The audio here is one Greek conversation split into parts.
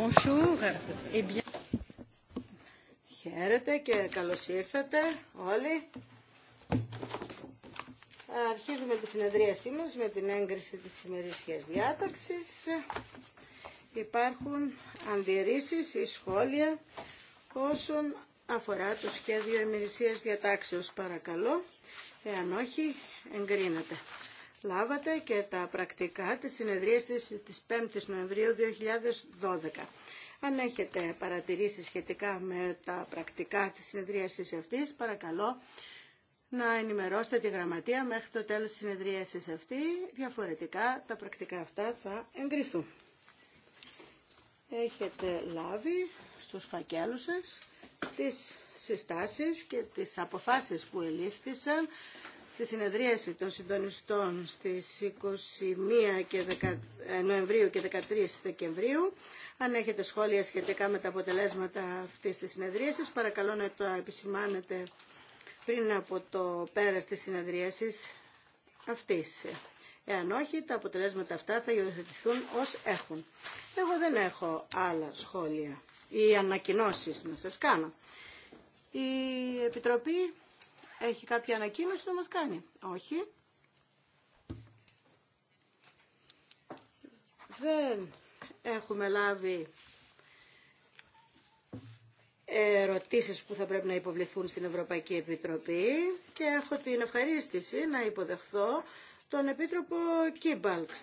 Bonjour. Eh bien... Χαίρετε και καλώς ήρθατε όλοι. Αρχίζουμε τη συνεδρίασή μας με την έγκριση της ημερήσιας διάταξης. Υπάρχουν αντιρρήσεις ή σχόλια όσον αφορά το σχέδιο ημερησίας διατάξεως. Παρακαλώ, εάν όχι, εγκρίνεται λάβατε και τα πρακτικά της συνεδρίας της, της 5ης Νοεμβρίου 2012. Αν έχετε παρατηρήσει σχετικά με τα πρακτικά της συνεδρίασης αυτής, παρακαλώ να ενημερώσετε τη γραμματεία μέχρι το τέλος της συνεδρίασης αυτή. Διαφορετικά τα πρακτικά αυτά θα εγκριθούν. Έχετε λάβει στους φακέλους σας τις συστάσεις και τις αποφάσεις που ελήφθησαν στη συνεδρίαση των συντονιστών στις 21 και 10... Ε, Νοεμβρίου και 13 Δεκεμβρίου. Αν έχετε σχόλια σχετικά με τα αποτελέσματα αυτής της συνεδρίασης, παρακαλώ να το επισημάνετε πριν από το πέρας της συνεδρίασης αυτής. Εάν όχι, τα αποτελέσματα αυτά θα υιοθετηθούν ως έχουν. Εγώ δεν έχω άλλα σχόλια ή ανακοινώσεις να σας κάνω. Η Επιτροπή έχει κάποια ανακοίνωση να μας κάνει. Όχι. Δεν έχουμε λάβει ερωτήσεις που θα πρέπει να υποβληθούν στην Ευρωπαϊκή Επιτροπή και έχω την ευχαρίστηση να υποδεχθώ τον Επίτροπο Κίμπαλξ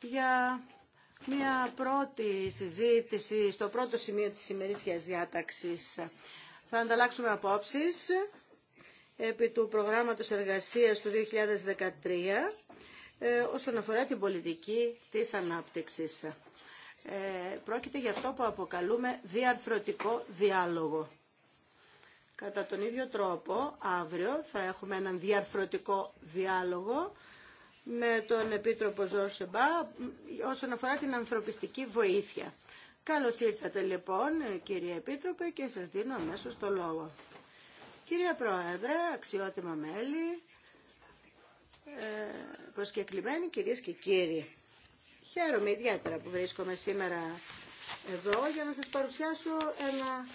για μια πρώτη συζήτηση στο πρώτο σημείο της σημερινής διάταξης. Θα ανταλλάξουμε απόψεις επί του προγράμματος εργασίας του 2013 ε, όσον αφορά την πολιτική της ανάπτυξης. Ε, πρόκειται για αυτό που αποκαλούμε διαρθρωτικό διάλογο. Κατά τον ίδιο τρόπο, αύριο θα έχουμε έναν διαρθρωτικό διάλογο με τον Επίτροπο Ζόρσεμπα όσον αφορά την ανθρωπιστική βοήθεια. Καλώς ήρθατε λοιπόν κύριε Επίτροπε και σας δίνω αμέσως το λόγο. Κύριε Πρόεδρε, αξιότιμα μέλη, ε, προσκεκλημένοι κυρίες και κύριοι. Χαίρομαι ιδιαίτερα που βρίσκομαι σήμερα εδώ για να σας παρουσιάσω ένα,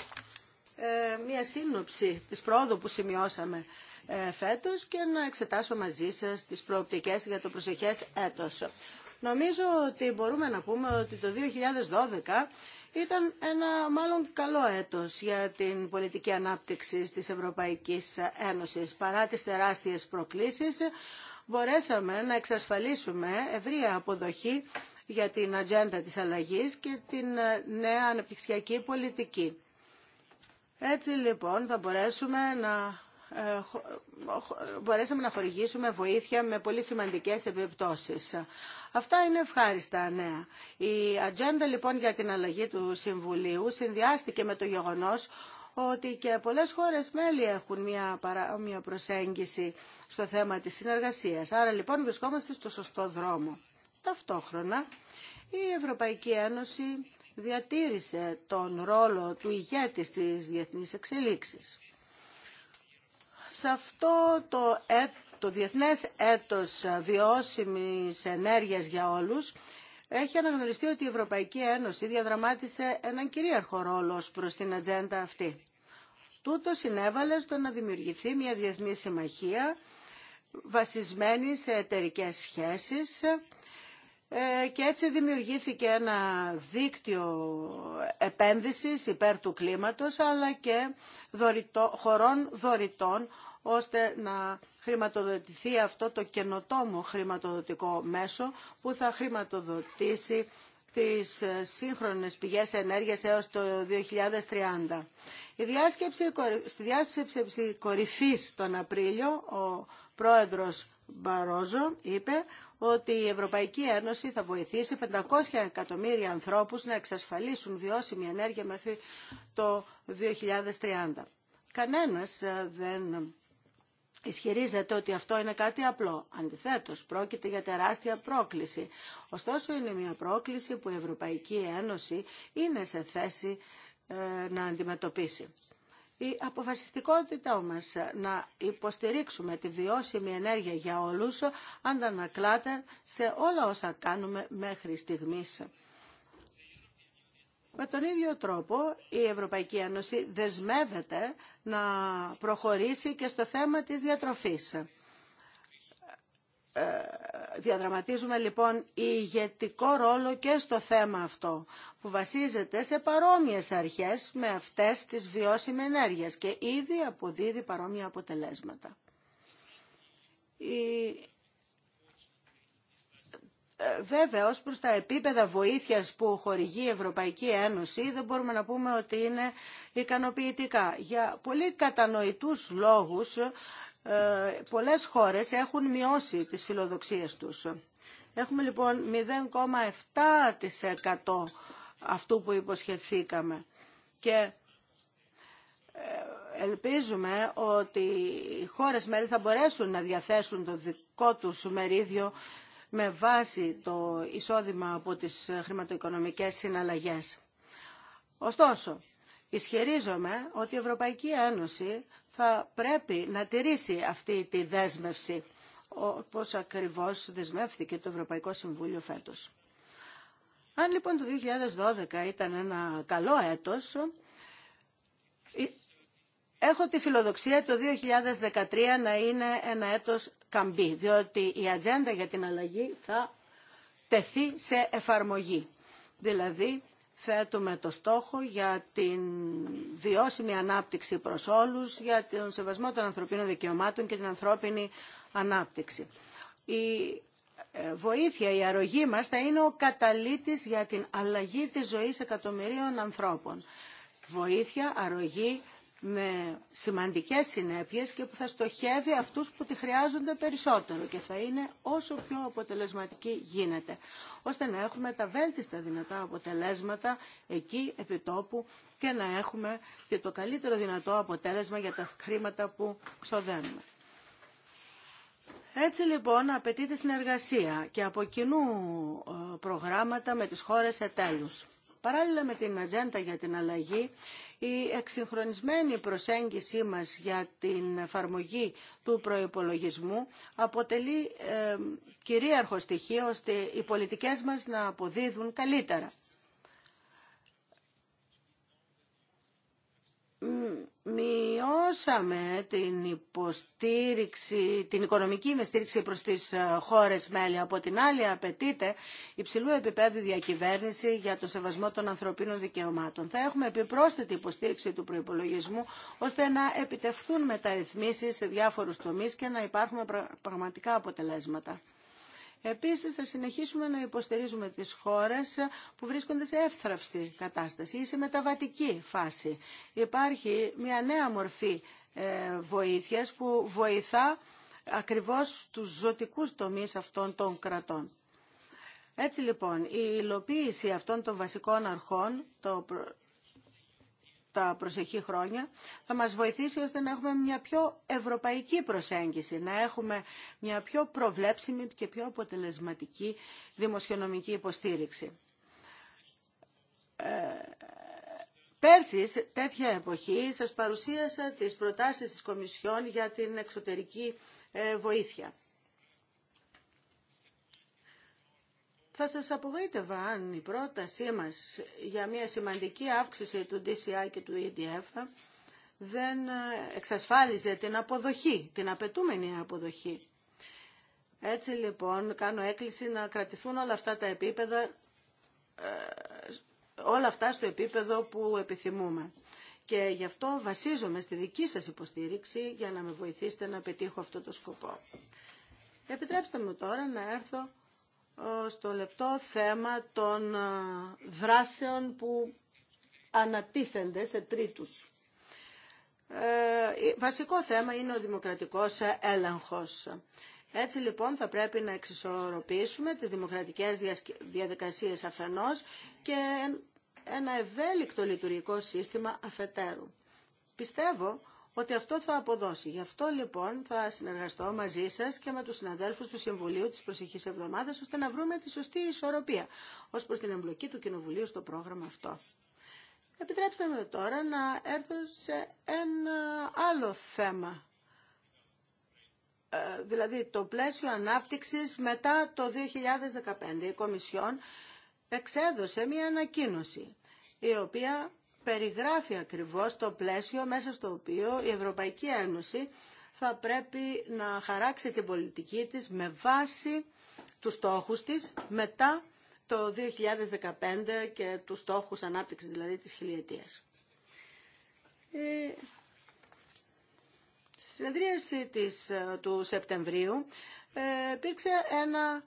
ε, μια σύνοψη της πρόοδου που σημειώσαμε ε, φέτος και να εξετάσω μαζί σας τις προοπτικές για το προσεχές έτος. Νομίζω ότι μπορούμε να πούμε ότι το 2012 ήταν ένα μάλλον καλό έτος για την πολιτική ανάπτυξη της Ευρωπαϊκής Ένωσης. Παρά τις τεράστιες προκλήσεις, μπορέσαμε να εξασφαλίσουμε ευρεία αποδοχή για την ατζέντα της αλλαγής και την ε, νέα ανεπτυξιακή πολιτική. Έτσι λοιπόν θα μπορέσουμε να ε, μπορέσαμε να χορηγήσουμε βοήθεια με πολύ σημαντικές επιπτώσεις. Αυτά είναι ευχάριστα νέα. Η ατζέντα λοιπόν για την αλλαγή του Συμβουλίου συνδυάστηκε με το γεγονός ότι και πολλές χώρες μέλη έχουν μια παρόμοια προσέγγιση στο θέμα της συνεργασίας. Άρα λοιπόν βρισκόμαστε στο σωστό δρόμο. Ταυτόχρονα η Ευρωπαϊκή Ένωση διατήρησε τον ρόλο του ηγέτη στις διεθνείς εξελίξεις σε αυτό το, έ το Διεθνές Έτος Βιώσιμης Ενέργειας για Όλους έχει αναγνωριστεί ότι η Ευρωπαϊκή Ένωση διαδραμάτισε έναν κυρίαρχο ρόλο ως προς την ατζέντα αυτή. Τούτο συνέβαλε στο να δημιουργηθεί μια διεθνή συμμαχία βασισμένη σε εταιρικέ σχέσεις ε, και έτσι δημιουργήθηκε ένα δίκτυο επένδυσης υπέρ του κλίματος αλλά και χωρών δωρητών ώστε να χρηματοδοτηθεί αυτό το καινοτόμο χρηματοδοτικό μέσο που θα χρηματοδοτήσει τις ε, σύγχρονες πηγές ενέργειας έως το 2030. Η διάσκεψη, στη διάσκεψη κορυφής τον Απρίλιο, ο πρόεδρος Μπαρόζο είπε ότι η Ευρωπαϊκή Ένωση θα βοηθήσει 500 εκατομμύρια ανθρώπους να εξασφαλίσουν βιώσιμη ενέργεια μέχρι το 2030. Κανένας ε, δεν Ισχυρίζεται ότι αυτό είναι κάτι απλό. Αντιθέτως, πρόκειται για τεράστια πρόκληση. Ωστόσο, είναι μια πρόκληση που η Ευρωπαϊκή Ένωση είναι σε θέση ε, να αντιμετωπίσει. Η αποφασιστικότητά μας ε, να υποστηρίξουμε τη βιώσιμη ενέργεια για όλους ε, αντανακλάται σε όλα όσα κάνουμε μέχρι στιγμής με τον ίδιο τρόπο η Ευρωπαϊκή Ένωση δεσμεύεται να προχωρήσει και στο θέμα της διατροφής. Ε, διαδραματίζουμε λοιπόν ηγετικό ρόλο και στο θέμα αυτό που βασίζεται σε παρόμοιες αρχές με αυτές της βιώσιμη ενέργειας και ήδη αποδίδει παρόμοια αποτελέσματα. Ε, βέβαια, ως προς τα επίπεδα βοήθειας που χορηγεί η Ευρωπαϊκή Ένωση, δεν μπορούμε να πούμε ότι είναι ικανοποιητικά. Για πολύ κατανοητούς λόγους, ε, πολλές χώρες έχουν μειώσει τις φιλοδοξίες τους. Έχουμε λοιπόν 0,7% αυτού που υποσχεθήκαμε. Και ε, ελπίζουμε ότι οι χώρες μέλη θα μπορέσουν να διαθέσουν το δικό τους μερίδιο με βάση το εισόδημα από τις χρηματοοικονομικές συναλλαγές. Ωστόσο, ισχυρίζομαι ότι η Ευρωπαϊκή Ένωση θα πρέπει να τηρήσει αυτή τη δέσμευση, όπως ακριβώς δεσμεύθηκε το Ευρωπαϊκό Συμβούλιο φέτος. Αν λοιπόν το 2012 ήταν ένα καλό έτος, Έχω τη φιλοδοξία το 2013 να είναι ένα έτος καμπή, διότι η ατζέντα για την αλλαγή θα τεθεί σε εφαρμογή. Δηλαδή, θέτουμε το στόχο για την βιώσιμη ανάπτυξη προς όλους, για τον σεβασμό των ανθρωπίνων δικαιωμάτων και την ανθρώπινη ανάπτυξη. Η ε, βοήθεια, η αρρωγή μας θα είναι ο καταλήτης για την αλλαγή της ζωής εκατομμυρίων ανθρώπων. Βοήθεια, αρρωγή με σημαντικές συνέπειες και που θα στοχεύει αυτούς που τη χρειάζονται περισσότερο και θα είναι όσο πιο αποτελεσματική γίνεται, ώστε να έχουμε τα βέλτιστα δυνατά αποτελέσματα εκεί επί τόπου και να έχουμε και το καλύτερο δυνατό αποτέλεσμα για τα χρήματα που ξοδεύουμε. Έτσι λοιπόν απαιτείται συνεργασία και από κοινού ε, προγράμματα με τις χώρες ετέλους. Παράλληλα με την ατζέντα για την αλλαγή, η εξυγχρονισμένη προσέγγιση μας για την εφαρμογή του προϋπολογισμού αποτελεί ε, κυρίαρχο στοιχείο ώστε οι πολιτικές μας να αποδίδουν καλύτερα μειώσαμε την υποστήριξη, την οικονομική στήριξη προς τις ε, χώρες μέλη. Από την άλλη απαιτείται υψηλού επίπεδου διακυβέρνηση για το σεβασμό των ανθρωπίνων δικαιωμάτων. Θα έχουμε επιπρόσθετη υποστήριξη του προϋπολογισμού ώστε να επιτευχθούν μεταρρυθμίσεις σε διάφορους τομείς και να υπάρχουν πραγματικά αποτελέσματα. Επίσης θα συνεχίσουμε να υποστηρίζουμε τις χώρες που βρίσκονται σε εύθραυστη κατάσταση ή σε μεταβατική φάση. Υπάρχει μια νέα μορφή ε, βοήθειας που βοηθά ακριβώς τους ζωτικούς τομείς αυτών των κρατών. Έτσι λοιπόν, η υλοποίηση αυτών των βασικών αρχών, το τα προσεχή χρόνια θα μας βοηθήσει ώστε να έχουμε μια πιο ευρωπαϊκή προσέγγιση, να έχουμε μια πιο προβλέψιμη και πιο αποτελεσματική δημοσιονομική υποστήριξη. Ε, πέρσι, τέτοια εποχή, σας παρουσίασα τις προτάσεις της Κομισιόν για την εξωτερική ε, βοήθεια. Θα σας απογοήτευα αν η πρότασή μας για μια σημαντική αύξηση του DCI και του EDF δεν εξασφάλιζε την αποδοχή, την απαιτούμενη αποδοχή. Έτσι λοιπόν κάνω έκκληση να κρατηθούν όλα αυτά τα επίπεδα, ε, όλα αυτά στο επίπεδο που επιθυμούμε. Και γι' αυτό βασίζομαι στη δική σας υποστήριξη για να με βοηθήσετε να πετύχω αυτό το σκοπό. Επιτρέψτε μου τώρα να έρθω στο λεπτό θέμα των ε, δράσεων που ανατίθενται σε τρίτους. Ε, βασικό θέμα είναι ο δημοκρατικός έλεγχος. Έτσι λοιπόν θα πρέπει να εξισορροπήσουμε τις δημοκρατικές διαδικασίες αφενός και ένα ευέλικτο λειτουργικό σύστημα αφετέρου. Πιστεύω ότι αυτό θα αποδώσει. Γι' αυτό λοιπόν θα συνεργαστώ μαζί σα και με του συναδέλφου του Συμβουλίου τη Προσεχή Εβδομάδα ώστε να βρούμε τη σωστή ισορροπία ω προ την εμπλοκή του Κοινοβουλίου στο πρόγραμμα αυτό. Επιτρέψτε με τώρα να έρθω σε ένα άλλο θέμα ε, δηλαδή το πλαίσιο ανάπτυξης μετά το 2015. Η Κομισιόν εξέδωσε μια ανακοίνωση η οποία περιγράφει ακριβώς το πλαίσιο μέσα στο οποίο η Ευρωπαϊκή Ένωση θα πρέπει να χαράξει την πολιτική της με βάση τους στόχους της μετά το 2015 και τους στόχους ανάπτυξης δηλαδή της χιλιετίας. Ε, στη συνεδρίαση της, ε, του Σεπτεμβρίου ε, ένα,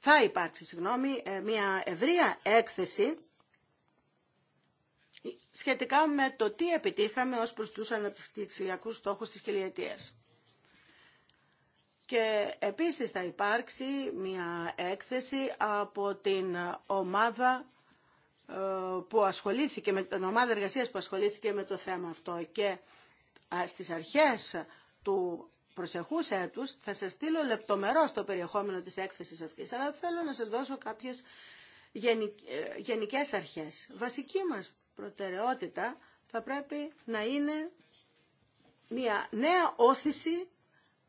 θα υπάρξει συγγνώμη, μια ευρεία έκθεση σχετικά με το τι επιτύχαμε ως προς τους αναπτυξιακούς στόχους της χιλιετίας. Και επίσης θα υπάρξει μια έκθεση από την ομάδα ε, που ασχολήθηκε με την ομάδα εργασίας που ασχολήθηκε με το θέμα αυτό και στις αρχές του προσεχούς έτους θα σας στείλω λεπτομερό στο περιεχόμενο της έκθεσης αυτής αλλά θέλω να σας δώσω κάποιες ε, γενικές αρχές. Βασική μας προτεραιότητα θα πρέπει να είναι μια νέα όθηση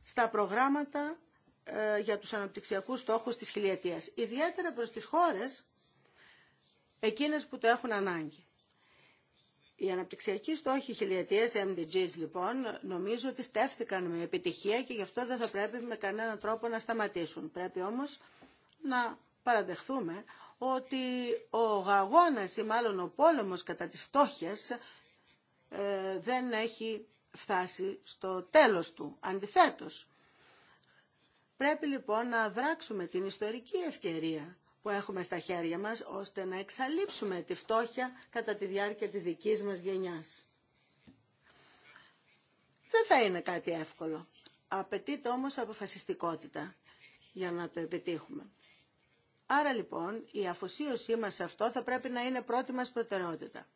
στα προγράμματα ε, για τους αναπτυξιακούς στόχους της χιλιετίας. Ιδιαίτερα προς τις χώρες εκείνες που το έχουν ανάγκη. Οι αναπτυξιακοί στόχοι χιλιετίας MDGs λοιπόν νομίζω ότι στέφθηκαν με επιτυχία και γι' αυτό δεν θα πρέπει με κανέναν τρόπο να σταματήσουν. Πρέπει όμως να παραδεχθούμε ότι ο αγώνας ή μάλλον ο πόλεμος κατά της φτώχειας ε, δεν έχει φτάσει στο τέλος του. Αντιθέτως, πρέπει λοιπόν να δράξουμε την ιστορική ευκαιρία που έχουμε στα χέρια μας, ώστε να εξαλείψουμε τη φτώχεια κατά τη διάρκεια της δικής μας γενιάς. Δεν θα είναι κάτι εύκολο. Απαιτείται όμως αποφασιστικότητα για να το επιτύχουμε. Άρα λοιπόν η αφοσίωσή μας σε αυτό θα πρέπει να είναι πρώτη μας προτεραιότητα.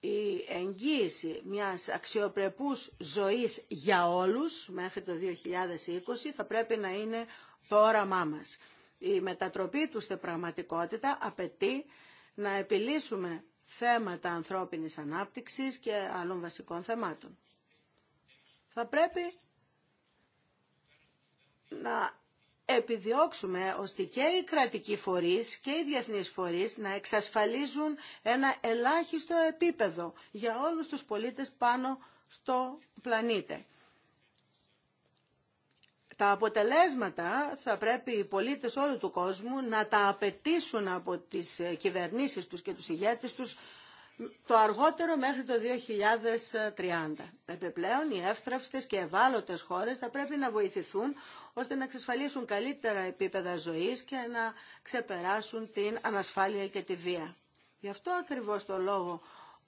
Η εγγύηση μιας αξιοπρεπούς ζωής για όλους μέχρι το 2020 θα πρέπει να είναι το όραμά μας. Η μετατροπή του στην πραγματικότητα απαιτεί να επιλύσουμε θέματα ανθρώπινης ανάπτυξης και άλλων βασικών θεμάτων. Θα πρέπει να επιδιώξουμε ώστε και οι κρατικοί φορείς και οι διεθνείς φορείς να εξασφαλίζουν ένα ελάχιστο επίπεδο για όλους τους πολίτες πάνω στο πλανήτη. Τα αποτελέσματα θα πρέπει οι πολίτες όλου του κόσμου να τα απαιτήσουν από τις κυβερνήσεις τους και τους ηγέτες τους το αργότερο μέχρι το 2030. Επιπλέον, οι εύθραυστες και ευάλωτες χώρες θα πρέπει να βοηθηθούν ώστε να εξασφαλίσουν καλύτερα επίπεδα ζωής και να ξεπεράσουν την ανασφάλεια και τη βία. Γι' αυτό ακριβώς το λόγο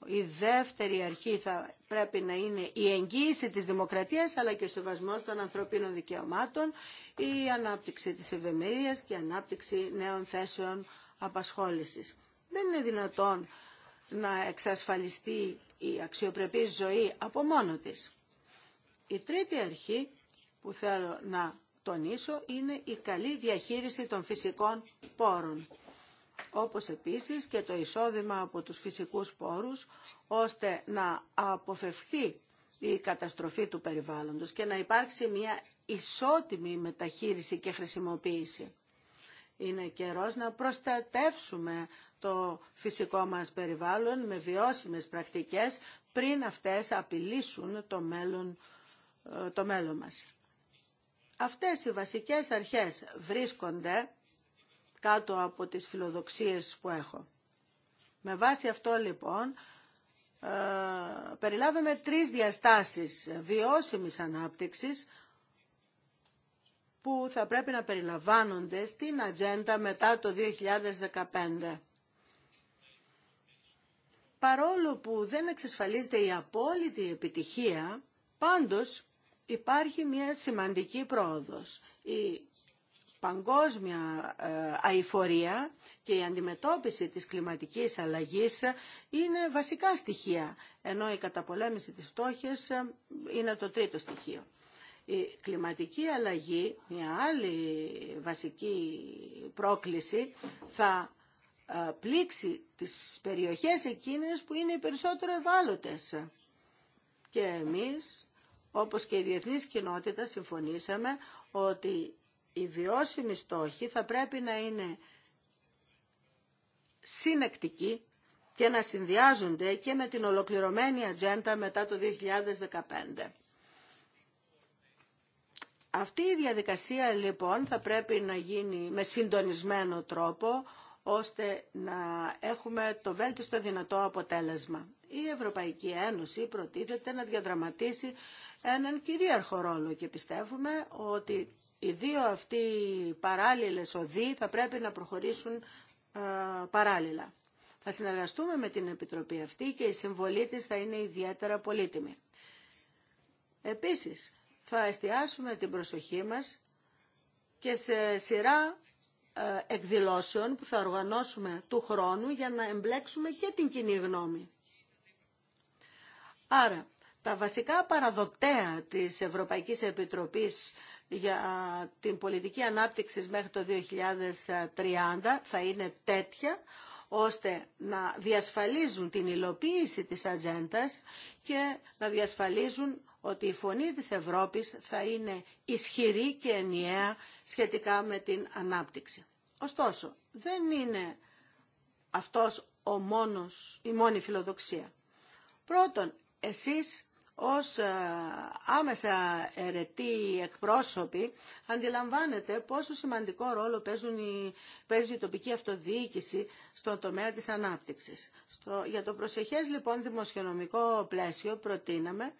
η δεύτερη αρχή θα πρέπει να είναι η εγγύηση της δημοκρατίας αλλά και ο σεβασμός των ανθρωπίνων δικαιωμάτων, η ανάπτυξη της ευημερίας και η ανάπτυξη νέων θέσεων απασχόλησης. Δεν είναι δυνατόν να εξασφαλιστεί η αξιοπρεπή ζωή από μόνο της. Η τρίτη αρχή που θέλω να τονίσω είναι η καλή διαχείριση των φυσικών πόρων, όπως επίσης και το εισόδημα από τους φυσικούς πόρους, ώστε να αποφευχθεί η καταστροφή του περιβάλλοντος και να υπάρξει μια ισότιμη μεταχείριση και χρησιμοποίηση. Είναι καιρός να προστατεύσουμε το φυσικό μας περιβάλλον με βιώσιμες πρακτικές πριν αυτές απειλήσουν το μέλλον, ε, το μέλλον μας. Αυτές οι βασικές αρχές βρίσκονται κάτω από τις φιλοδοξίες που έχω. Με βάση αυτό λοιπόν ε, τρεις διαστάσεις βιώσιμης ανάπτυξης που θα πρέπει να περιλαμβάνονται στην ατζέντα μετά το 2015. Παρόλο που δεν εξασφαλίζεται η απόλυτη επιτυχία, πάντως Υπάρχει μια σημαντική πρόοδος. Η παγκόσμια ε, αηφορία και η αντιμετώπιση της κλιματικής αλλαγής είναι βασικά στοιχεία, ενώ η καταπολέμηση της φτώχειας ε, είναι το τρίτο στοιχείο. Η κλιματική αλλαγή, μια άλλη βασική πρόκληση, θα ε, πλήξει τις περιοχές εκείνες που είναι οι περισσότερο ευάλωτες. Και εμείς όπως και η διεθνή κοινότητα συμφωνήσαμε ότι οι βιώσιμοι στόχοι θα πρέπει να είναι συνεκτικοί και να συνδυάζονται και με την ολοκληρωμένη ατζέντα μετά το 2015. Αυτή η διαδικασία λοιπόν θα πρέπει να γίνει με συντονισμένο τρόπο ώστε να έχουμε το βέλτιστο δυνατό αποτέλεσμα. Η Ευρωπαϊκή Ένωση προτίθεται να διαδραματίσει έναν κυρίαρχο ρόλο και πιστεύουμε ότι οι δύο αυτοί παράλληλες οδοί θα πρέπει να προχωρήσουν ε, παράλληλα. Θα συνεργαστούμε με την Επιτροπή αυτή και η συμβολή της θα είναι ιδιαίτερα πολύτιμη. Επίσης, θα εστιάσουμε την προσοχή μας και σε σειρά ε, εκδηλώσεων που θα οργανώσουμε του χρόνου για να εμπλέξουμε και την κοινή γνώμη. Άρα, τα βασικά παραδοτέα της Ευρωπαϊκής Επιτροπής για την πολιτική ανάπτυξη μέχρι το 2030 θα είναι τέτοια ώστε να διασφαλίζουν την υλοποίηση της ατζέντα και να διασφαλίζουν ότι η φωνή της Ευρώπης θα είναι ισχυρή και ενιαία σχετικά με την ανάπτυξη. Ωστόσο, δεν είναι αυτός ο μόνος, η μόνη φιλοδοξία. Πρώτον, εσείς ως ε, άμεσα ερετή εκπρόσωποι αντιλαμβάνεται πόσο σημαντικό ρόλο παίζουν οι, παίζει η τοπική αυτοδιοίκηση στον τομέα της ανάπτυξης. Στο, για το προσεχές λοιπόν δημοσιονομικό πλαίσιο προτείναμε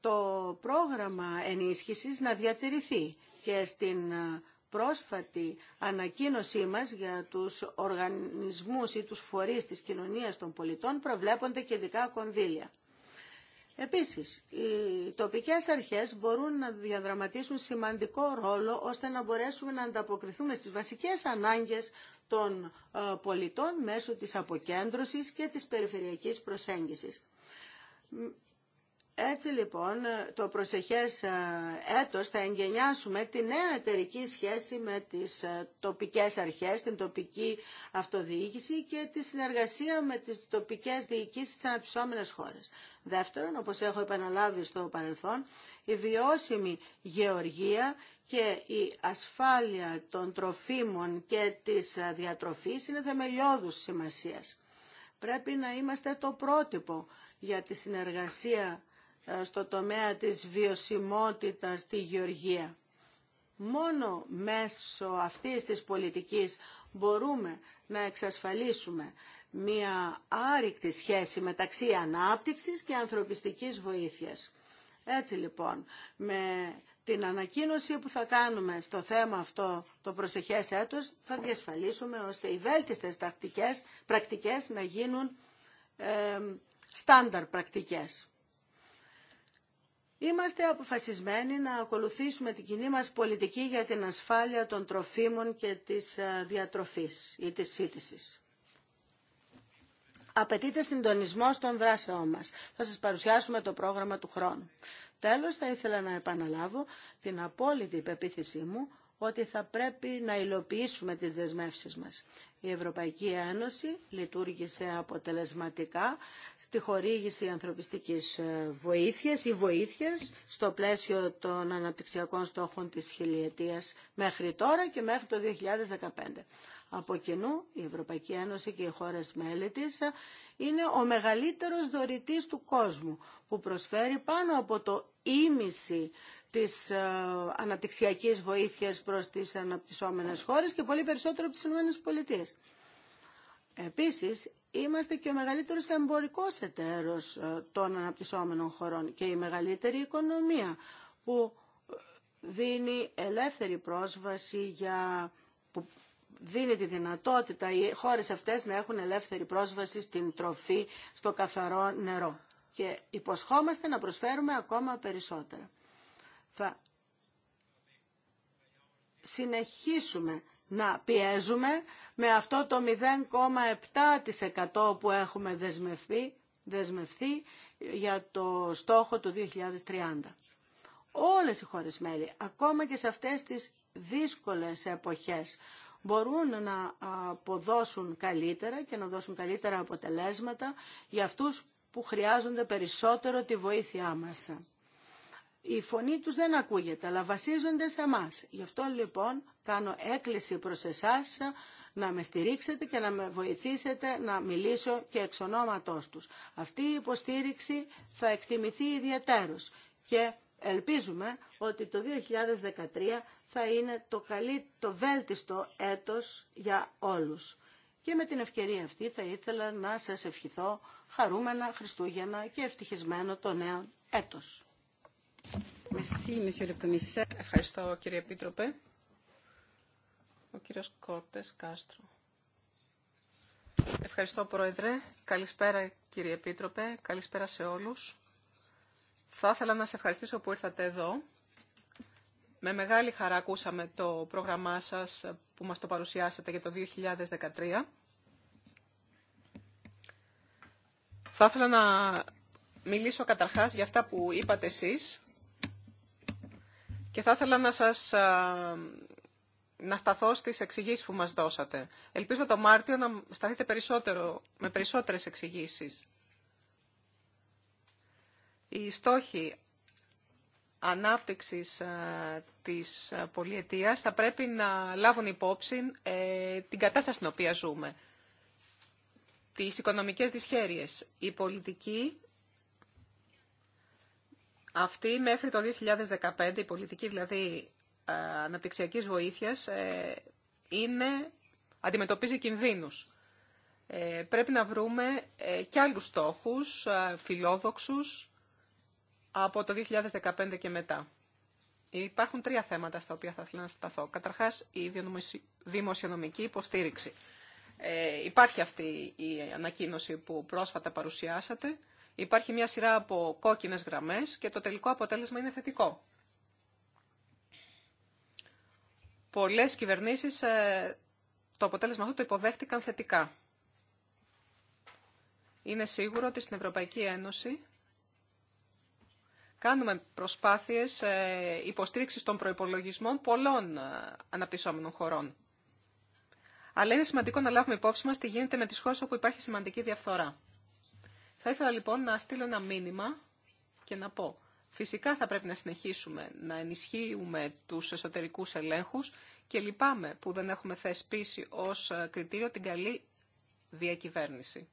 το πρόγραμμα ενίσχυσης να διατηρηθεί και στην ε, πρόσφατη ανακοίνωσή μας για τους οργανισμούς ή τους φορείς της κοινωνίας των πολιτών προβλέπονται και ειδικά κονδύλια. Επίσης, οι τοπικές αρχές μπορούν να διαδραματίσουν σημαντικό ρόλο ώστε να μπορέσουμε να ανταποκριθούμε στις βασικές ανάγκες των ε, πολιτών μέσω της αποκέντρωσης και της περιφερειακής προσέγγισης. Έτσι λοιπόν το προσεχές ε, έτος θα εγγενιάσουμε τη νέα εταιρική σχέση με τις ε, τοπικές αρχές, την τοπική αυτοδιοίκηση και τη συνεργασία με τις τοπικές διοικήσεις της αναπτυσσόμενες χώρες. Δεύτερον, όπως έχω επαναλάβει στο παρελθόν, η βιώσιμη γεωργία και η ασφάλεια των τροφίμων και της ε, διατροφής είναι θεμελιώδους σημασίας. Πρέπει να είμαστε το πρότυπο για τη συνεργασία ε, στο τομέα της βιωσιμότητας στη γεωργία. Μόνο μέσω αυτής της πολιτικής μπορούμε να εξασφαλίσουμε μια άρρηκτη σχέση μεταξύ ανάπτυξης και ανθρωπιστικής βοήθειας. Έτσι λοιπόν, με την ανακοίνωση που θα κάνουμε στο θέμα αυτό το προσεχές έτος θα διασφαλίσουμε ώστε οι βέλτιστες τακτικές, πρακτικές να γίνουν ε, στάνταρ πρακτικές. Είμαστε αποφασισμένοι να ακολουθήσουμε την κοινή μας πολιτική για την ασφάλεια των τροφίμων και της ε, διατροφής ή της σύντησης. Απαιτείται συντονισμό των δράσεών μας. Θα σας παρουσιάσουμε το πρόγραμμα του χρόνου. Τέλος, θα ήθελα να επαναλάβω την απόλυτη υπεποίθησή μου ότι θα πρέπει να υλοποιήσουμε τις δεσμεύσεις μας. Η Ευρωπαϊκή Ένωση λειτουργήσε αποτελεσματικά στη χορήγηση ανθρωπιστικής ε, βοήθειας ή βοήθειας στο πλαίσιο των αναπτυξιακών στόχων της χιλιετίας μέχρι τώρα και μέχρι το 2015. Από κοινού, η Ευρωπαϊκή Ένωση και οι χώρες μέλη της είναι ο μεγαλύτερος δωρητής του κόσμου που προσφέρει πάνω από το ίμιση της ε, αναπτυξιακής βοήθειας προς τις αναπτυσσόμενες χώρες και πολύ περισσότερο από τις ΗΠΑ. Επίσης, είμαστε και ο μεγαλύτερος εμπορικός εταίρος ε, των αναπτυσσόμενων χωρών και η μεγαλύτερη οικονομία που δίνει ελεύθερη πρόσβαση για... Που δίνει τη δυνατότητα οι χώρες αυτές να έχουν ελεύθερη πρόσβαση στην τροφή, στο καθαρό νερό. Και υποσχόμαστε να προσφέρουμε ακόμα περισσότερα θα συνεχίσουμε να πιέζουμε με αυτό το 0,7% που έχουμε δεσμευθεί, δεσμευθεί για το στόχο του 2030. Όλες οι χώρες μέλη, ακόμα και σε αυτές τις δύσκολες εποχές, μπορούν να αποδώσουν καλύτερα και να δώσουν καλύτερα αποτελέσματα για αυτούς που χρειάζονται περισσότερο τη βοήθειά μας η φωνή τους δεν ακούγεται, αλλά βασίζονται σε εμά. Γι' αυτό λοιπόν κάνω έκκληση προς εσάς να με στηρίξετε και να με βοηθήσετε να μιλήσω και εξ ονόματός τους. Αυτή η υποστήριξη θα εκτιμηθεί ιδιαίτερος και ελπίζουμε ότι το 2013 θα είναι το το βέλτιστο έτος για όλους. Και με την ευκαιρία αυτή θα ήθελα να σας ευχηθώ χαρούμενα Χριστούγεννα και ευτυχισμένο το νέο έτος. Ευχαριστώ κύριε Επίτροπε. Ο κύριος Κόρτε Κάστρο. Ευχαριστώ Πρόεδρε. Καλησπέρα κύριε Επίτροπε. Καλησπέρα σε όλους. Θα ήθελα να σε ευχαριστήσω που ήρθατε εδώ. Με μεγάλη χαρά ακούσαμε το πρόγραμμά σας που μας το παρουσιάσατε για το 2013. Θα ήθελα να μιλήσω καταρχάς για αυτά που είπατε εσείς και θα ήθελα να σας να σταθώ στις εξηγήσεις που μας δώσατε. Ελπίζω το Μάρτιο να σταθείτε περισσότερο, με περισσότερες εξηγήσει. Οι στόχοι ανάπτυξης της πολιτείας θα πρέπει να λάβουν υπόψη ε, την κατάσταση στην οποία ζούμε. Τις οικονομικές δυσχέρειες. Η πολιτική αυτή μέχρι το 2015, η πολιτική δηλαδή ε, αναπτυξιακής βοήθεια ε, είναι, αντιμετωπίζει κινδύνους. Ε, πρέπει να βρούμε και άλλους στόχους φιλόδοξους από το 2015 και μετά. Υπάρχουν τρία θέματα στα οποία θα ήθελα να σταθώ. Καταρχάς, η δημοσιονομική υποστήριξη. Ε, υπάρχει αυτή η ανακοίνωση που πρόσφατα παρουσιάσατε Υπάρχει μια σειρά από κόκκινες γραμμές και το τελικό αποτέλεσμα είναι θετικό. Πολλές κυβερνήσεις ε, το αποτέλεσμα αυτό το υποδέχτηκαν θετικά. Είναι σίγουρο ότι στην Ευρωπαϊκή Ένωση κάνουμε προσπάθειες ε, υποστήριξης των προϋπολογισμών πολλών ε, αναπτυσσόμενων χωρών. Αλλά είναι σημαντικό να λάβουμε υπόψη μας τι γίνεται με τις χώρες όπου υπάρχει σημαντική διαφθορά. Θα ήθελα λοιπόν να στείλω ένα μήνυμα και να πω. Φυσικά θα πρέπει να συνεχίσουμε να ενισχύουμε τους εσωτερικούς ελέγχους και λυπάμαι που δεν έχουμε θεσπίσει ως κριτήριο την καλή διακυβέρνηση.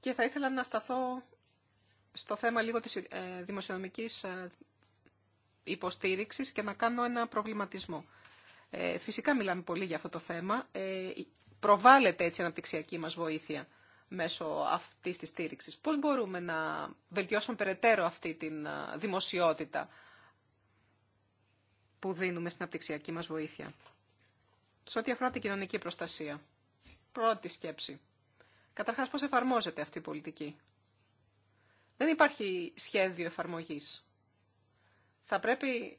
Και θα ήθελα να σταθώ στο θέμα λίγο της ε, δημοσιονομικής ε, υποστήριξης και να κάνω ένα προβληματισμό. Ε, φυσικά μιλάμε πολύ για αυτό το θέμα προβάλλεται έτσι η αναπτυξιακή μας βοήθεια μέσω αυτής της στήριξης. Πώς μπορούμε να βελτιώσουμε περαιτέρω αυτή τη δημοσιότητα που δίνουμε στην αναπτυξιακή μας βοήθεια. Σε ό,τι αφορά την κοινωνική προστασία. Πρώτη σκέψη. Καταρχάς πώς εφαρμόζεται αυτή η πολιτική. Δεν υπάρχει σχέδιο εφαρμογής. Θα πρέπει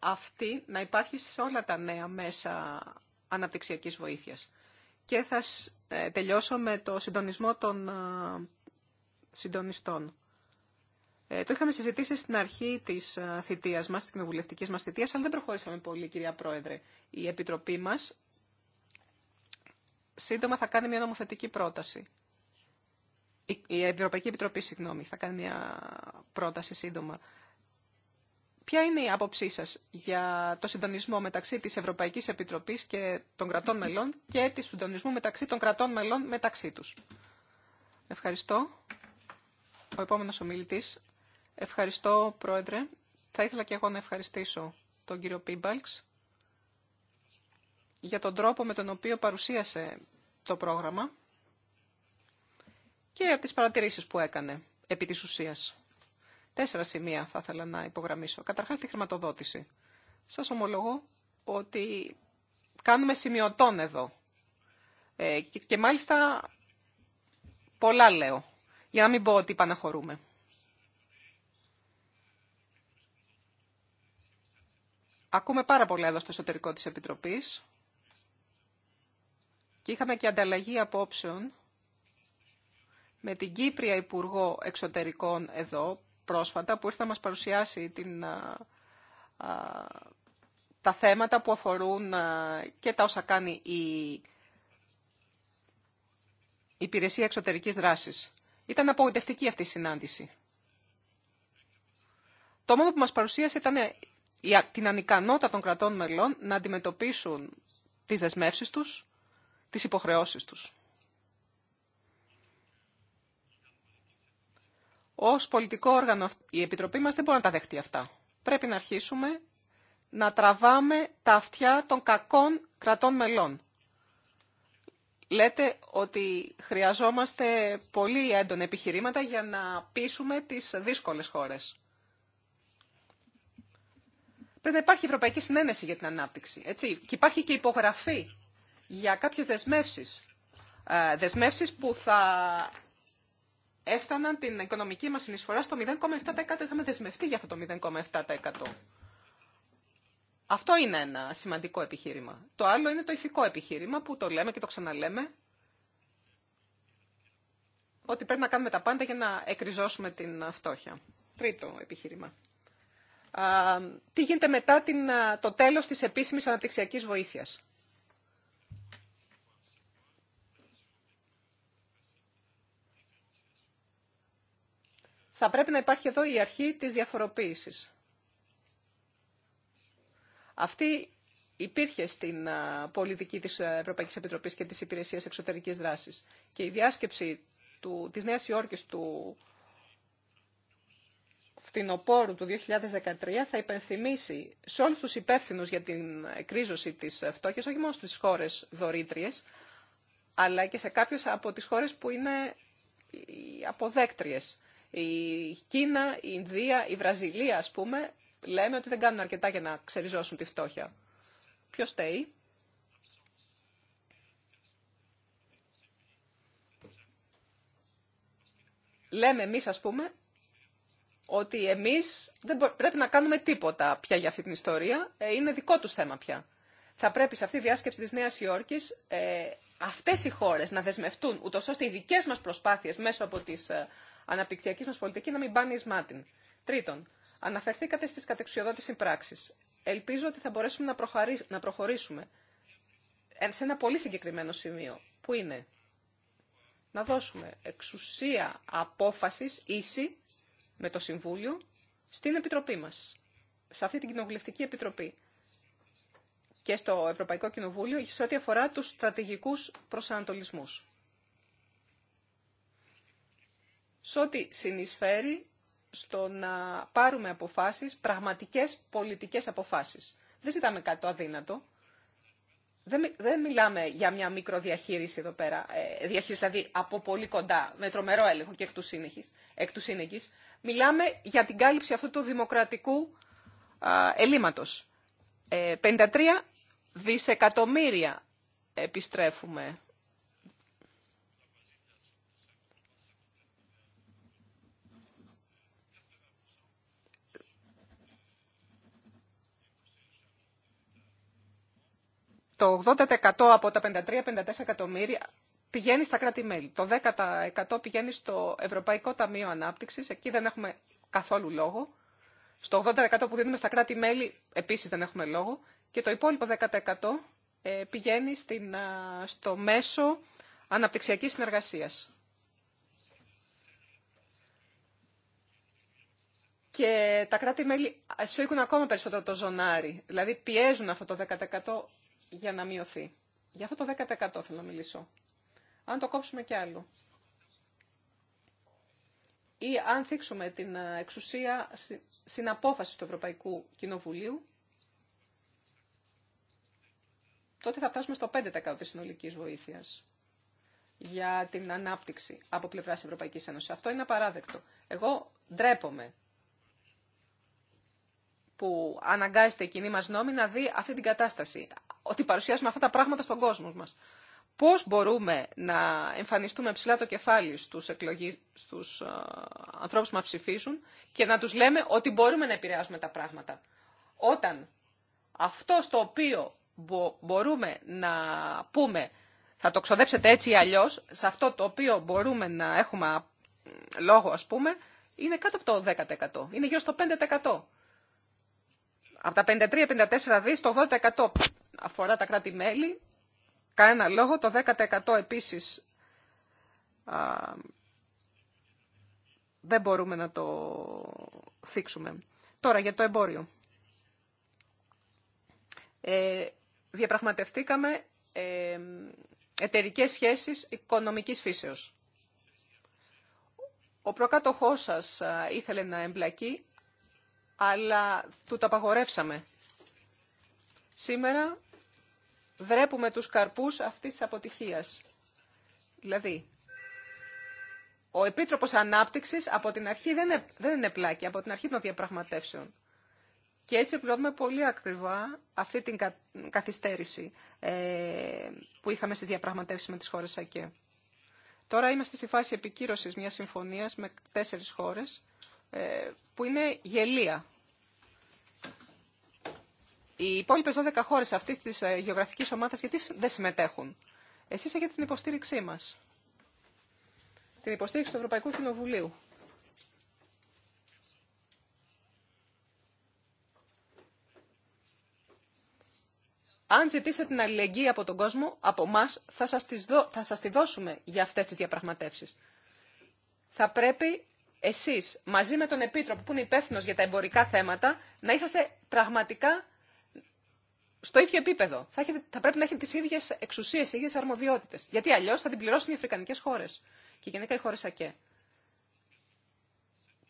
αυτή να υπάρχει σε όλα τα νέα μέσα αναπτυξιακής βοήθειας. Και θα ε, τελειώσω με το συντονισμό των ε, συντονιστών. Ε, το είχαμε συζητήσει στην αρχή της θητείας μας, της κοινοβουλευτικής μας θητείας, αλλά δεν προχωρήσαμε πολύ, κυρία Πρόεδρε. Η Επιτροπή μας σύντομα θα κάνει μια νομοθετική πρόταση. Η Ευρωπαϊκή Επιτροπή, συγγνώμη, θα κάνει μια πρόταση σύντομα Ποια είναι η άποψή σας για το συντονισμό μεταξύ της Ευρωπαϊκής Επιτροπής και των κρατών μελών και τη συντονισμού μεταξύ των κρατών μελών μεταξύ τους. Ευχαριστώ. Ο επόμενος ομιλητής. Ευχαριστώ, Πρόεδρε. Θα ήθελα και εγώ να ευχαριστήσω τον κύριο Πίμπαλξ για τον τρόπο με τον οποίο παρουσίασε το πρόγραμμα και τις παρατηρήσεις που έκανε επί της ουσίας. Τέσσερα σημεία θα ήθελα να υπογραμμίσω. Καταρχάς τη χρηματοδότηση. Σας ομολογώ ότι κάνουμε σημειωτών εδώ. Ε, και, και μάλιστα πολλά λέω, για να μην πω ότι παναχωρούμε. Ακούμε πάρα πολλά εδώ στο εσωτερικό της Επιτροπής και είχαμε και ανταλλαγή απόψεων με την Κύπρια Υπουργό Εξωτερικών εδώ πρόσφατα που ήρθε να μας παρουσιάσει τα θέματα που αφορούν και τα όσα κάνει η Υπηρεσία Εξωτερικής Δράσης. Ήταν απογοητευτική αυτή η συνάντηση. Το μόνο που μας παρουσίασε ήταν την ανικανότητα των κρατών μελών να αντιμετωπίσουν τις δεσμεύσεις τους, τις υποχρεώσεις τους. Ως πολιτικό όργανο η Επιτροπή μας δεν μπορεί να τα δεχτεί αυτά. Πρέπει να αρχίσουμε να τραβάμε τα αυτιά των κακών κρατών μελών. Λέτε ότι χρειαζόμαστε πολύ έντονα επιχειρήματα για να πείσουμε τις δύσκολες χώρες. Πρέπει να υπάρχει ευρωπαϊκή συνένεση για την ανάπτυξη. Έτσι. Και υπάρχει και υπογραφή για κάποιες δεσμεύσεις. Ε, δεσμεύσεις που θα έφταναν την οικονομική μας συνεισφορά στο 0,7%. Είχαμε δεσμευτεί για αυτό το 0,7%. Αυτό είναι ένα σημαντικό επιχείρημα. Το άλλο είναι το ηθικό επιχείρημα που το λέμε και το ξαναλέμε ότι πρέπει να κάνουμε τα πάντα για να εκριζώσουμε την φτώχεια. Τρίτο επιχείρημα. τι γίνεται μετά το τέλος της επίσημης αναπτυξιακής βοήθειας. Θα πρέπει να υπάρχει εδώ η αρχή της διαφοροποίησης. Αυτή υπήρχε στην πολιτική της Ευρωπαϊκής Επιτροπής και της Υπηρεσίας Εξωτερικής Δράσης. Και η διάσκεψη του, της Νέας Υόρκης του φθινοπόρου του 2013 θα υπενθυμίσει σε όλους τους υπεύθυνου για την κρίζωση της φτώχειας, όχι μόνο στις χώρες δωρήτριες, αλλά και σε κάποιες από τις χώρες που είναι αποδέκτριες η Κίνα, η Ινδία, η Βραζιλία, ας πούμε, λέμε ότι δεν κάνουν αρκετά για να ξεριζώσουν τη φτώχεια. Ποιο στέει. Λέμε εμείς, ας πούμε, ότι εμείς δεν πρέπει να κάνουμε τίποτα πια για αυτή την ιστορία. Ε, είναι δικό τους θέμα πια. Θα πρέπει σε αυτή τη διάσκεψη της Νέας Υόρκης ε, αυτές οι χώρες να δεσμευτούν, ούτως ώστε οι δικές μας προσπάθειες μέσω από τις ε, αναπτυξιακή μα πολιτική να μην πάνε ει μάτιν. Τρίτον, αναφερθήκατε στι κατεξιοδότητε συμπράξει. Ελπίζω ότι θα μπορέσουμε να προχωρήσουμε σε ένα πολύ συγκεκριμένο σημείο, που είναι να δώσουμε εξουσία απόφαση ίση με το Συμβούλιο στην Επιτροπή μας, σε αυτή την Κοινοβουλευτική Επιτροπή και στο Ευρωπαϊκό Κοινοβούλιο σε ό,τι αφορά του στρατηγικού προσανατολισμού. σε ό,τι συνεισφέρει στο να πάρουμε αποφάσεις, πραγματικές πολιτικές αποφάσεις. Δεν ζητάμε κάτι το αδύνατο. Δεν, μιλάμε για μια μικροδιαχείριση εδώ πέρα, ε, διαχείριση δηλαδή από πολύ κοντά, με τρομερό έλεγχο και εκ του, σύνεχης, εκ του σύνεχης. Μιλάμε για την κάλυψη αυτού του δημοκρατικού α, ελλείμματος. Ε, 53 δισεκατομμύρια επιστρέφουμε το 80% από τα 53-54 εκατομμύρια πηγαίνει στα κράτη-μέλη. Το 10% πηγαίνει στο Ευρωπαϊκό Ταμείο Ανάπτυξη. εκεί δεν έχουμε καθόλου λόγο. Στο 80% που δίνουμε στα κράτη-μέλη επίσης δεν έχουμε λόγο. Και το υπόλοιπο 10% ε, πηγαίνει στην, στο μέσο αναπτυξιακής συνεργασίας. Και τα κράτη-μέλη σφίγγουν ακόμα περισσότερο το ζωνάρι, δηλαδή πιέζουν αυτό το 10% για να μειωθεί. Για αυτό το 10% θέλω να μιλήσω. Αν το κόψουμε κι άλλο. Ή αν θίξουμε την ε, εξουσία στην απόφαση του Ευρωπαϊκού Κοινοβουλίου, τότε θα φτάσουμε στο 5% της συνολικής βοήθειας για την ανάπτυξη από πλευρά Ευρωπαϊκής Ένωσης. Αυτό είναι απαράδεκτο. Εγώ ντρέπομαι που αναγκάζεται η κοινή μας νόμη να δει αυτή την κατάσταση ότι παρουσιάζουμε αυτά τα πράγματα στον κόσμο μας. Πώς μπορούμε να εμφανιστούμε ψηλά το κεφάλι στους, εκλογείς, στους ε, ανθρώπους που μας ψηφίσουν και να τους λέμε ότι μπορούμε να επηρεάζουμε τα πράγματα. Όταν αυτό στο οποίο μπορούμε να πούμε θα το ξοδέψετε έτσι ή αλλιώς, σε αυτό το οποίο μπορούμε να έχουμε λόγο ας πούμε, είναι κάτω από το 10%. Είναι γύρω στο 5%. Από τα 53-54 δις, το 80% αφορά τα κράτη-μέλη, κανένα λόγο, το 10% επίσης δεν μπορούμε να το θίξουμε. Τώρα για το εμπόριο. Ε, διαπραγματευτήκαμε ε, εταιρικές σχέσεις οικονομικής φύσεως. Ο προκάτοχός σας ήθελε να εμπλακεί, αλλά του το απαγορεύσαμε. Σήμερα βρέπουμε τους καρπούς αυτής της αποτυχίας. Δηλαδή, ο Επίτροπος Ανάπτυξης από την αρχή δεν είναι, δεν από την αρχή των διαπραγματεύσεων. Και έτσι επιλώνουμε πολύ ακριβά αυτή την καθυστέρηση ε, που είχαμε στις διαπραγματεύσεις με τις χώρες ΑΚΕ. Τώρα είμαστε στη φάση επικύρωσης μιας συμφωνίας με τέσσερις χώρες ε, που είναι γελία οι υπόλοιπε 12 χώρε αυτή τη ε, γεωγραφική ομάδα γιατί δεν συμμετέχουν. Εσεί έχετε την υποστήριξή μα. Την υποστήριξη του Ευρωπαϊκού Κοινοβουλίου. Αν ζητήσετε την αλληλεγγύη από τον κόσμο, από εμά, θα, σας θα τη δώσουμε για αυτές τις διαπραγματεύσεις. Θα πρέπει εσείς, μαζί με τον Επίτροπο που είναι υπεύθυνο για τα εμπορικά θέματα, να είσαστε πραγματικά στο ίδιο επίπεδο. Θα, έχετε, θα πρέπει να έχετε τι ίδιε εξουσίε, τι ίδιε αρμοδιότητε. Γιατί αλλιώ θα την πληρώσουν οι Αφρικανικέ χώρε και γενικά οι χώρε ΑΚΕ.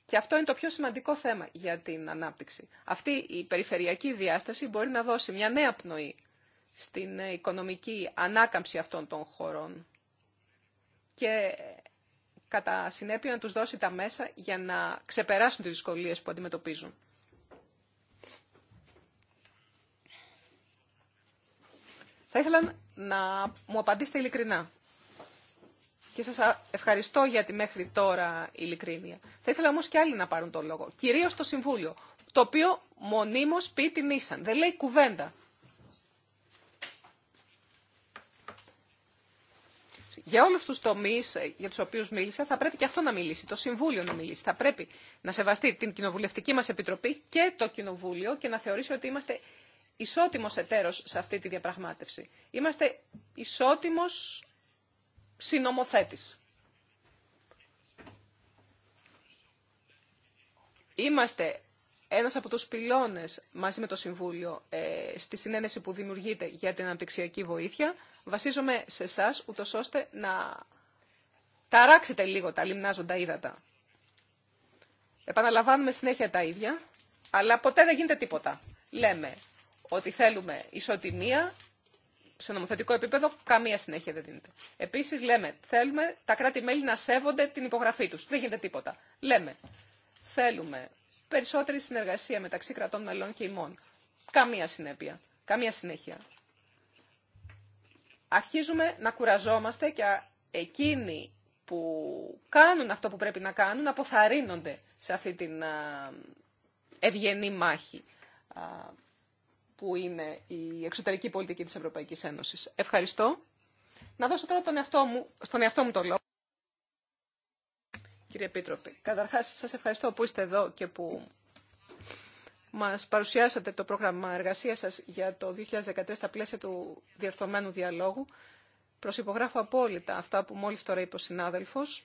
Και αυτό είναι το πιο σημαντικό θέμα για την ανάπτυξη. Αυτή η περιφερειακή διάσταση μπορεί να δώσει μια νέα πνοή στην οικονομική ανάκαμψη αυτών των χωρών και κατά συνέπεια να τους δώσει τα μέσα για να ξεπεράσουν τις δυσκολίες που αντιμετωπίζουν. Θα ήθελα να μου απαντήσετε ειλικρινά. Και σας ευχαριστώ για τη μέχρι τώρα ειλικρίνεια. Θα ήθελα όμως και άλλοι να πάρουν το λόγο. Κυρίως το Συμβούλιο, το οποίο μονίμως πει την ίσαν. Δεν λέει κουβέντα. για όλους τους τομείς για τους οποίους μίλησα θα πρέπει και αυτό να μιλήσει, το Συμβούλιο να μιλήσει. Θα πρέπει να σεβαστεί την Κοινοβουλευτική μας Επιτροπή και το Κοινοβούλιο και να θεωρήσει ότι είμαστε ισότιμος εταίρος σε αυτή τη διαπραγμάτευση. Είμαστε ισότιμος συνομοθέτης. Είμαστε ένας από τους πυλώνες μαζί με το Συμβούλιο ε, στη συνένεση που δημιουργείται για την αναπτυξιακή βοήθεια. Βασίζομαι σε εσά ούτω ώστε να ταράξετε λίγο τα λιμνάζοντα ύδατα. Επαναλαμβάνουμε συνέχεια τα ίδια, αλλά ποτέ δεν γίνεται τίποτα. Λέμε, ότι θέλουμε ισοτιμία σε νομοθετικό επίπεδο καμία συνέχεια δεν δίνεται. Επίση, λέμε, θέλουμε τα κράτη-μέλη να σέβονται την υπογραφή του. Δεν γίνεται τίποτα. Λέμε, θέλουμε περισσότερη συνεργασία μεταξύ κρατών μελών και ημών. Καμία συνέπεια. Καμία συνέχεια. Αρχίζουμε να κουραζόμαστε και εκείνοι που κάνουν αυτό που πρέπει να κάνουν αποθαρρύνονται σε αυτή την ευγενή μάχη που είναι η εξωτερική πολιτική της Ευρωπαϊκής Ένωσης. Ευχαριστώ. Να δώσω τώρα τον εαυτό μου, στον εαυτό μου το λόγο. Κύριε Επίτροπε, καταρχάς σας ευχαριστώ που είστε εδώ και που μας παρουσιάσατε το πρόγραμμα εργασίας σας για το 2013 στα πλαίσια του διερθωμένου διαλόγου. Προσυπογράφω απόλυτα αυτά που μόλις τώρα είπε ο συνάδελφος.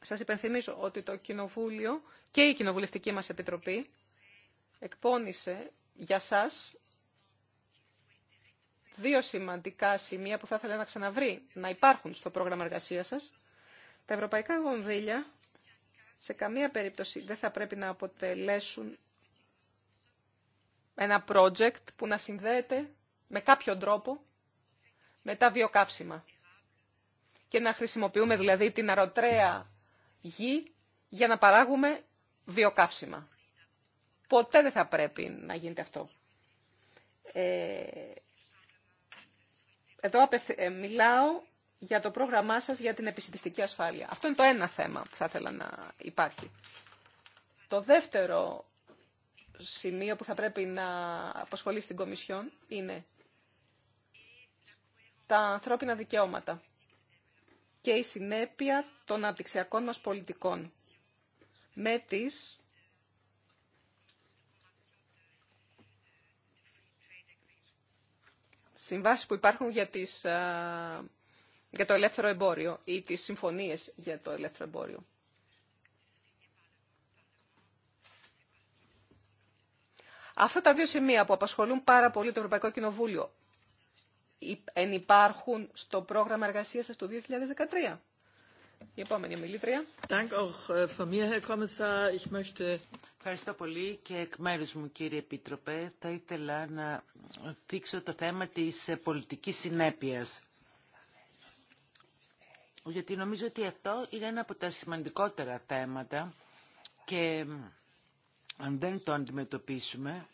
Σας υπενθυμίζω ότι το Κοινοβούλιο και η Κοινοβουλευτική μας Επιτροπή εκπώνησε για σας δύο σημαντικά σημεία που θα ήθελα να ξαναβρει να υπάρχουν στο πρόγραμμα εργασίας σας. Τα ευρωπαϊκά γονδύλια σε καμία περίπτωση δεν θα πρέπει να αποτελέσουν ένα project που να συνδέεται με κάποιον τρόπο με τα βιοκάψιμα και να χρησιμοποιούμε δηλαδή την αρωτρέα γη για να παράγουμε βιοκαύσιμα. Ποτέ δεν θα πρέπει να γίνεται αυτό. Ε, εδώ ε, μιλάω για το πρόγραμμά σας για την επιστημιστική ασφάλεια. Αυτό είναι το ένα θέμα που θα ήθελα να υπάρχει. Το δεύτερο σημείο που θα πρέπει να απασχολεί στην Κομισιόν είναι τα ανθρώπινα δικαιώματα και η συνέπεια των αναπτυξιακών μας πολιτικών με τις συμβάσεις που υπάρχουν ε, για, το ελεύθερο εμπόριο ή τις συμφωνίες για το ελεύθερο εμπόριο. Αυτά τα δύο σημεία που απασχολούν πάρα πολύ το Ευρωπαϊκό Κοινοβούλιο ενυπάρχουν στο πρόγραμμα εργασίας σας του 2013. Η επόμενη ομιλήτρια. Äh, Ευχαριστώ πολύ και εκ μέρους μου κύριε Επίτροπε θα ήθελα να δείξω το θέμα της πολιτικής συνέπειας. Γιατί νομίζω ότι αυτό είναι ένα από τα σημαντικότερα θέματα και αν δεν το αντιμετωπίσουμε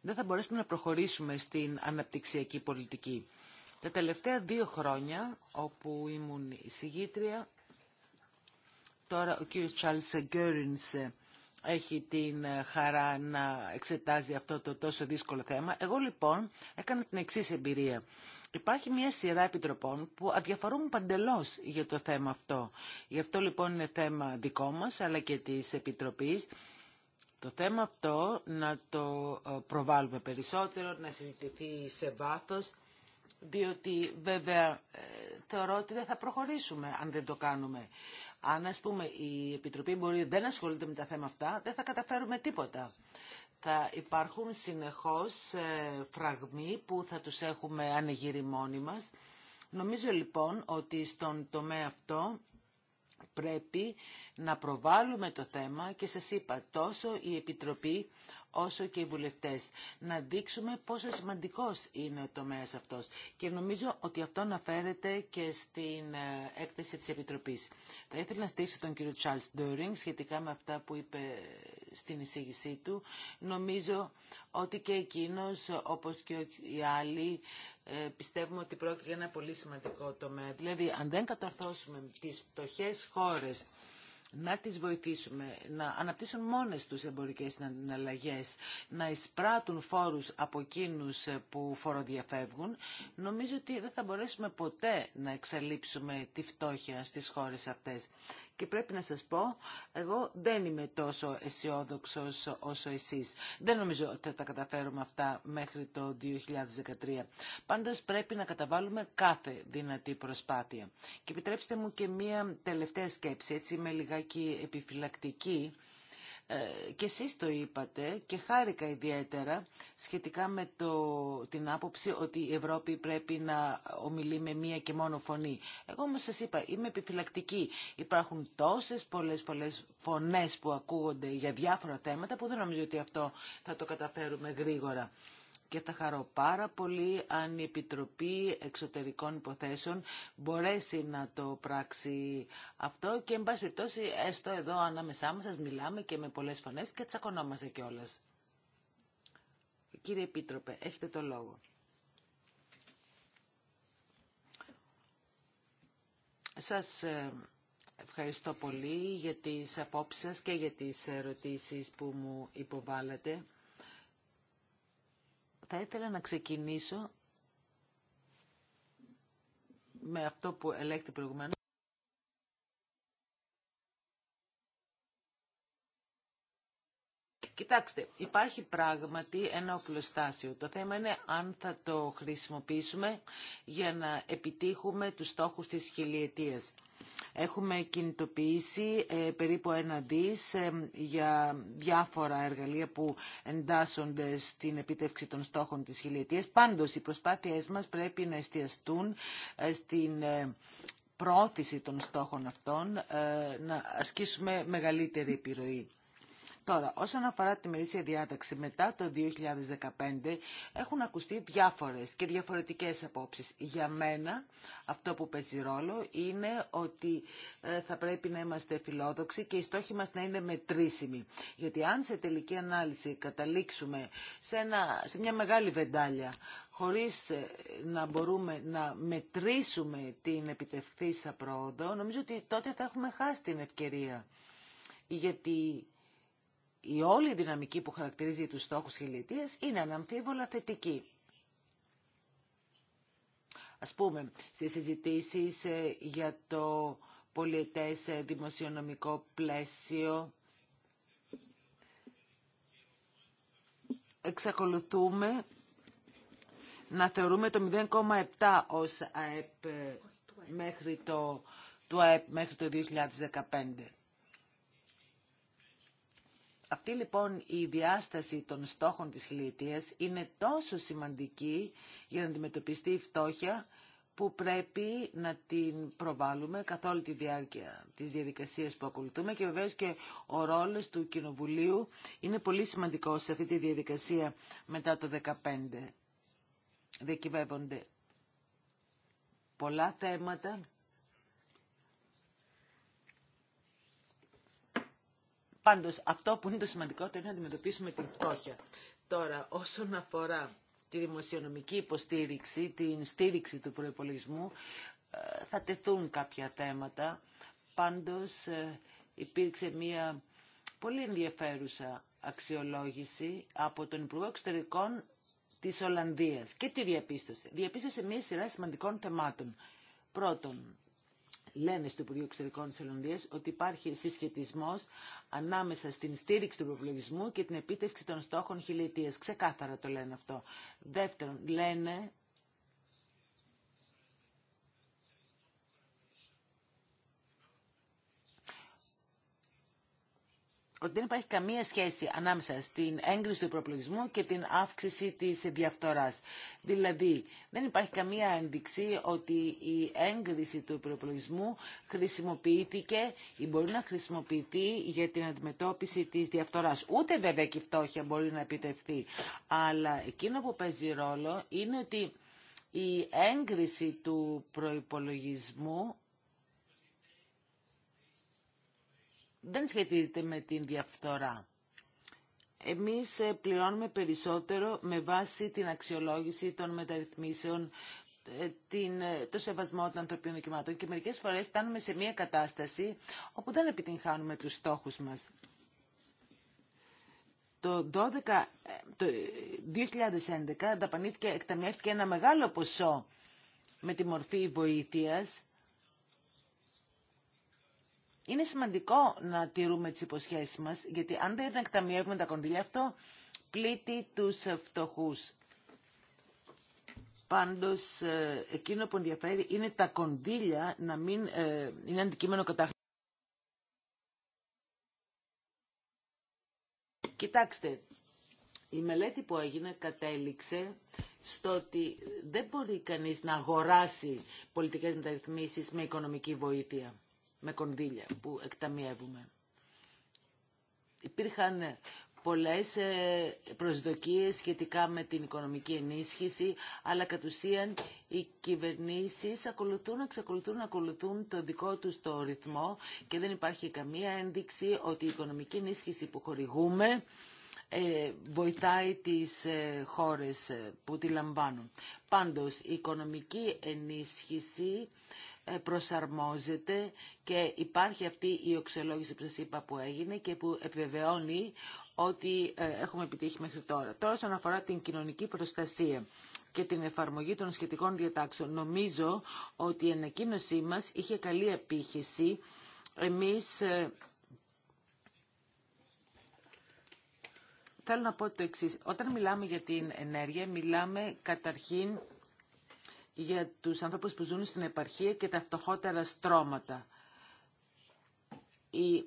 δεν θα μπορέσουμε να προχωρήσουμε στην αναπτυξιακή πολιτική. Τα τελευταία δύο χρόνια όπου ήμουν συγγήτρια, τώρα ο κύριος Τσάλσε έχει την ε, χαρά να εξετάζει αυτό το τόσο δύσκολο θέμα. Εγώ λοιπόν έκανα την εξής εμπειρία. Υπάρχει μια σειρά επιτροπών που αδιαφορούν παντελώς για το θέμα αυτό. Γι' αυτό λοιπόν είναι θέμα δικό μας αλλά και της Επιτροπής. Το θέμα αυτό να το ε, προβάλλουμε περισσότερο, να συζητηθεί σε βάθος, διότι βέβαια ε, θεωρώ ότι δεν θα προχωρήσουμε αν δεν το κάνουμε. Αν, ας πούμε, η Επιτροπή μπορεί δεν ασχολείται με τα θέματα αυτά, δεν θα καταφέρουμε τίποτα. Θα υπάρχουν συνεχώς ε, φραγμοί που θα τους έχουμε ανεγείρει μόνοι μας. Νομίζω λοιπόν ότι στον τομέα αυτό πρέπει να προβάλλουμε το θέμα και σας είπα τόσο η Επιτροπή όσο και οι βουλευτές. Να δείξουμε πόσο σημαντικός είναι ο τομέας αυτός. Και νομίζω ότι αυτό αναφέρεται και στην ε, έκθεση της Επιτροπής. Θα ήθελα να στήσω τον κύριο Charles Ντορίνγκ σχετικά με αυτά που είπε ε, στην εισήγησή του. Νομίζω ότι και εκείνος, όπως και οι άλλοι, ε, πιστεύουμε ότι πρόκειται για ένα πολύ σημαντικό τομέα. Δηλαδή, αν δεν καταρθώσουμε τις φτωχές χώρες να τις βοηθήσουμε να αναπτύσσουν μόνες τους εμπορικές συναλλαγές, να εισπράττουν φόρους από εκείνους ε, που φοροδιαφεύγουν, νομίζω ότι δεν θα μπορέσουμε ποτέ να εξαλείψουμε τη φτώχεια στις χώρες αυτές. Και πρέπει να σας πω, εγώ δεν είμαι τόσο αισιόδοξο όσο εσείς. Δεν νομίζω ότι θα τα καταφέρουμε αυτά μέχρι το 2013. Πάντως πρέπει να καταβάλουμε κάθε δυνατή προσπάθεια. Και επιτρέψτε μου και μία τελευταία σκέψη, έτσι με λιγάκι επιφυλακτική ε, και εσείς το είπατε και χάρηκα ιδιαίτερα σχετικά με το, την άποψη ότι η Ευρώπη πρέπει να ομιλεί με μία και μόνο φωνή. Εγώ όμως σας είπα, είμαι επιφυλακτική. Υπάρχουν τόσες πολλές, πολλές φωνές που ακούγονται για διάφορα θέματα που δεν νομίζω ότι αυτό θα το καταφέρουμε γρήγορα και θα χαρώ πάρα πολύ αν η Επιτροπή Εξωτερικών Υποθέσεων μπορέσει να το πράξει αυτό και εν πάση περιπτώσει έστω εδώ ανάμεσά μας σας μιλάμε και με πολλές φωνές και τσακωνόμαστε κιόλα. Κύριε Επίτροπε, έχετε το λόγο. Σας ε, ευχαριστώ πολύ για τις απόψεις και για τις ερωτήσεις που μου υποβάλλατε θα ήθελα να ξεκινήσω με αυτό που ελέγχεται προηγουμένως. Κοιτάξτε, υπάρχει πράγματι ένα οπλοστάσιο. Το θέμα είναι αν θα το χρησιμοποιήσουμε για να επιτύχουμε τους στόχους της χιλιετίας. Έχουμε κινητοποιήσει ε, περίπου ένα δις ε, για διάφορα εργαλεία που εντάσσονται στην επίτευξη των στόχων της χιλιετίας. Πάντως, οι προσπάθειές μας πρέπει να εστιαστούν ε, στην πρόθεση των στόχων αυτών, να ασκήσουμε μεγαλύτερη επιρροή. Τώρα, όσον αφορά τη μερίσια διάταξη μετά το 2015, έχουν ακουστεί διάφορες και διαφορετικές απόψεις. Για μένα, αυτό που παίζει ρόλο είναι ότι ε, θα πρέπει να είμαστε φιλόδοξοι και οι στόχοι μας να είναι μετρήσιμοι. Γιατί αν σε τελική ανάλυση καταλήξουμε σε, ένα, σε μια μεγάλη βεντάλια, χωρίς ε, να μπορούμε να μετρήσουμε την επιτευχθήσα πρόοδο, νομίζω ότι τότε θα έχουμε χάσει την ευκαιρία. Γιατί η όλη δυναμική που χαρακτηρίζει τους στόχους χιλιετίας είναι αναμφίβολα θετική. Ας πούμε, στις συζητήσεις ε, για το πολιετές ε, δημοσιονομικό πλαίσιο εξακολουθούμε να θεωρούμε το 0,7 ως ΑΕΠ ε, μέχρι το, του ΑΕΠ μέχρι το 2015. Αυτή λοιπόν η διάσταση των στόχων της χιλιετίας είναι τόσο σημαντική για να αντιμετωπιστεί η φτώχεια που πρέπει να την προβάλλουμε καθ' όλη τη διάρκεια της διαδικασίας που ακολουθούμε και βεβαίως και ο ρόλος του Κοινοβουλίου είναι πολύ σημαντικός σε αυτή τη διαδικασία μετά το 2015. Δεκυβεύονται πολλά θέματα Πάντως, αυτό που είναι το σημαντικότερο είναι να αντιμετωπίσουμε την φτώχεια. Τώρα, όσον αφορά τη δημοσιονομική υποστήριξη, την στήριξη του προϋπολογισμού, ε, θα τεθούν κάποια θέματα. Πάντως, ε, υπήρξε μία πολύ ενδιαφέρουσα αξιολόγηση από τον Υπουργό Εξωτερικών της Ολλανδίας. Και τι διαπίστωσε. Διαπίστωσε μία σειρά σημαντικών θεμάτων. Πρώτον, λένε στο Υπουργείο Εξωτερικών της ότι υπάρχει συσχετισμός ανάμεσα στην στήριξη του προπολογισμού και την επίτευξη των στόχων χιλιετίας. Ξεκάθαρα το λένε αυτό. Δεύτερον, λένε ότι δεν υπάρχει καμία σχέση ανάμεσα στην έγκριση του προπολογισμού και την αύξηση της διαφθοράς. Δηλαδή, δεν υπάρχει καμία ένδειξη ότι η έγκριση του προπολογισμού χρησιμοποιήθηκε ή μπορεί να χρησιμοποιηθεί για την αντιμετώπιση της διαφθοράς. Ούτε βέβαια και η φτώχεια μπορεί να επιτευχθεί. Αλλά εκείνο που παίζει ρόλο είναι ότι η έγκριση του προϋπολογισμού δεν σχετίζεται με την διαφθορά. Εμείς ε, πληρώνουμε περισσότερο με βάση την αξιολόγηση των μεταρρυθμίσεων ε, την, ε, το σεβασμό των ανθρωπίνων δικαιωμάτων και μερικές φορές φτάνουμε σε μια κατάσταση όπου δεν επιτυγχάνουμε τους στόχους μας. Το, 12, το 2011 δαπανήθηκε, εκταμιεύτηκε ένα μεγάλο ποσό με τη μορφή βοήθειας είναι σημαντικό να τηρούμε τις υποσχέσεις μας, γιατί αν δεν εκταμιεύουμε τα κονδύλια αυτό, πλήττει τους φτωχούς. Πάντως, ε, εκείνο που ενδιαφέρει είναι τα κονδύλια να μην ε, είναι αντικείμενο κατάχρηση. Κοιτάξτε, η μελέτη που έγινε κατέληξε στο ότι δεν μπορεί κανείς να αγοράσει πολιτικές μεταρρυθμίσεις με οικονομική βοήθεια με κονδύλια που εκταμιεύουμε. Υπήρχαν πολλές ε, προσδοκίες σχετικά με την οικονομική ενίσχυση, αλλά κατ' ουσίαν οι κυβερνήσεις ακολουθούν, εξακολουθούν, ακολουθούν το δικό τους το ρυθμό και δεν υπάρχει καμία ένδειξη ότι η οικονομική ενίσχυση που χορηγούμε ε, βοηθάει τις ε, χώρες που τη λαμβάνουν. Πάντως, η οικονομική ενίσχυση προσαρμόζεται και υπάρχει αυτή η οξελόγηση που σας είπα που έγινε και που επιβεβαιώνει ότι ε, έχουμε επιτύχει μέχρι τώρα. Τώρα, όσον αφορά την κοινωνική προστασία και την εφαρμογή των σχετικών διατάξεων, νομίζω ότι η ανακοίνωσή μας είχε καλή επίχυση. Εμείς ε, θέλω να πω το εξή. Όταν μιλάμε για την ενέργεια, μιλάμε καταρχήν για τους ανθρώπους που ζουν στην επαρχία και τα φτωχότερα στρώματα. Η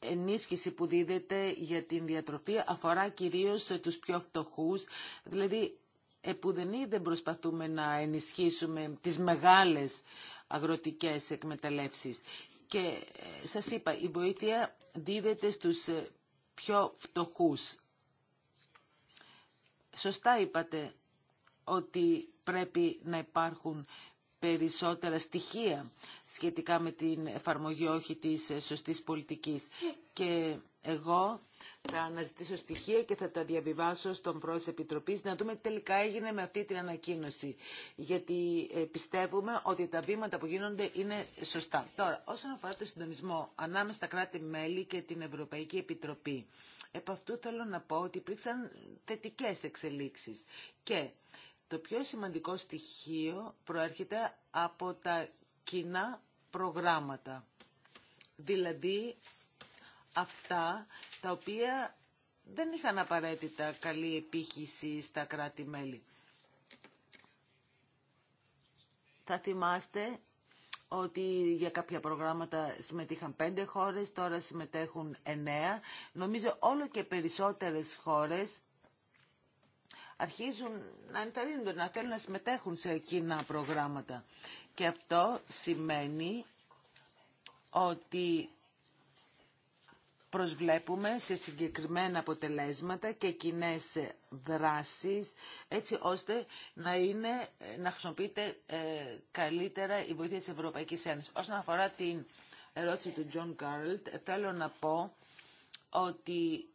ενίσχυση που δίδεται για την διατροφή αφορά κυρίως τους πιο φτωχούς, δηλαδή επουδενή δεν προσπαθούμε να ενισχύσουμε τις μεγάλες αγροτικές εκμεταλλεύσεις. Και ε, σας είπα, η βοήθεια δίδεται στους ε, πιο φτωχούς. Σωστά είπατε ότι πρέπει να υπάρχουν περισσότερα στοιχεία σχετικά με την εφαρμογή όχι της ε, σωστής πολιτικής. Και εγώ θα αναζητήσω στοιχεία και θα τα διαβιβάσω στον πρόεδρο της Επιτροπής να δούμε τι τελικά έγινε με αυτή την ανακοίνωση. Γιατί ε, πιστεύουμε ότι τα βήματα που γίνονται είναι σωστά. Τώρα, όσον αφορά το συντονισμό ανάμεσα στα κράτη-μέλη και την Ευρωπαϊκή Επιτροπή, επ' αυτού θέλω να πω ότι υπήρξαν θετικές εξελίξεις. Και το πιο σημαντικό στοιχείο προέρχεται από τα κοινά προγράμματα. Δηλαδή αυτά τα οποία δεν είχαν απαραίτητα καλή επίχυση στα κράτη-μέλη. Θα θυμάστε ότι για κάποια προγράμματα συμμετείχαν πέντε χώρες, τώρα συμμετέχουν εννέα. Νομίζω όλο και περισσότερες χώρες αρχίζουν να ενθαρρύνονται, να θέλουν να συμμετέχουν σε εκείνα προγράμματα. Και αυτό σημαίνει ότι προσβλέπουμε σε συγκεκριμένα αποτελέσματα και κοινέ δράσεις, έτσι ώστε να, είναι, να χρησιμοποιείται ε, καλύτερα η βοήθεια της Ευρωπαϊκής Ένωσης. Όσον αφορά την ερώτηση του John Κάρλτ, θέλω να πω ότι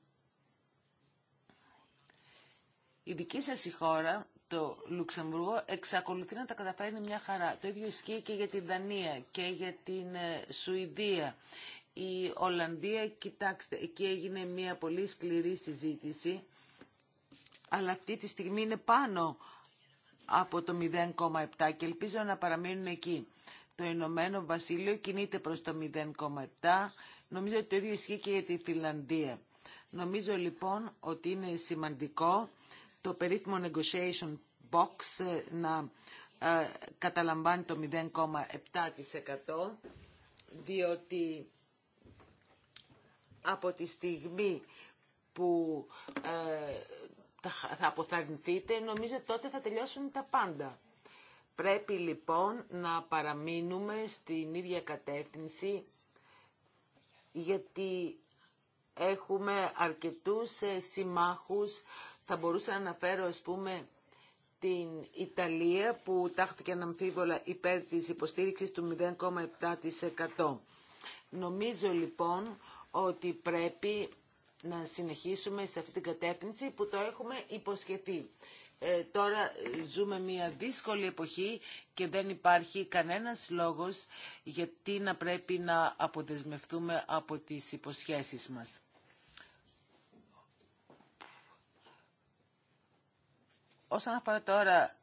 η δική σας η χώρα, το Λουξεμβούργο, εξακολουθεί να τα καταφέρνει μια χαρά. Το ίδιο ισχύει και για την Δανία και για την ε, Σουηδία. Η Ολλανδία, κοιτάξτε, εκεί έγινε μια πολύ σκληρή συζήτηση, αλλά αυτή τη στιγμή είναι πάνω από το 0,7 και ελπίζω να παραμείνουν εκεί. Το Ηνωμένο Βασίλειο κινείται προς το 0,7. Νομίζω ότι το ίδιο ισχύει και για τη Φιλανδία. Νομίζω λοιπόν ότι είναι σημαντικό το περίφημο negotiation box ε, να ε, καταλαμβάνει το 0,7% διότι από τη στιγμή που ε, θα αποθαρρυνθείτε, νομίζω τότε θα τελειώσουν τα πάντα. Πρέπει λοιπόν να παραμείνουμε στην ίδια κατεύθυνση γιατί έχουμε αρκετούς συμμάχους θα μπορούσα να αναφέρω, ας πούμε, την Ιταλία που τάχθηκε αναμφίβολα υπέρ της υποστήριξης του 0,7%. Νομίζω λοιπόν ότι πρέπει να συνεχίσουμε σε αυτή την κατεύθυνση που το έχουμε υποσχεθεί. Ε, τώρα ζούμε μια δύσκολη εποχή και δεν υπάρχει κανένας λόγος γιατί να πρέπει να αποδεσμευτούμε από τις υποσχέσεις μας. Όσον αφορά τώρα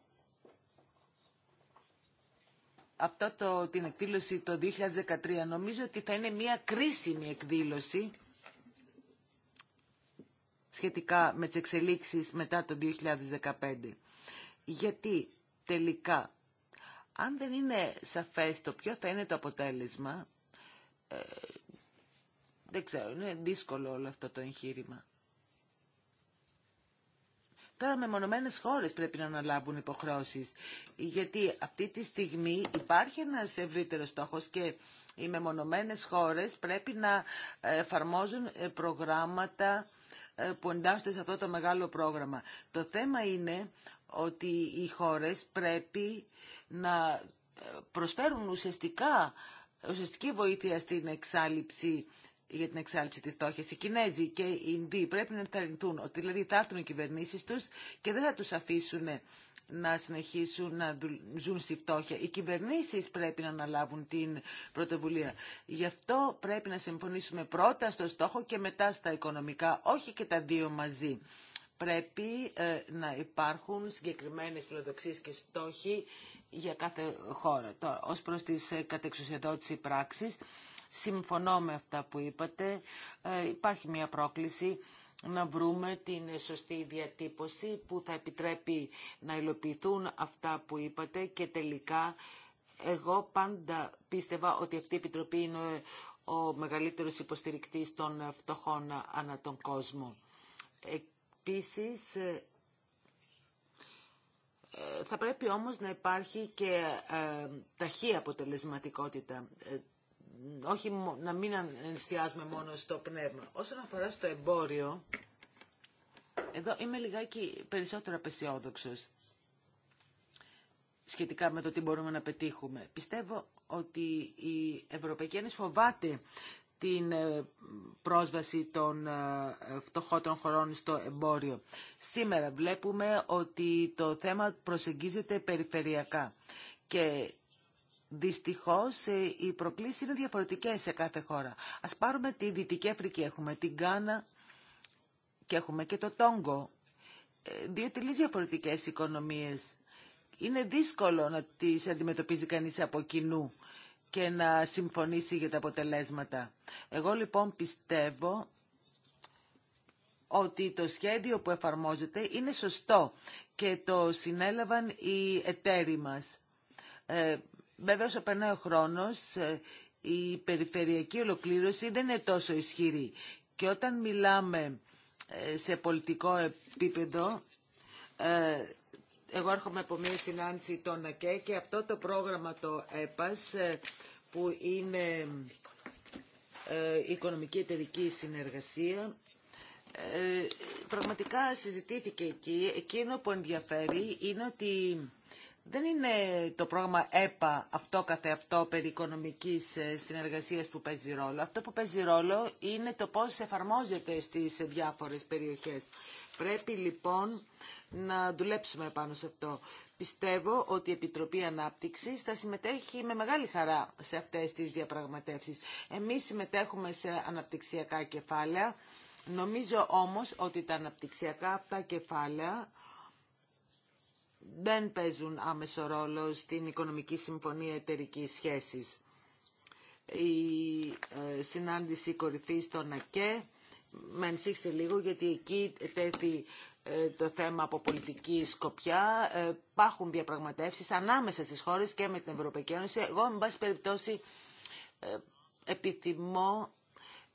αυτό το, την εκδήλωση το 2013, νομίζω ότι θα είναι μια κρίσιμη εκδήλωση σχετικά με τις εξελίξεις μετά το 2015. Γιατί τελικά, αν δεν είναι σαφές το ποιο θα είναι το αποτέλεσμα, ε, δεν ξέρω, είναι δύσκολο όλο αυτό το εγχείρημα. Τώρα μεμονωμένες χώρες πρέπει να αναλάβουν υποχρώσεις, γιατί αυτή τη στιγμή υπάρχει ένας ευρύτερος στόχος και οι μεμονωμένες χώρες πρέπει να εφαρμόζουν ε, προγράμματα ε, που εντάσσονται σε αυτό το μεγάλο πρόγραμμα. Το θέμα είναι ότι οι χώρες πρέπει να ε, προσφέρουν ουσιαστικά, ουσιαστική βοήθεια στην εξάλληψη για την εξάλληψη της φτώχεια. Οι Κινέζοι και οι Ινδοί πρέπει να ενθαρρυνθούν ότι δηλαδή θα έρθουν οι κυβερνήσει τους και δεν θα τους αφήσουν να συνεχίσουν να ζουν στη φτώχεια. Οι κυβερνήσεις πρέπει να αναλάβουν την πρωτοβουλία. Γι' αυτό πρέπει να συμφωνήσουμε πρώτα στο στόχο και μετά στα οικονομικά, όχι και τα δύο μαζί. Πρέπει ε, να υπάρχουν συγκεκριμένες φιλοδοξίες και στόχοι για κάθε χώρα. Τώρα, ως προς τις ε, Συμφωνώ με αυτά που είπατε. Ε, υπάρχει μια πρόκληση να βρούμε την σωστή διατύπωση που θα επιτρέπει να υλοποιηθούν αυτά που είπατε και τελικά εγώ πάντα πίστευα ότι αυτή η Επιτροπή είναι ο μεγαλύτερος υποστηρικτής των φτωχών ανά τον κόσμο. Επίσης, ε, ε, θα πρέπει όμως να υπάρχει και ταχεία αποτελεσματικότητα όχι να μην ενστιάζουμε μόνο στο πνεύμα. Όσον αφορά στο εμπόριο, εδώ είμαι λιγάκι περισσότερο απεσιόδοξο σχετικά με το τι μπορούμε να πετύχουμε. Πιστεύω ότι η Ευρωπαϊκή Ένωση φοβάται την ε, πρόσβαση των ε, φτωχότερων χωρών στο εμπόριο. Σήμερα βλέπουμε ότι το θέμα προσεγγίζεται περιφερειακά και Δυστυχώς ε, οι προκλήσεις είναι διαφορετικές σε κάθε χώρα. Ας πάρουμε τη Δυτική Αφρική. Έχουμε την Γκάνα και έχουμε και το Τόγκο. Ε, δύο τελείως διαφορετικές οικονομίες. Είναι δύσκολο να τις αντιμετωπίζει κανείς από κοινού και να συμφωνήσει για τα αποτελέσματα. Εγώ λοιπόν πιστεύω ότι το σχέδιο που εφαρμόζεται είναι σωστό και το συνέλαβαν οι εταίροι μας. Ε, Βέβαια όσο περνάει ο χρόνο ε, η περιφερειακή ολοκλήρωση δεν είναι τόσο ισχυρή. Και όταν μιλάμε ε, σε πολιτικό επίπεδο, ε, εγώ έρχομαι από μια συνάντηση των ΑΚΕ και αυτό το πρόγραμμα το ΕΠΑΣ που είναι οικονομική εταιρική συνεργασία πραγματικά συζητήθηκε εκεί. Εκείνο που ενδιαφέρει είναι ότι δεν είναι το πρόγραμμα ΕΠΑ αυτό καθεαυτό περί οικονομικής ε, συνεργασίας που παίζει ρόλο. Αυτό που παίζει ρόλο είναι το πώς εφαρμόζεται στις διάφορες περιοχές. Πρέπει λοιπόν να δουλέψουμε πάνω σε αυτό. Πιστεύω ότι η Επιτροπή Ανάπτυξης θα συμμετέχει με μεγάλη χαρά σε αυτές τις διαπραγματεύσεις. Εμείς συμμετέχουμε σε αναπτυξιακά κεφάλαια. Νομίζω όμως ότι τα αναπτυξιακά αυτά κεφάλαια δεν παίζουν άμεσο ρόλο στην Οικονομική Συμφωνία εταιρική σχέση. Η ε, συνάντηση κορυφή των ΑΚΕ με ανησύχησε λίγο γιατί εκεί τέθη ε, το θέμα από πολιτική σκοπιά. Ε, υπάρχουν διαπραγματεύσεις ανάμεσα στις χώρες και με την Ευρωπαϊκή Ένωση. Εγώ, με πάση περιπτώσει, επιθυμώ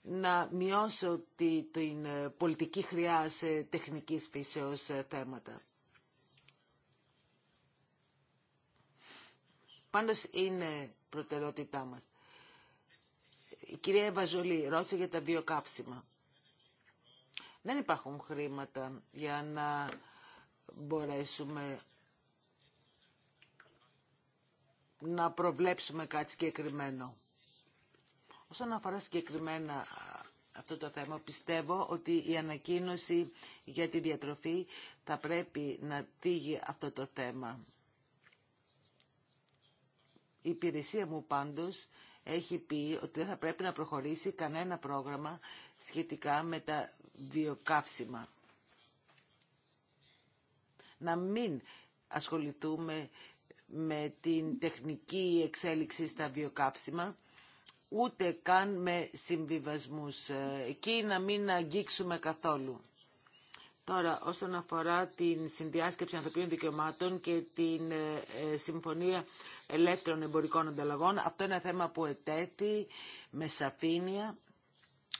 να μειώσω την πολιτική χρειά σε τεχνικής φύσεως θέματα. Πάντως είναι προτεραιότητά μας. Η κυρία Ευαζολή ρώτησε για τα βιοκάψιμα. Δεν υπάρχουν χρήματα για να μπορέσουμε να προβλέψουμε κάτι συγκεκριμένο. Όσον αφορά συγκεκριμένα αυτό το θέμα, πιστεύω ότι η ανακοίνωση για τη διατροφή θα πρέπει να τύγει αυτό το θέμα. Η υπηρεσία μου πάντως έχει πει ότι δεν θα πρέπει να προχωρήσει κανένα πρόγραμμα σχετικά με τα βιοκαύσιμα. Να μην ασχοληθούμε με την τεχνική εξέλιξη στα βιοκάψιμα, ούτε καν με συμβιβασμούς. Ε, εκεί να μην αγγίξουμε καθόλου. Τώρα, όσον αφορά την συνδιάσκεψη ανθρωπίνων δικαιωμάτων και την ε, ε, Συμφωνία Ελεύθερων Εμπορικών Ανταλλαγών, αυτό είναι ένα θέμα που ετέθη με σαφήνεια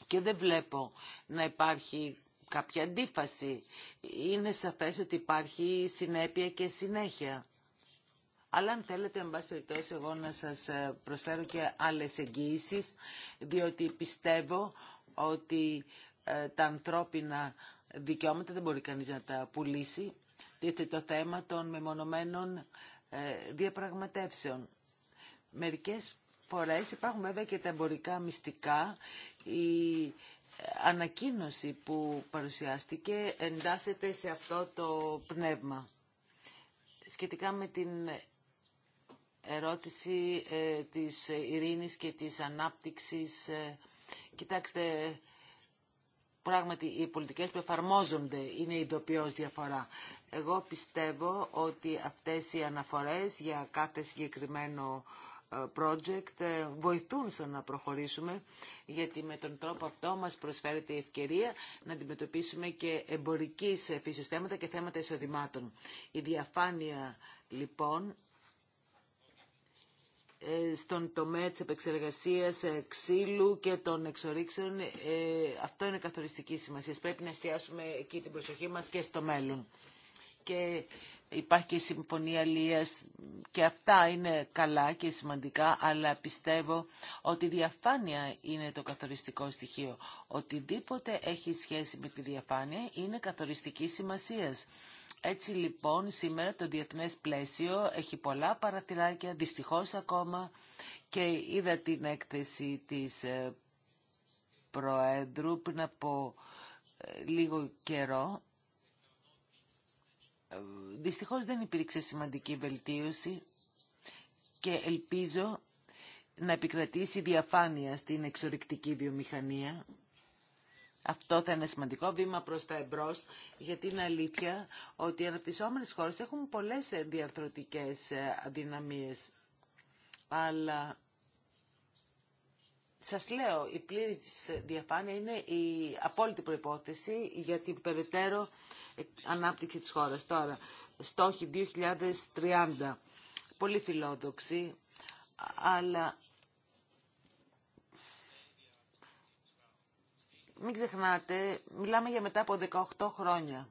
και δεν βλέπω να υπάρχει κάποια αντίφαση. Είναι σαφές ότι υπάρχει συνέπεια και συνέχεια. Αλλά αν θέλετε, εν πάση περιπτώσει, εγώ να σας ε, προσφέρω και άλλες εγγύησεις, διότι πιστεύω ότι τα ανθρώπινα δικαιώματα δεν μπορεί κανείς να τα πουλήσει. διότι το θέμα των μεμονωμένων ε, διαπραγματεύσεων. Μερικές φορές υπάρχουν βέβαια και τα εμπορικά μυστικά. Η ε, ανακοίνωση που παρουσιάστηκε εντάσσεται σε αυτό το πνεύμα. Σχετικά με την ερώτηση ε, της ειρήνης και της ανάπτυξης, κοιτάξτε, πράγματι οι πολιτικές που εφαρμόζονται είναι η ειδοποιώς διαφορά. Εγώ πιστεύω ότι αυτές οι αναφορές για κάθε συγκεκριμένο ε, project ε, βοηθούν στο να προχωρήσουμε γιατί με τον τρόπο αυτό μας προσφέρεται η ευκαιρία να αντιμετωπίσουμε και εμπορικής ε, φύσης θέματα και θέματα εισοδημάτων. Η διαφάνεια λοιπόν ε, στον τομέα της επεξεργασίας ε, ξύλου και των εξορίξεων. Ε, αυτό είναι καθοριστική σημασία. Πρέπει να εστιάσουμε εκεί την προσοχή μας και στο μέλλον. Και υπάρχει και η Συμφωνία Λίας και αυτά είναι καλά και σημαντικά, αλλά πιστεύω ότι η διαφάνεια είναι το καθοριστικό στοιχείο. Οτιδήποτε έχει σχέση με τη διαφάνεια είναι καθοριστική σημασίας. Έτσι λοιπόν σήμερα το διεθνές πλαίσιο έχει πολλά παραθυράκια, δυστυχώς ακόμα και είδα την έκθεση της ε, Προέδρου πριν από ε, λίγο καιρό. Ε, δυστυχώς δεν υπήρξε σημαντική βελτίωση και ελπίζω να επικρατήσει διαφάνεια στην εξορρυκτική βιομηχανία αυτό θα είναι σημαντικό βήμα προς τα εμπρό, γιατί είναι αλήθεια ότι οι αναπτυσσόμενε χώρε έχουν πολλές διαρθρωτικές ε, αδυναμίες. Αλλά σας λέω, η πλήρη διαφάνεια είναι η απόλυτη προϋπόθεση για την περαιτέρω ανάπτυξη της χώρας. Τώρα, στόχοι 2030, πολύ φιλόδοξοι, αλλά μην ξεχνάτε, μιλάμε για μετά από 18 χρόνια.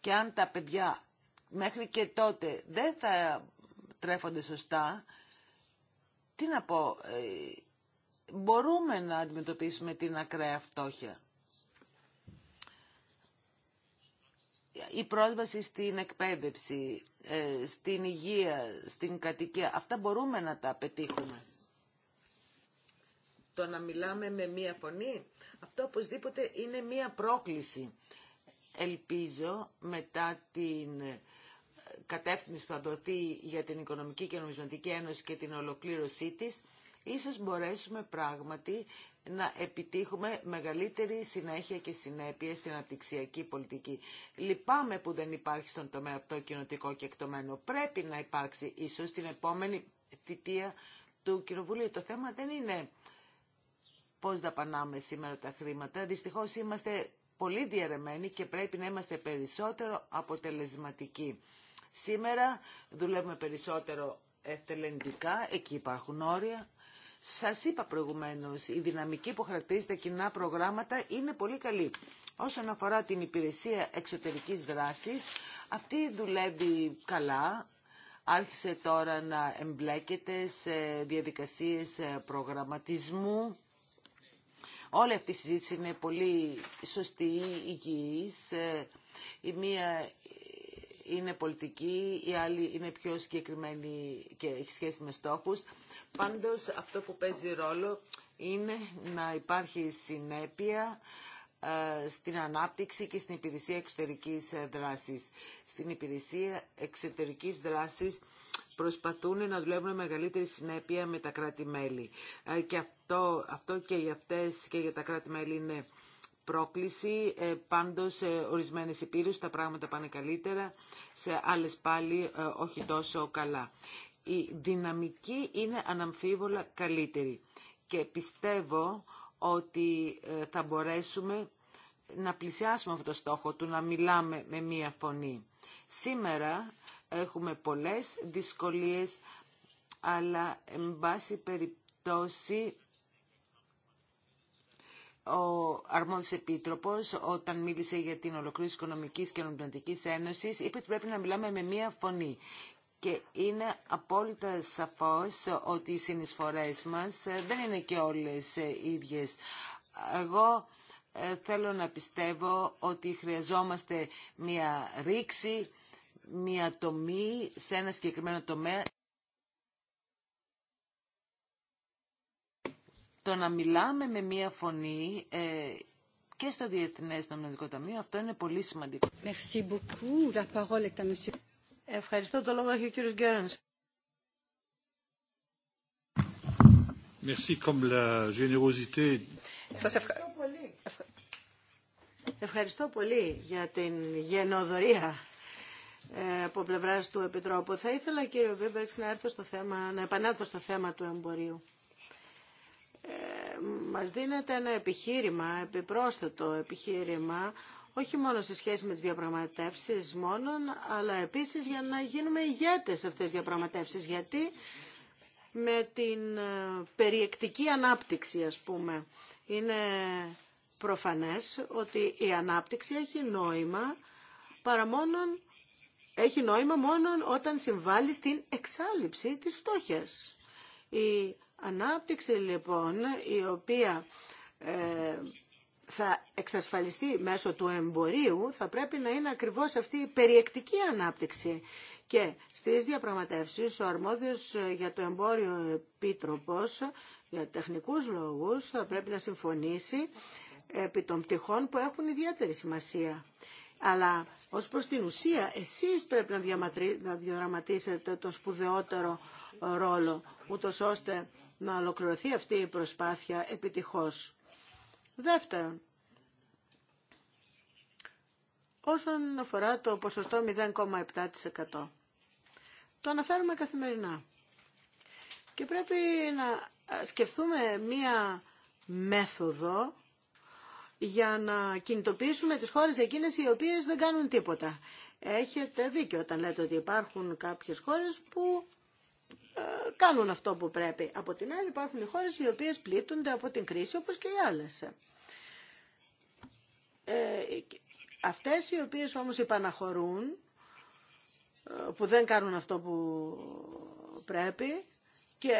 Και αν τα παιδιά μέχρι και τότε δεν θα τρέφονται σωστά, τι να πω, ε, μπορούμε να αντιμετωπίσουμε την ακραία φτώχεια. Η πρόσβαση στην εκπαίδευση, ε, στην υγεία, στην κατοικία, αυτά μπορούμε να τα πετύχουμε το να μιλάμε με μία φωνή. Αυτό οπωσδήποτε είναι μία πρόκληση. Ελπίζω μετά την ε, κατεύθυνση που θα δοθεί για την Οικονομική και Νομισματική Ένωση και την ολοκλήρωσή της, ίσως μπορέσουμε πράγματι να επιτύχουμε μεγαλύτερη συνέχεια και συνέπεια στην αναπτυξιακή πολιτική. Λυπάμαι που δεν υπάρχει στον τομέα αυτό κοινοτικό και εκτομένο. Πρέπει να υπάρξει ίσως την επόμενη θητεία του Κοινοβουλίου. Το θέμα δεν είναι πώς δαπανάμε σήμερα τα χρήματα. Δυστυχώς είμαστε πολύ διαρρεμένοι και πρέπει να είμαστε περισσότερο αποτελεσματικοί. Σήμερα δουλεύουμε περισσότερο ευτελεντικά, εκεί υπάρχουν όρια. Σας είπα προηγουμένως, η δυναμική που χαρακτηρίζει τα κοινά προγράμματα είναι πολύ καλή. Όσον αφορά την υπηρεσία εξωτερικής δράσης, αυτή δουλεύει καλά, άρχισε τώρα να εμπλέκεται σε διαδικασίες ε, προγραμματισμού Όλη αυτή η συζήτηση είναι πολύ σωστή, υγιής. Ε, η μία είναι πολιτική, η άλλη είναι πιο συγκεκριμένη και έχει σχέση με στόχους. Πάντως αυτό που παίζει ρόλο είναι να υπάρχει συνέπεια ε, στην ανάπτυξη και στην υπηρεσία εξωτερικής ε, δράσης. Στην υπηρεσία εξωτερικής δράσης προσπαθούν να δουλεύουν με μεγαλύτερη συνέπεια με τα κράτη-μέλη. Ε, και αυτό, αυτό και για αυτές και για τα κράτη-μέλη είναι πρόκληση. Ε, πάντως, σε ορισμένες υπήρους τα πράγματα πάνε καλύτερα, σε άλλες πάλι ε, όχι τόσο καλά. Η δυναμική είναι αναμφίβολα καλύτερη και πιστεύω ότι θα μπορέσουμε να πλησιάσουμε αυτό το στόχο του να μιλάμε με μία φωνή. Σήμερα Έχουμε πολλές δυσκολίες, αλλά εν πάση περιπτώσει ο αρμόδιος επίτροπος όταν μίλησε για την ολοκλήρωση οικονομικής και νομισματικής ένωσης είπε ότι πρέπει να μιλάμε με μία φωνή και είναι απόλυτα σαφώς ότι οι συνεισφορές μας ε, δεν είναι και όλες οι ε, ίδιες. Εγώ ε, θέλω να πιστεύω ότι χρειαζόμαστε μία ρήξη μια τομή σε ένα συγκεκριμένο τομέα. Το να μιλάμε με μια φωνή ε, και στο Διεθνές νομικό Ταμείο, αυτό είναι πολύ σημαντικό. Merci beaucoup. La parole est à monsieur. Ευχαριστώ. Το λόγο έχει ο κύριος Γκέρνς. Merci comme la générosité. Σας ευχαριστώ πολύ. Ευχα... Ευχαριστώ πολύ για την γενοδορία ε, από πλευρά του Επιτρόπου. Θα ήθελα κύριε Βίμπεξ να, έρθω στο θέμα, να επανέλθω στο θέμα του εμπορίου. Ε, μας δίνεται ένα επιχείρημα, επιπρόσθετο επιχείρημα, όχι μόνο σε σχέση με τις διαπραγματεύσεις μόνον, αλλά επίσης για να γίνουμε ηγέτες σε αυτές τις διαπραγματεύσεις. Γιατί με την ε, περιεκτική ανάπτυξη, ας πούμε, είναι προφανές ότι η ανάπτυξη έχει νόημα παρά μόνον έχει νόημα μόνο όταν συμβάλλει στην εξάλληψη της φτώχειας. Η ανάπτυξη λοιπόν η οποία ε, θα εξασφαλιστεί μέσω του εμπορίου θα πρέπει να είναι ακριβώς αυτή η περιεκτική ανάπτυξη. Και στις διαπραγματεύσεις ο αρμόδιος ε, για το εμπόριο επίτροπος για τεχνικούς λόγους θα πρέπει να συμφωνήσει επί των πτυχών που έχουν ιδιαίτερη σημασία. Αλλά ως προς την ουσία, εσείς πρέπει να διαδραματίσετε το σπουδαιότερο ε, ρόλο, ούτως ώστε να ολοκληρωθεί αυτή η προσπάθεια επιτυχώς. Δεύτερον, όσον αφορά το ποσοστό 0,7%. Το αναφέρουμε καθημερινά. Και πρέπει να ε, σκεφτούμε μία μέθοδο για να κινητοποιήσουμε τις χώρες εκείνες οι οποίες δεν κάνουν τίποτα. Έχετε δίκιο όταν λέτε ότι υπάρχουν κάποιες χώρες που ε, κάνουν αυτό που πρέπει. Από την άλλη υπάρχουν οι χώρες οι οποίες πλήττονται από την κρίση όπως και οι άλλες. Ε, αυτές οι οποίες όμως υπαναχωρούν, ε, που δεν κάνουν αυτό που πρέπει και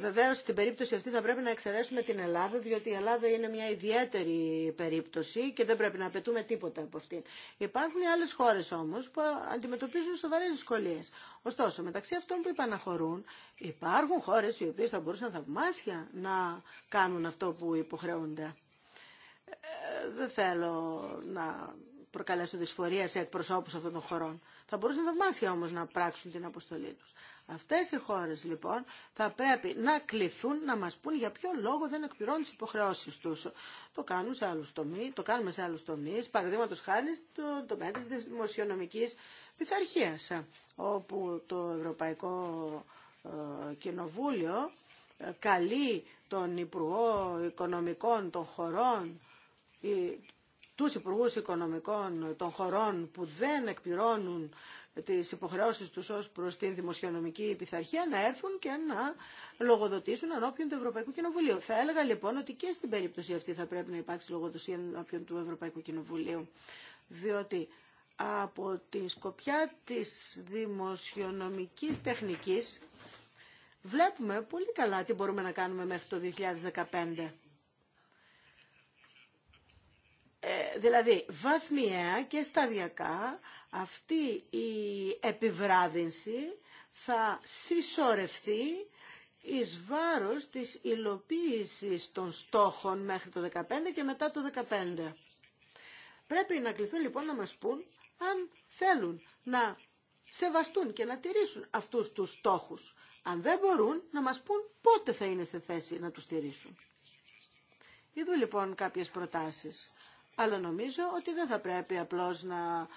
Βεβαίω στην περίπτωση αυτή θα πρέπει να εξαιρέσουμε την Ελλάδα, διότι η Ελλάδα είναι μια ιδιαίτερη περίπτωση και δεν πρέπει να απαιτούμε τίποτα από αυτήν. Υπάρχουν άλλε χώρε όμω που αντιμετωπίζουν σοβαρέ δυσκολίε. Ωστόσο, μεταξύ αυτών που υπαναχωρούν, υπάρχουν χώρε οι οποίε θα μπορούσαν θαυμάσια να κάνουν αυτό που υποχρεούνται. Ε, δεν θέλω να προκαλέσω δυσφορία σε εκπροσώπους αυτών των χωρών. Θα μπορούσαν θαυμάσια όμως να πράξουν την αποστολή τους. Αυτές οι χώρες λοιπόν θα πρέπει να κληθούν να μας πούν για ποιο λόγο δεν εκπληρώνουν τις υποχρεώσεις τους. Το, κάνουν σε άλλους τομείς, το κάνουμε σε άλλους τομείς, παραδείγματος χάρη στο τομέα της δημοσιονομικής πειθαρχίας, όπου το Ευρωπαϊκό ε, Κοινοβούλιο ε, καλεί τον Υπουργό Οικονομικών των χωρών τους υπουργού οικονομικών των χωρών που δεν εκπληρώνουν τις υποχρεώσεις τους ως προς την δημοσιονομική πειθαρχία να έρθουν και να λογοδοτήσουν ανώπιον του Ευρωπαϊκού Κοινοβουλίου. Θα έλεγα λοιπόν ότι και στην περίπτωση αυτή θα πρέπει να υπάρξει λογοδοσία ανώπιον του Ευρωπαϊκού Κοινοβουλίου. Διότι από τη σκοπιά της δημοσιονομικής τεχνικής βλέπουμε πολύ καλά τι μπορούμε να κάνουμε μέχρι το 2015. Ε, δηλαδή βαθμιαία και σταδιακά αυτή η επιβράδυνση θα συσσωρευτεί εις βάρος της υλοποίησης των στόχων μέχρι το 2015 και μετά το 2015. Πρέπει να κληθούν λοιπόν να μας πούν αν θέλουν να σεβαστούν και να τηρήσουν αυτούς τους στόχους. Αν δεν μπορούν να μας πούν πότε θα είναι σε θέση να τους τηρήσουν. Είδω λοιπόν κάποιες προτάσεις. Αλλά νομίζω ότι δεν θα πρέπει απλώς να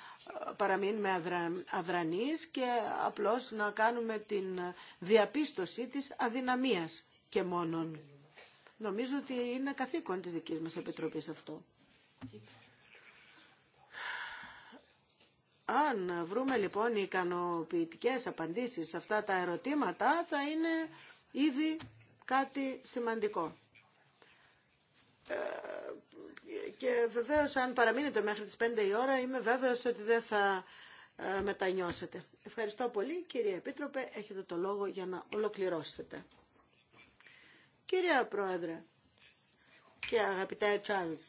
ε, παραμείνουμε αδρανείς και απλώς να κάνουμε την διαπίστωση της αδυναμίας και μόνον. Νομίζω ότι είναι καθήκον της δικής μας Επιτροπής αυτό. Αν βρούμε λοιπόν ικανοποιητικέ απαντήσεις σε αυτά τα ερωτήματα θα είναι ήδη κάτι σημαντικό. Ε, και βεβαίω, αν παραμείνετε μέχρι τις 5 η ώρα είμαι βέβαιος ότι δεν θα ε, μετανιώσετε. Ευχαριστώ πολύ. Κύριε Επίτροπε, έχετε το λόγο για να ολοκληρώσετε. Κύριε Πρόεδρε και αγαπητέ Τσάρλς,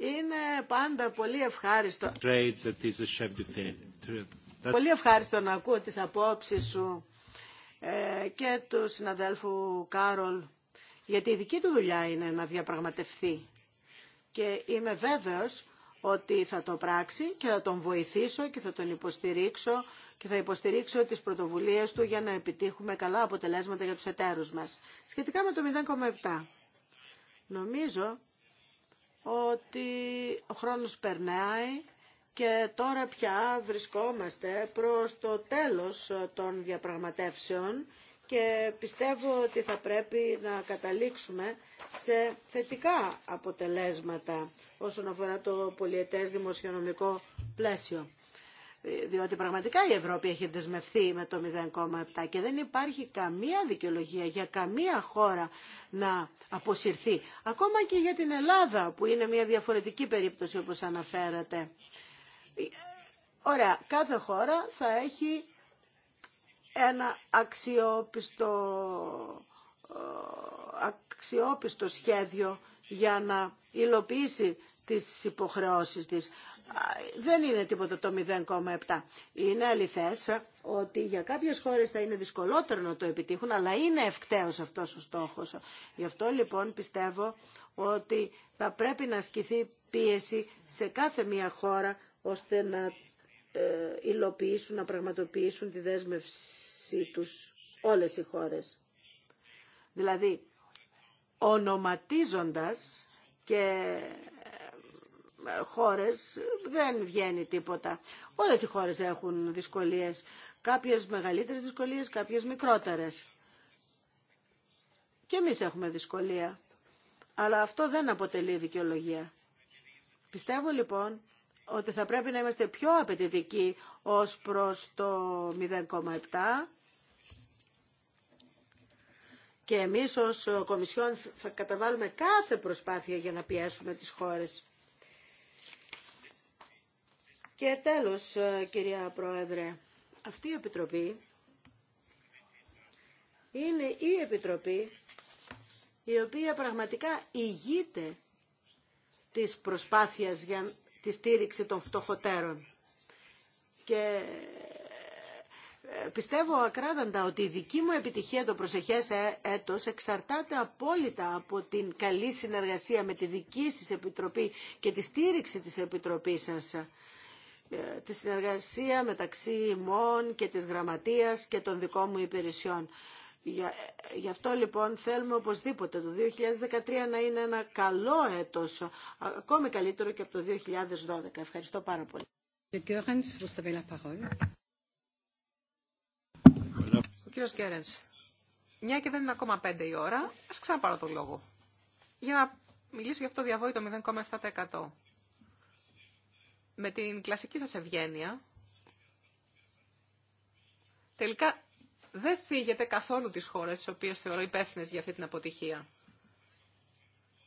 είναι πάντα πολύ ευχάριστο. Πολύ ευχάριστο να ακούω τις απόψεις σου ε, και του συναδέλφου Κάρολ, γιατί η δική του δουλειά είναι να διαπραγματευτεί και είμαι βέβαιος ότι θα το πράξει και θα τον βοηθήσω και θα τον υποστηρίξω και θα υποστηρίξω τις πρωτοβουλίες του για να επιτύχουμε καλά αποτελέσματα για τους εταίρους μας. Σχετικά με το 0,7. Νομίζω ότι ο χρόνος περνάει και τώρα πια βρισκόμαστε προς το τέλος των διαπραγματεύσεων και πιστεύω ότι θα πρέπει να καταλήξουμε σε θετικά αποτελέσματα όσον αφορά το πολιετές δημοσιονομικό πλαίσιο. Διότι πραγματικά η Ευρώπη έχει δεσμευθεί με το 0,7 και δεν υπάρχει καμία δικαιολογία για καμία χώρα να αποσυρθεί. Ακόμα και για την Ελλάδα που είναι μια διαφορετική περίπτωση όπως αναφέρατε. Ωραία, κάθε χώρα θα έχει ένα ε, αξιόπιστο, σχέδιο για να υλοποιήσει τις υποχρεώσεις της. Δεν είναι τίποτα το 0,7. Είναι αληθές ότι για κάποιες χώρες θα είναι δυσκολότερο να το επιτύχουν, αλλά είναι ευκταίος αυτός ο στόχος. Γι' αυτό λοιπόν πιστεύω ότι θα πρέπει να ασκηθεί πίεση σε κάθε μία χώρα ώστε να ε, υλοποιήσουν, να πραγματοποιήσουν τη δέσμευσή τους όλες οι χώρες. Δηλαδή, ονοματίζοντας και ε, χώρες δεν βγαίνει τίποτα. Όλες οι χώρες έχουν δυσκολίες. Κάποιες μεγαλύτερες δυσκολίες, κάποιες μικρότερες. Και εμείς έχουμε δυσκολία. Αλλά αυτό δεν αποτελεί δικαιολογία. Πιστεύω λοιπόν ότι θα πρέπει να είμαστε πιο απαιτητικοί ως προς το 0,7 και εμείς ως Κομισιόν θα καταβάλουμε κάθε προσπάθεια για να πιέσουμε τις χώρες. Και τέλος, κυρία Πρόεδρε, αυτή η Επιτροπή είναι η Επιτροπή η οποία πραγματικά ηγείται της προσπάθειας για τη στήριξη των φτωχοτέρων. Και ε, πιστεύω ακράδαντα ότι η δική μου επιτυχία το προσεχές ε, έτος εξαρτάται απόλυτα από την καλή συνεργασία με τη δική σας Επιτροπή και τη στήριξη της Επιτροπής σας ε, τη συνεργασία μεταξύ ημών και της γραμματείας και των δικών μου υπηρεσιών. Γι' αυτό λοιπόν θέλουμε οπωσδήποτε το 2013 να είναι ένα καλό έτος, ακόμη καλύτερο και από το 2012. Ευχαριστώ πάρα πολύ. Ο κύριος Γκέρενς, μια και δεν είναι ακόμα πέντε η ώρα, ας ξαναπάρω το λόγο. Για να μιλήσω για αυτό το διαβόητο 0,7%. Με την κλασική σας ευγένεια, τελικά δεν φύγετε καθόλου τις χώρες τις οποίες θεωρώ υπεύθυνε για αυτή την αποτυχία.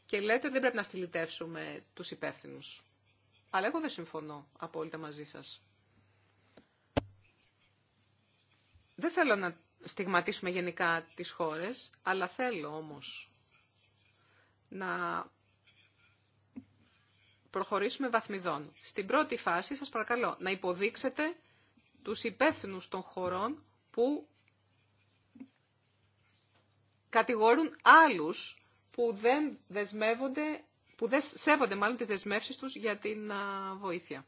Και λέτε δεν πρέπει να στυλιτεύσουμε τους υπεύθυνου. Αλλά εγώ δεν συμφωνώ απόλυτα μαζί σας. Δεν θέλω να στιγματίσουμε γενικά τις χώρες, αλλά θέλω όμως να προχωρήσουμε βαθμιδών. Στην πρώτη φάση σας παρακαλώ να υποδείξετε τους υπεύθυνου των χωρών που κατηγορούν άλλους που δεν δεσμεύονται, που δεν σέβονται μάλλον τις δεσμεύσεις τους για την βοήθεια.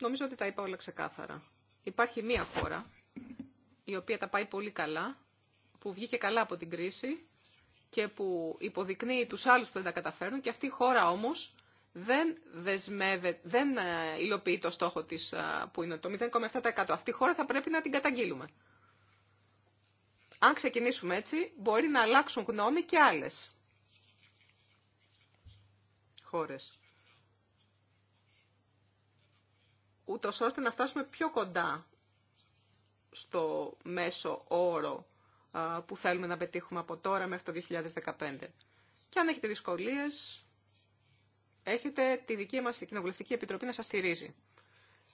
Νομίζω ότι τα είπα όλα ξεκάθαρα. Υπάρχει μία χώρα η οποία τα πάει πολύ καλά, που βγήκε καλά από την κρίση και που υποδεικνύει τους άλλους που δεν τα καταφέρνουν και αυτή η χώρα όμως δεν, δεσμεύε, δεν ε, υλοποιεί το στόχο της ε, που είναι το 0,7%. Αυτή η χώρα θα πρέπει να την καταγγείλουμε. Αν ξεκινήσουμε έτσι, μπορεί να αλλάξουν γνώμη και άλλες χώρες. Ούτως ώστε να φτάσουμε πιο κοντά στο μέσο όρο ε, που θέλουμε να πετύχουμε από τώρα μέχρι το 2015. Και αν έχετε δυσκολίες, έχετε τη δική μας Κοινοβουλευτική Επιτροπή να σας στηρίζει.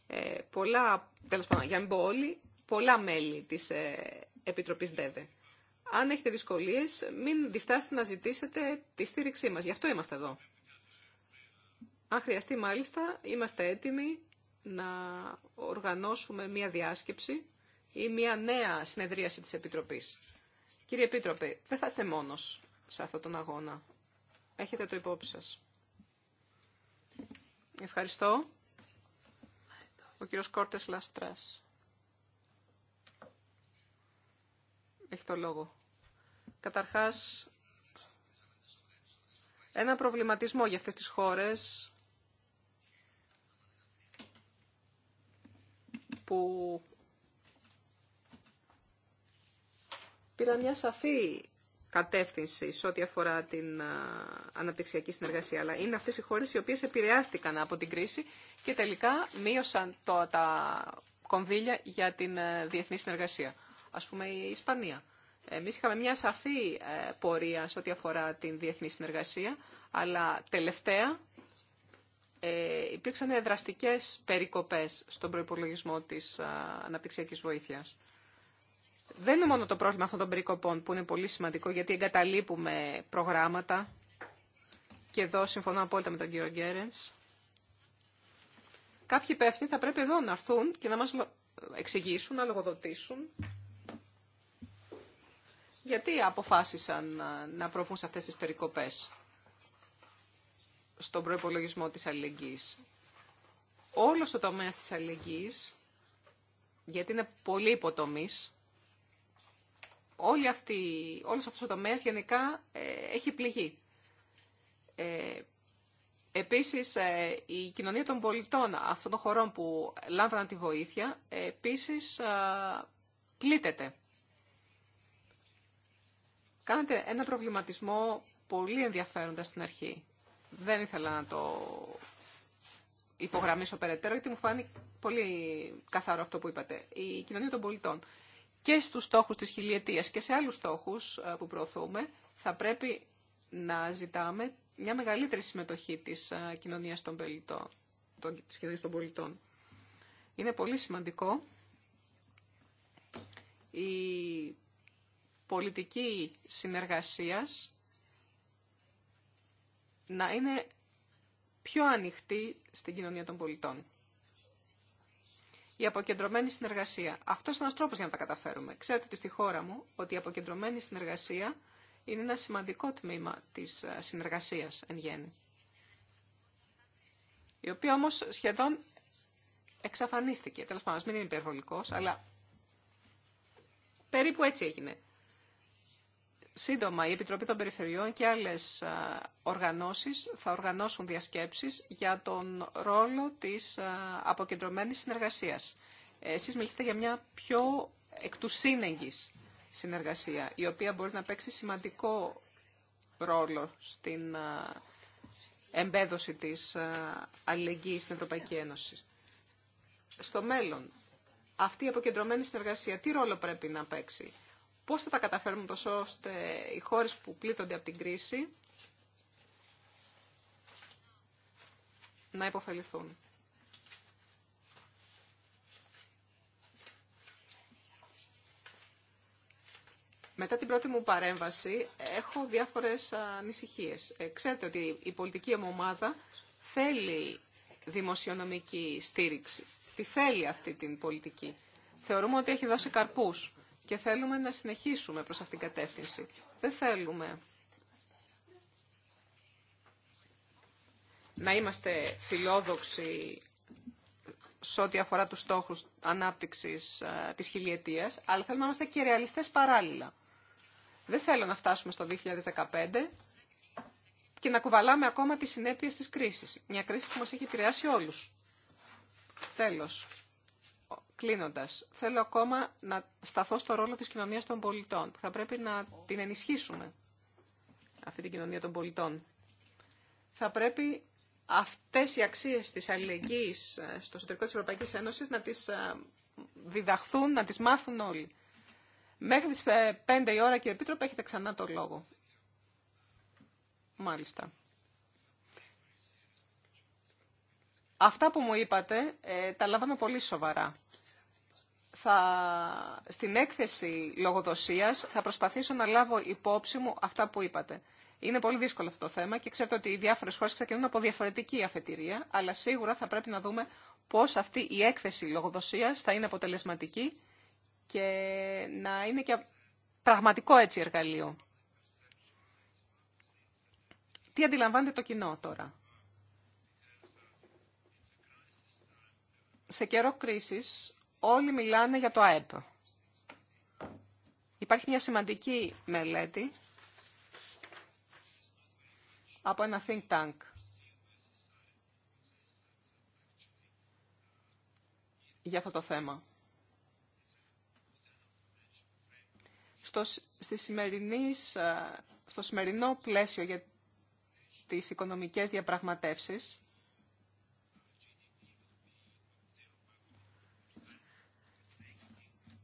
Ε, πολλά, τέλος πάντων, για να μην πω όλοι, πολλά μέλη της ε, Επιτροπής ΔΕΔΕ. Αν έχετε δυσκολίες, μην διστάσετε να ζητήσετε τη στήριξή μας. Γι' αυτό είμαστε εδώ. Αν χρειαστεί μάλιστα, είμαστε έτοιμοι να οργανώσουμε μία διάσκεψη ή μία νέα συνεδρίαση της Επιτροπής. Κύριε Επίτροπε, δεν θα είστε μόνος σε αυτόν τον αγώνα. Έχετε το υπόψη σας. Ευχαριστώ. Ο κύριος Κόρτες Λαστράς. Έχει το λόγο. Καταρχάς, ένα προβληματισμό για αυτές τις χώρες που πήραν μια σαφή κατεύθυνση σε ό,τι αφορά την αναπτυξιακή συνεργασία, αλλά είναι αυτές οι χώρες οι οποίες επηρεάστηκαν από την κρίση και τελικά μείωσαν το, τα κονδύλια για την ε, διεθνή συνεργασία. Ας πούμε η Ισπανία. Εμείς είχαμε μια σαφή ε, πορεία σε ό,τι αφορά την διεθνή συνεργασία, αλλά τελευταία ε, υπήρξαν δραστικές περικοπές στον προϋπολογισμό της αναπτυξιακής βοήθειας. Δεν είναι μόνο το πρόβλημα αυτών των περικοπών που είναι πολύ σημαντικό γιατί εγκαταλείπουμε προγράμματα και εδώ συμφωνώ απόλυτα με τον κύριο Γκέρενς. Κάποιοι υπεύθυνοι θα πρέπει εδώ να έρθουν και να μας εξηγήσουν, να λογοδοτήσουν γιατί αποφάσισαν να προβούν σε αυτές τις περικοπές στον προϋπολογισμό της αλληλεγγύης. Όλος ο τομέας της αλληλεγγύης, γιατί είναι πολύ υποτομής, όλη αυτή, όλος αυτός ο τομέας γενικά ε, έχει πληγεί. Ε, επίσης, ε, η κοινωνία των πολιτών αυτών των χωρών που λάμβαναν τη βοήθεια, επίσης πλήττεται. Κάνετε ένα προβληματισμό πολύ ενδιαφέροντα στην αρχή. Δεν ήθελα να το υπογραμμίσω περαιτέρω, γιατί μου φάνηκε πολύ καθαρό αυτό που είπατε. Η κοινωνία των πολιτών και στους στόχους της χιλιετίας και σε άλλους στόχους ε, που προωθούμε θα πρέπει να ζητάμε μια μεγαλύτερη συμμετοχή της ε, κοινωνίας των πολιτών. Της κοινωνίας των πολιτών. Είναι πολύ σημαντικό η πολιτική συνεργασίας να είναι πιο ανοιχτή στην κοινωνία των πολιτών η αποκεντρωμένη συνεργασία. Αυτό είναι ένα τρόπο για να τα καταφέρουμε. Ξέρετε ότι στη χώρα μου ότι η αποκεντρωμένη συνεργασία είναι ένα σημαντικό τμήμα τη ε, συνεργασία εν γέννη. Η οποία όμω σχεδόν εξαφανίστηκε. Τέλο πάντων, μην είναι υπερβολικό, αλλά περίπου έτσι έγινε. Σύντομα, η Επιτροπή των Περιφερειών και άλλες οργανώσεις θα οργανώσουν διασκέψεις για τον ρόλο της αποκεντρωμένης συνεργασίας. Εσείς μιλήσατε για μια πιο εκ του συνεργασία, η οποία μπορεί να παίξει σημαντικό ρόλο στην εμπέδωση της αλληλεγγύης στην Ευρωπαϊκή Ένωση. Στο μέλλον, αυτή η αποκεντρωμένη συνεργασία τι ρόλο πρέπει να παίξει Πώς θα τα καταφέρουμε τόσο ώστε οι χώρες που πλήττονται από την κρίση να υποφεληθούν. Μετά την πρώτη μου παρέμβαση έχω διάφορες ανησυχίες. Ε, ξέρετε ότι η πολιτική μου ομάδα θέλει δημοσιονομική στήριξη. Τη θέλει αυτή την πολιτική. Θεωρούμε ότι έχει δώσει καρπούς και θέλουμε να συνεχίσουμε προς αυτήν την κατεύθυνση. Δεν θέλουμε να είμαστε φιλόδοξοι σε ό,τι αφορά τους στόχους ανάπτυξης ε, της χιλιετίας, αλλά θέλουμε να είμαστε και ρεαλιστές παράλληλα. Δεν θέλω να φτάσουμε στο 2015 και να κουβαλάμε ακόμα τις συνέπειες της κρίσης. Μια κρίση που μας έχει επηρεάσει όλους. Τέλος. Κλείνοντα, θέλω ακόμα να σταθώ στο ρόλο της κοινωνίας των πολιτών, θα πρέπει να την ενισχύσουμε, αυτή την κοινωνία των πολιτών. Θα πρέπει αυτές οι αξίες της αλληλεγγύη ε, στο εσωτερικό τη Ευρωπαϊκής Ένωση να τις ε, διδαχθούν, να τις μάθουν όλοι. Μέχρι τις 5 ε, η ώρα, κύριε Επίτροπε, έχετε ξανά το λόγο. Μάλιστα. Αυτά που μου είπατε ε, τα λάβαμε πολύ σοβαρά. Θα, στην έκθεση λογοδοσίας θα προσπαθήσω να λάβω υπόψη μου αυτά που είπατε. Είναι πολύ δύσκολο αυτό το θέμα και ξέρετε ότι οι διάφορε χώρε ξεκινούν από διαφορετική αφετηρία, αλλά σίγουρα θα πρέπει να δούμε πώ αυτή η έκθεση λογοδοσία θα είναι αποτελεσματική και να είναι και πραγματικό έτσι εργαλείο. Τι αντιλαμβάνεται το κοινό τώρα. σε καιρό κρίσης όλοι μιλάνε για το ΑΕΠ. Υπάρχει μια σημαντική μελέτη από ένα think tank. για αυτό το θέμα. Στο, στη σημερινής στο σημερινό πλαίσιο για τις οικονομικές διαπραγματεύσεις,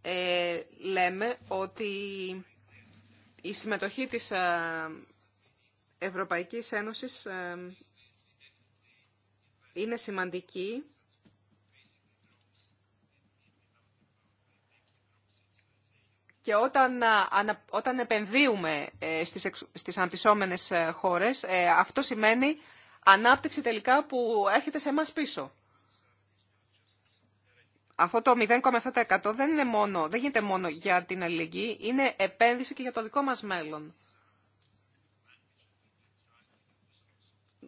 Ε, λέμε ότι η συμμετοχή της ε, Ευρωπαϊκής Ένωσης ε, είναι σημαντική και όταν, όταν επενδύουμε στις, στις αντισόμενες χώρες, αυτό σημαίνει ανάπτυξη τελικά που έρχεται σε εμάς πίσω αυτό το 0,7% δεν, είναι μόνο, δεν γίνεται μόνο για την αλληλεγγύη, είναι επένδυση και για το δικό μας μέλλον.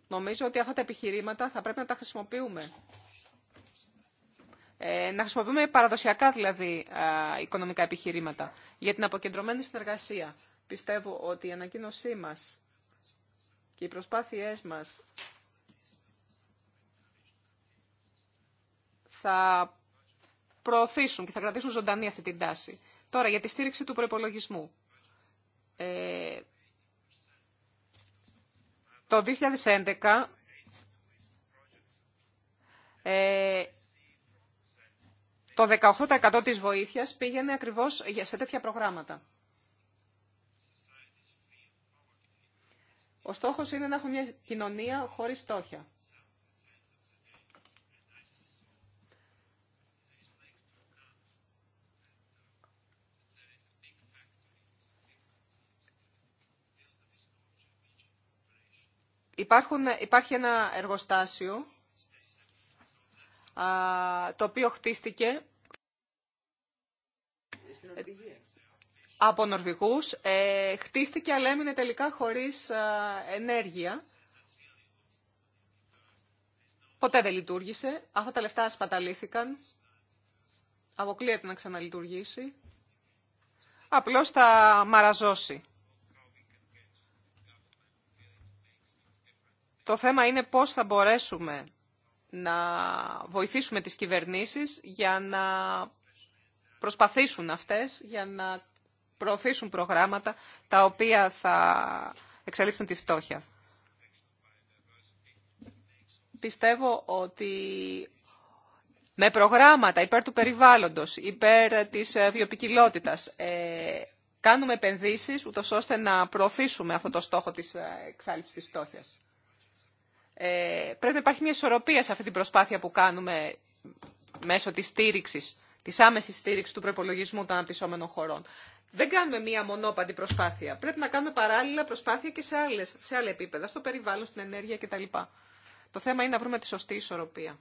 Νομίζω ότι αυτά τα επιχειρήματα θα πρέπει να τα χρησιμοποιούμε. Ε, να χρησιμοποιούμε παραδοσιακά δηλαδή οικονομικά επιχειρήματα για την αποκεντρωμένη συνεργασία. Πιστεύω ότι η ανακοίνωσή μας και οι προσπάθειές μας θα προωθήσουν και θα κρατήσουν ζωντανή αυτή την τάση. Τώρα, για τη στήριξη του προπολογισμού. το 2011 ε, το 18% ε, της βοήθειας πήγαινε ακριβώς σε τέτοια προγράμματα. Ο στόχος είναι να έχουμε μια κοινωνία χωρίς στόχια. Υπάρχουν, υπάρχει ένα εργοστάσιο α, το οποίο χτίστηκε από Νορβηγούς. Ε, χτίστηκε αλλά έμεινε τελικά χωρίς ενέργεια. Ποτέ δεν λειτουργήσε. Αυτά τα λεφτά ασπαταλήθηκαν. Αποκλείεται να ξαναλειτουργήσει. Απλώς θα μαραζώσει. Το θέμα είναι πώς θα μπορέσουμε να βοηθήσουμε τις κυβερνήσεις για να προσπαθήσουν αυτές, για να προωθήσουν προγράμματα τα οποία θα εξαλείψουν τη φτώχεια. Πιστεύω ότι με προγράμματα υπέρ του περιβάλλοντος, υπέρ της ε, βιοπικιλότητας, ε, κάνουμε επενδύσεις ούτως ώστε να προωθήσουμε αυτό το στόχο της ε, εξάλληψης της φτώχειας. Ε, πρέπει να υπάρχει μια ισορροπία σε αυτή την προσπάθεια που κάνουμε μέσω της στήριξης, της άμεσης στήριξης του προπολογισμού των αναπτυσσόμενων χωρών. Δεν κάνουμε μία μονόπαντη προσπάθεια. Πρέπει να κάνουμε παράλληλα προσπάθεια και σε, άλλες, σε άλλα επίπεδα, στο περιβάλλον, στην ενέργεια κτλ. Το θέμα είναι να βρούμε τη σωστή ισορροπία.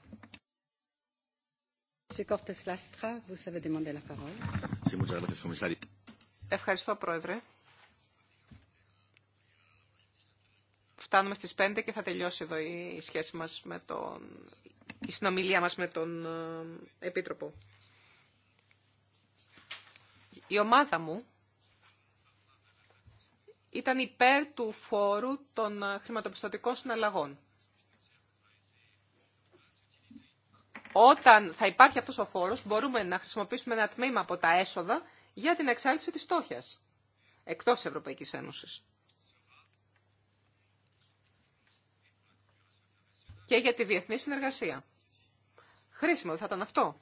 Ευχαριστώ, Πρόεδρε. φτάνουμε στις 5 και θα τελειώσει εδώ η σχέση μας με τον... η συνομιλία μας με τον ε, Επίτροπο. Η ομάδα μου ήταν υπέρ του φόρου των ε, χρηματοπιστωτικών συναλλαγών. Όταν θα υπάρχει αυτός ο φόρος, μπορούμε να χρησιμοποιήσουμε ένα τμήμα από τα έσοδα για την εξάλληψη της στόχιας, εκτός της Ευρωπαϊκής Ένωσης. και για τη διεθνή συνεργασία. Χρήσιμο θα ήταν αυτό.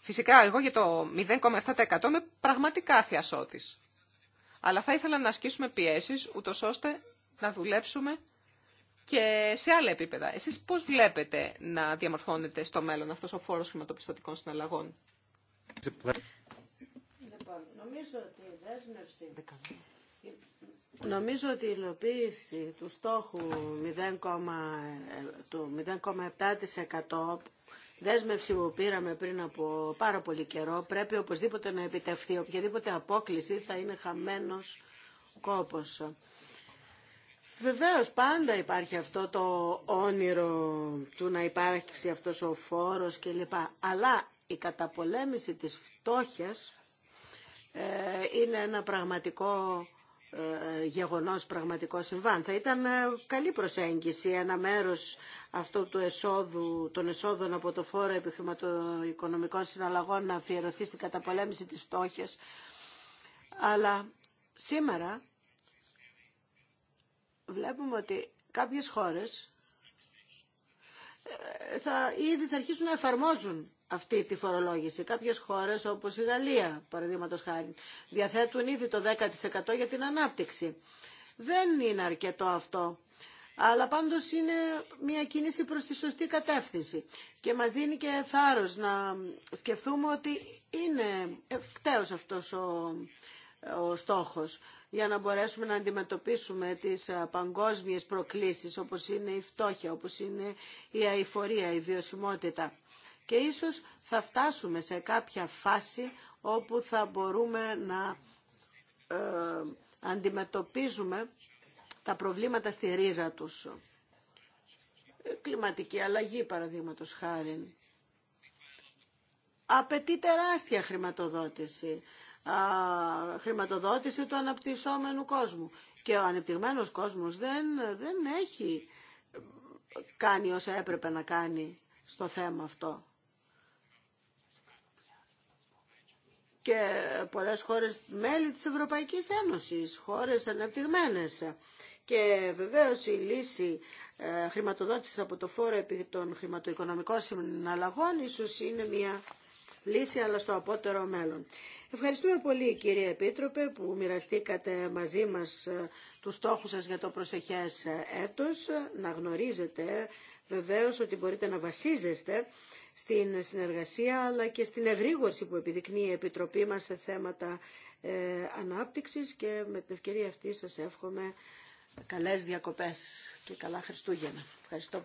Φυσικά, εγώ για το 0,7% είμαι πραγματικά θειασότης. Αλλά θα ήθελα να ασκήσουμε πιέσεις, ούτως ώστε να δουλέψουμε και σε άλλα επίπεδα. Εσείς πώς βλέπετε να διαμορφώνεται στο μέλλον αυτός ο φόρος χρηματοπιστωτικών συναλλαγών. Λοιπόν, νομίζω ότι η δέσμευση Νομίζω ότι η υλοποίηση του στόχου 0,7% ε, του 0,7% δέσμευση που πήραμε πριν από πάρα πολύ καιρό πρέπει οπωσδήποτε να επιτευχθεί. Οποιαδήποτε απόκληση θα είναι χαμένος κόπος. Βεβαίως πάντα υπάρχει αυτό το όνειρο του να υπάρξει αυτός ο φόρος κλπ. Αλλά η καταπολέμηση της φτώχειας ε, είναι ένα πραγματικό ε, γεγονός πραγματικό συμβάν. Θα ήταν ε, καλή προσέγγιση ένα μέρος αυτού του εσόδου, των εσόδων από το φόρο Επιχρηματοοικονομικών συναλλαγών να αφιερωθεί στην καταπολέμηση της φτώχειας. Αλλά σήμερα βλέπουμε ότι κάποιες χώρες ε, θα, ήδη θα αρχίσουν να εφαρμόζουν αυτή τη φορολόγηση. Κάποιες χώρες όπως η Γαλλία, παραδείγματο χάρη, διαθέτουν ήδη το 10% για την ανάπτυξη. Δεν είναι αρκετό αυτό. Αλλά πάντως είναι μια κίνηση προς τη σωστή κατεύθυνση. Και μας δίνει και θάρρος να σκεφτούμε ότι είναι ευκταίος αυτός ο, ο στόχος για να μπορέσουμε να αντιμετωπίσουμε τις παγκόσμιες προκλήσεις όπως είναι η φτώχεια, όπως είναι η αηφορία, η βιωσιμότητα και ίσως θα φτάσουμε σε κάποια φάση όπου θα μπορούμε να ε, αντιμετωπίζουμε τα προβλήματα στη ρίζα τους. Κλιματική αλλαγή, παραδείγματος χάρη. Απαιτεί τεράστια χρηματοδότηση. Α, χρηματοδότηση του αναπτυσσόμενου κόσμου. Και ο ανεπτυγμένος κόσμος δεν, δεν έχει κάνει όσα έπρεπε να κάνει στο θέμα αυτό. και πολλές χώρες μέλη της Ευρωπαϊκής Ένωσης, χώρες αναπτυγμένες. Και βεβαίως η λύση ε, χρηματοδότησης από το φόρο επί των χρηματοοικονομικών συναλλαγών ίσως είναι μια λύση αλλά στο απότερο μέλλον. Ευχαριστούμε πολύ κύριε Επίτροπε που μοιραστήκατε μαζί μας ε, τους στόχους σας για το προσεχές έτος. Να γνωρίζετε βεβαίως ότι μπορείτε να βασίζεστε στην συνεργασία αλλά και στην εγρήγορση που επιδεικνύει η Επιτροπή μας σε θέματα ε, ανάπτυξης και με την ευκαιρία αυτή σας εύχομαι καλές διακοπές και καλά Χριστούγεννα. Ευχαριστώ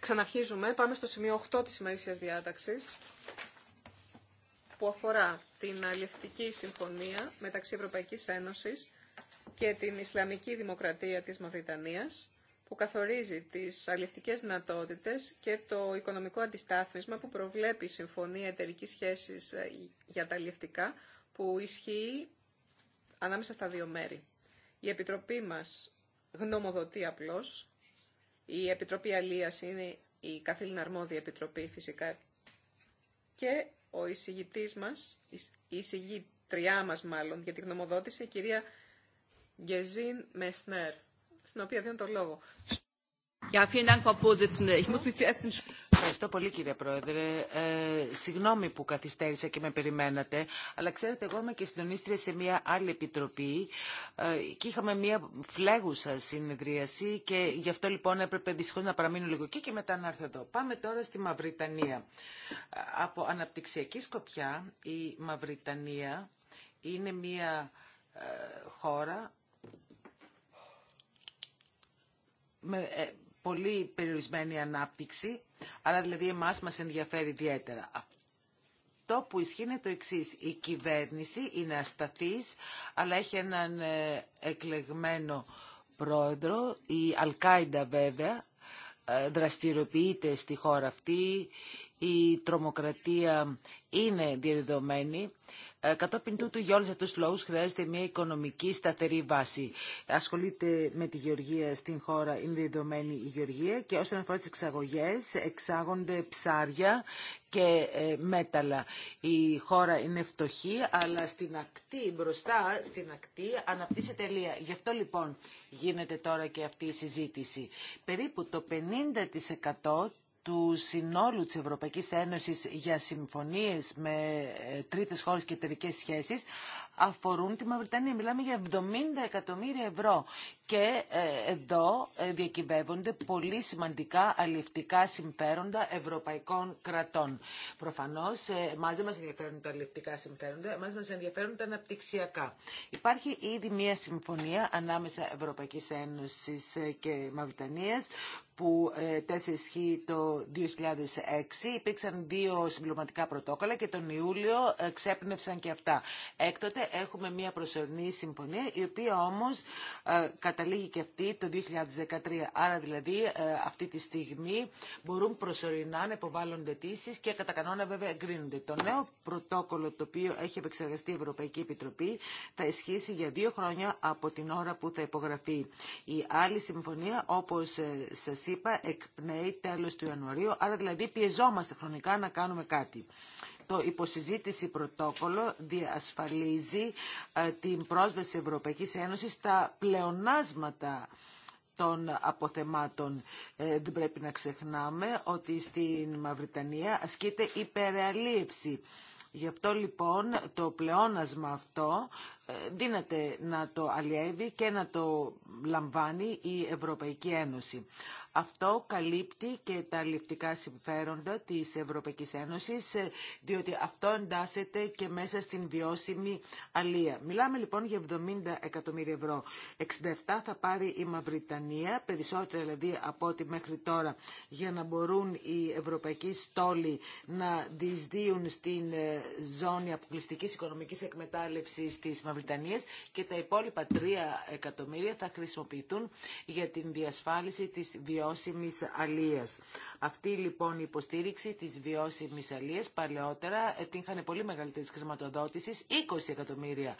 Ξαναρχίζουμε. Πάμε στο σημείο 8 της ημερήσιας διάταξης που αφορά την αλληλευτική συμφωνία μεταξύ Ευρωπαϊκής Ένωσης και την Ισλαμική Δημοκρατία της Μαυριτανίας που καθορίζει τις αλληλευτικές δυνατότητες και το οικονομικό αντιστάθμισμα που προβλέπει η Συμφωνία εταιρική Σχέσης ε, για τα Αλληλευτικά που ισχύει ανάμεσα στα δύο μέρη. Η Επιτροπή μας γνωμοδοτεί απλώς. Η Επιτροπή Αλίας είναι η καθήλυνα αρμόδια Επιτροπή φυσικά. Και ο εισηγητής μας, η εισηγήτριά μας μάλλον για τη γνωμοδότηση, η κυρία Γκεζίν Μεσνέρ, στην οποία δίνω το λόγο. Ευχαριστώ πολύ κύριε Πρόεδρε. Ε, συγγνώμη που καθυστέρησα και με περιμένατε, αλλά ξέρετε εγώ είμαι και συντονίστρια σε μια άλλη επιτροπή ε, και είχαμε μια φλέγουσα συνεδρίαση και γι' αυτό λοιπόν έπρεπε δυστυχώς να παραμείνω λίγο εκεί και μετά να έρθω εδώ. Πάμε τώρα στη Μαυριτανία. Ε, από αναπτυξιακή σκοπιά η Μαυριτανία είναι μια χώρα με πολύ περιορισμένη ανάπτυξη, άρα δηλαδή εμάς μας ενδιαφέρει ιδιαίτερα. Το που ισχύει είναι το εξής. Η κυβέρνηση είναι ασταθής, αλλά έχει έναν ε, εκλεγμένο πρόεδρο. Η Αλκάιντα βέβαια ε, δραστηριοποιείται στη χώρα αυτή. Η τρομοκρατία είναι διαδεδομένη. Ε, κατόπιν τούτου για όλου αυτού τους λόγου χρειάζεται μια οικονομική σταθερή βάση. Ασχολείται με τη γεωργία στην χώρα, είναι δεδομένη η γεωργία και όσον αφορά τι εξαγωγές, εξάγονται ψάρια και ε, μέταλλα. Η χώρα είναι φτωχή, αλλά στην ακτή, μπροστά στην ακτή, αναπτύσσεται ελεία. Γι' αυτό λοιπόν γίνεται τώρα και αυτή η συζήτηση. Περίπου το 50% του συνόλου της Ευρωπαϊκής Ένωσης για συμφωνίες με ε, τρίτες χώρες και εταιρικέ σχέσεις αφορούν τη Μαυριτανία. Μιλάμε για 70 εκατομμύρια ευρώ και ε, εδώ ε, διακυβεύονται πολύ σημαντικά αλληλευτικά συμφέροντα ευρωπαϊκών κρατών. Προφανώς, ε, εμά δεν μα ενδιαφέρουν τα αλληλευτικά συμφέροντα, εμά μας ενδιαφέρουν τα αναπτυξιακά. Υπάρχει ήδη μία συμφωνία ανάμεσα Ευρωπαϊκή Ένωση και Μαυριτανία που τέσσερι ισχύ το 2006. Υπήρξαν δύο συμπληρωματικά πρωτόκολλα και τον Ιούλιο ξέπνευσαν και αυτά. Έκτοτε έχουμε μια προσωρινή συμφωνία, η οποία όμως ε, καταλήγει και αυτή το 2013. Άρα δηλαδή ε, αυτή τη στιγμή μπορούν προσωρινά να υποβάλλονται αιτήσει και κατά κανόνα βέβαια εγκρίνονται. Το νέο πρωτόκολλο το οποίο έχει επεξεργαστεί η Ευρωπαϊκή Επιτροπή θα ισχύσει για δύο χρόνια από την ώρα που θα υπογραφεί. Η άλλη συμφωνία, όπως ε, σας είπα, εκπνέει τέλος του Ιανουαρίου, άρα δηλαδή πιεζόμαστε χρονικά να κάνουμε κάτι το υποσυζήτηση πρωτόκολλο διασφαλίζει ε, την πρόσβαση Ευρωπαϊκής Ένωσης στα πλεονάσματα των αποθεμάτων. Ε, δεν πρέπει να ξεχνάμε ότι στην Μαυριτανία ασκείται υπεραλίευση. Γι' αυτό λοιπόν το πλεόνασμα αυτό ε, δύναται να το αλλιεύει και να το λαμβάνει η Ευρωπαϊκή Ένωση. Αυτό καλύπτει και τα ληφτικά συμφέροντα της Ευρωπαϊκής Ένωσης, ε, διότι αυτό εντάσσεται και μέσα στην βιώσιμη αλία. Μιλάμε λοιπόν για 70 εκατομμύρια ευρώ. 67 θα πάρει η Μαυριτανία, περισσότερα δηλαδή από ό,τι μέχρι τώρα, για να μπορούν οι ευρωπαϊκοί στόλοι να διεισδύουν στην ε, ζώνη αποκλειστική οικονομική εκμετάλλευση τη Μαυριτανία και τα υπόλοιπα 3 εκατομμύρια θα χρησιμοποιηθούν για την διασφάλιση τη βιώσιμη βιώσιμης αλίας. Αυτή λοιπόν η υποστήριξη της βιώσιμης αλίας παλαιότερα είχαν πολύ μεγαλύτερη χρηματοδότηση, 20 εκατομμύρια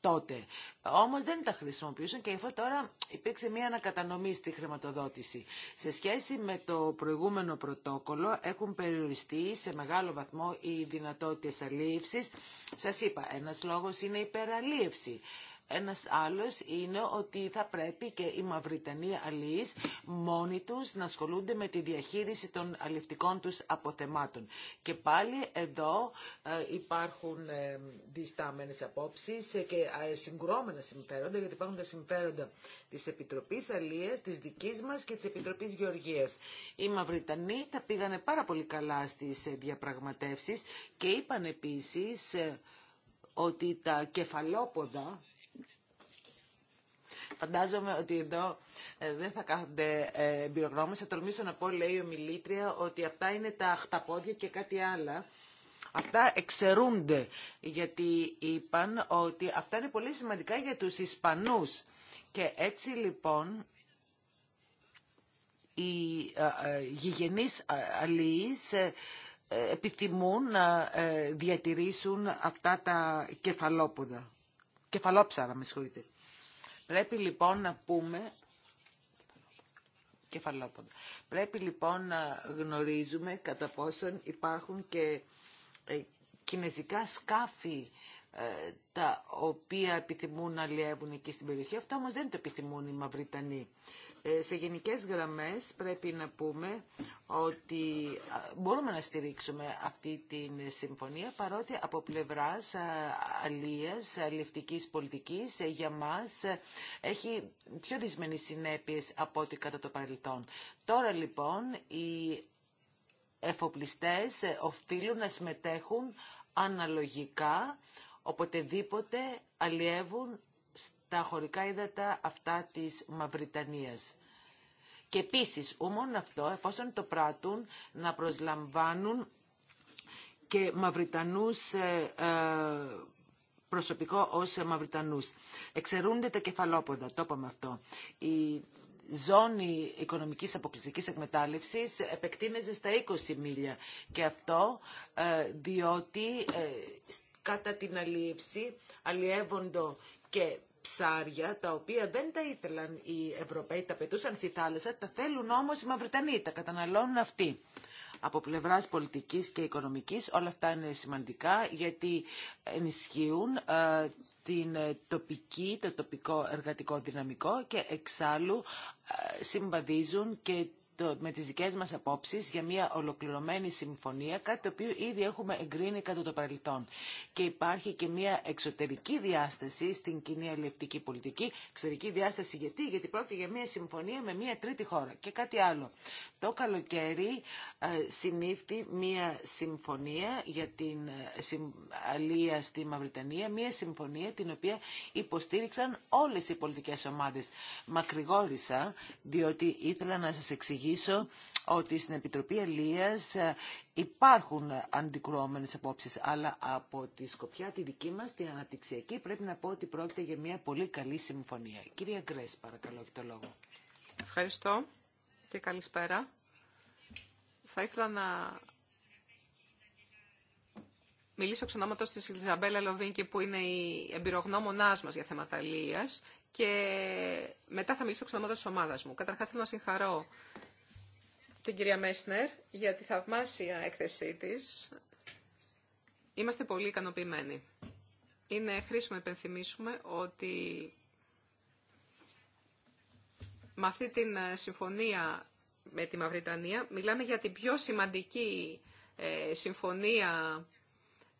τότε. Όμως δεν τα χρησιμοποιούσαν και αυτό τώρα υπήρξε μια ανακατανομή στη χρηματοδότηση. Σε σχέση με το προηγούμενο πρωτόκολλο έχουν περιοριστεί σε μεγάλο βαθμό οι δυνατότητες αλίευσης. Σας είπα, ένας λόγος είναι η υπεραλίευση. Ένας άλλος είναι ότι θα πρέπει και η Μαυριτανοί αλληλείς μόνοι τους να ασχολούνται με τη διαχείριση των αληφτικών τους αποθεμάτων. Και πάλι εδώ ε, υπάρχουν ε, διστάμενες απόψεις και ε, συγκρόμενα συμφέροντα, γιατί υπάρχουν τα συμφέροντα της Επιτροπής Αλίας, της δικής μας και της Επιτροπής Γεωργίας. Οι Μαυριτανοί τα πήγανε πάρα πολύ καλά στις διαπραγματεύσεις και είπαν επίσης ότι τα κεφαλόποδα Φαντάζομαι ότι εδώ ε, δεν θα κάθονται ε, εμπειρογνώμες. Θα τολμήσω να πω, λέει ο Μιλήτρια, ότι αυτά είναι τα χταπόδια και κάτι άλλα. Αυτά εξαιρούνται, γιατί είπαν ότι αυτά είναι πολύ σημαντικά για τους Ισπανούς. Και έτσι λοιπόν οι ε, γηγενείς αλληλείς επιθυμούν να διατηρήσουν αυτά τα κεφαλόποδα. Κεφαλόψαρα, με συγχωρείτε. Πρέπει λοιπόν να πούμε κεφαλόποντα. Πρέπει λοιπόν να γνωρίζουμε κατά πόσον υπάρχουν και ε, κινέζικα σκάφη ε, τα οποία επιθυμούν να λιεύουν εκεί στην περιοχή. Αυτό όμως δεν το επιθυμούν οι Μαυριτανοί. Ε, σε γενικές γραμμές πρέπει να πούμε ότι μπορούμε να στηρίξουμε αυτή τη συμφωνία παρότι από πλευράς αλίας, αλληλευτικής πολιτικής ε, για μας ε, έχει πιο δυσμενείς συνέπειες από ό,τι κατά το παρελθόν. Τώρα λοιπόν οι εφοπλιστές οφείλουν να συμμετέχουν αναλογικά οποτεδήποτε αλλιεύουν τα χωρικά ύδατα αυτά της Μαυριτανίας. Και επίσης, μόνο αυτό, εφόσον το πράττουν, να προσλαμβάνουν και Μαυριτανούς ε, ε, προσωπικό ως Μαυριτανούς. Εξαιρούνται τα κεφαλόποδα, το είπαμε αυτό. Η ζώνη οικονομικής αποκλειστικής εκμετάλλευσης επεκτείνεται στα 20 μίλια. Και αυτό ε, διότι κατά την αλλιεύση, αλλιεύονται και ψάρια τα οποία δεν τα ήθελαν οι Ευρωπαίοι, τα πετούσαν στη θάλασσα, τα θέλουν όμως οι Μαυριτανοί, τα καταναλώνουν αυτοί. Από πλευράς πολιτικής και οικονομικής όλα αυτά είναι σημαντικά γιατί ενισχύουν ε, την ε, τοπική, το τοπικό εργατικό δυναμικό και εξάλλου ε, συμβαδίζουν και το, με τις δικές μας απόψεις για μια ολοκληρωμένη συμφωνία, κάτι το οποίο ήδη έχουμε εγκρίνει κατά το παρελθόν. Και υπάρχει και μια εξωτερική διάσταση στην κοινή αλληλεπτική πολιτική. Εξωτερική διάσταση γιατί, γιατί πρόκειται για μια συμφωνία με μια τρίτη χώρα. Και κάτι άλλο. Το καλοκαίρι ε, συνήφθη μια συμφωνία για την ε, αλία στη Μαυριτανία, μια συμφωνία την οποία υποστήριξαν όλες οι πολιτικές ομάδες. Μακρηγόρησα, διότι ήθελα να σας εξηγήσω εξηγήσω ότι στην Επιτροπή Ελίας ε, υπάρχουν αντικρουόμενες απόψεις, αλλά από τη σκοπιά τη δική μας, την αναπτυξιακή, πρέπει να πω ότι πρόκειται για μια πολύ καλή συμφωνία. Κυρία Γκρέσ, παρακαλώ, έχει το λόγο. Ευχαριστώ και καλησπέρα. Θα ήθελα να μιλήσω εξ ονόματος της Ελιζαμπέλα Λοβίνκη που είναι η εμπειρογνώμονάς μας για θέματα Ελίας, και μετά θα μιλήσω εξ ονόματος της ομάδας μου. Καταρχάς θέλω να συγχαρώ την κυρία Μέσνερ για τη θαυμάσια έκθεσή της. Είμαστε πολύ ικανοποιημένοι. Είναι χρήσιμο να υπενθυμίσουμε ότι με αυτή την ε, συμφωνία με τη Μαυριτανία μιλάμε για την πιο σημαντική ε, συμφωνία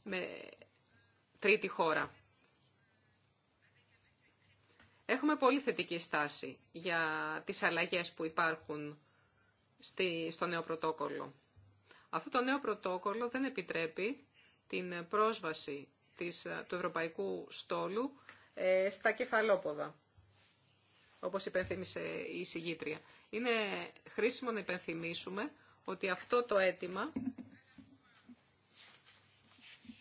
με τρίτη χώρα. Έχουμε πολύ θετική στάση για τις αλλαγές που υπάρχουν στη, στο νέο πρωτόκολλο. Αυτό το νέο πρωτόκολλο δεν επιτρέπει την πρόσβαση της, του ευρωπαϊκού στόλου ε, στα κεφαλόποδα, όπως υπενθύμησε η συγγήτρια. Είναι χρήσιμο να υπενθυμίσουμε ότι αυτό το αίτημα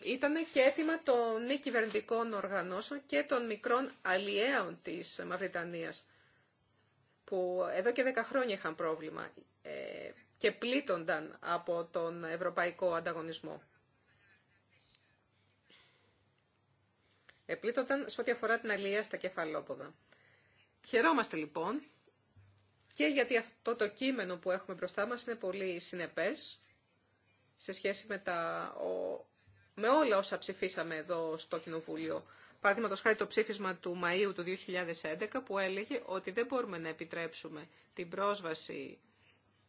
ήταν και αίτημα των μη κυβερνητικών οργανώσεων και των μικρών αλλιέων της Μαυριτανίας, που εδώ και 10 χρόνια είχαν πρόβλημα ε, και πλήττονταν από τον ευρωπαϊκό ανταγωνισμό. Επλήττονταν σε ό,τι αφορά την αλληλεία στα κεφαλόποδα. Χαιρόμαστε λοιπόν και γιατί αυτό το κείμενο που έχουμε μπροστά μας είναι πολύ συνεπές σε σχέση με, τα, με όλα όσα ψηφίσαμε εδώ στο Κοινοβούλιο. Παραδείγματος χάρη το ψήφισμα του Μαΐου του 2011 που έλεγε ότι δεν μπορούμε να επιτρέψουμε την πρόσβαση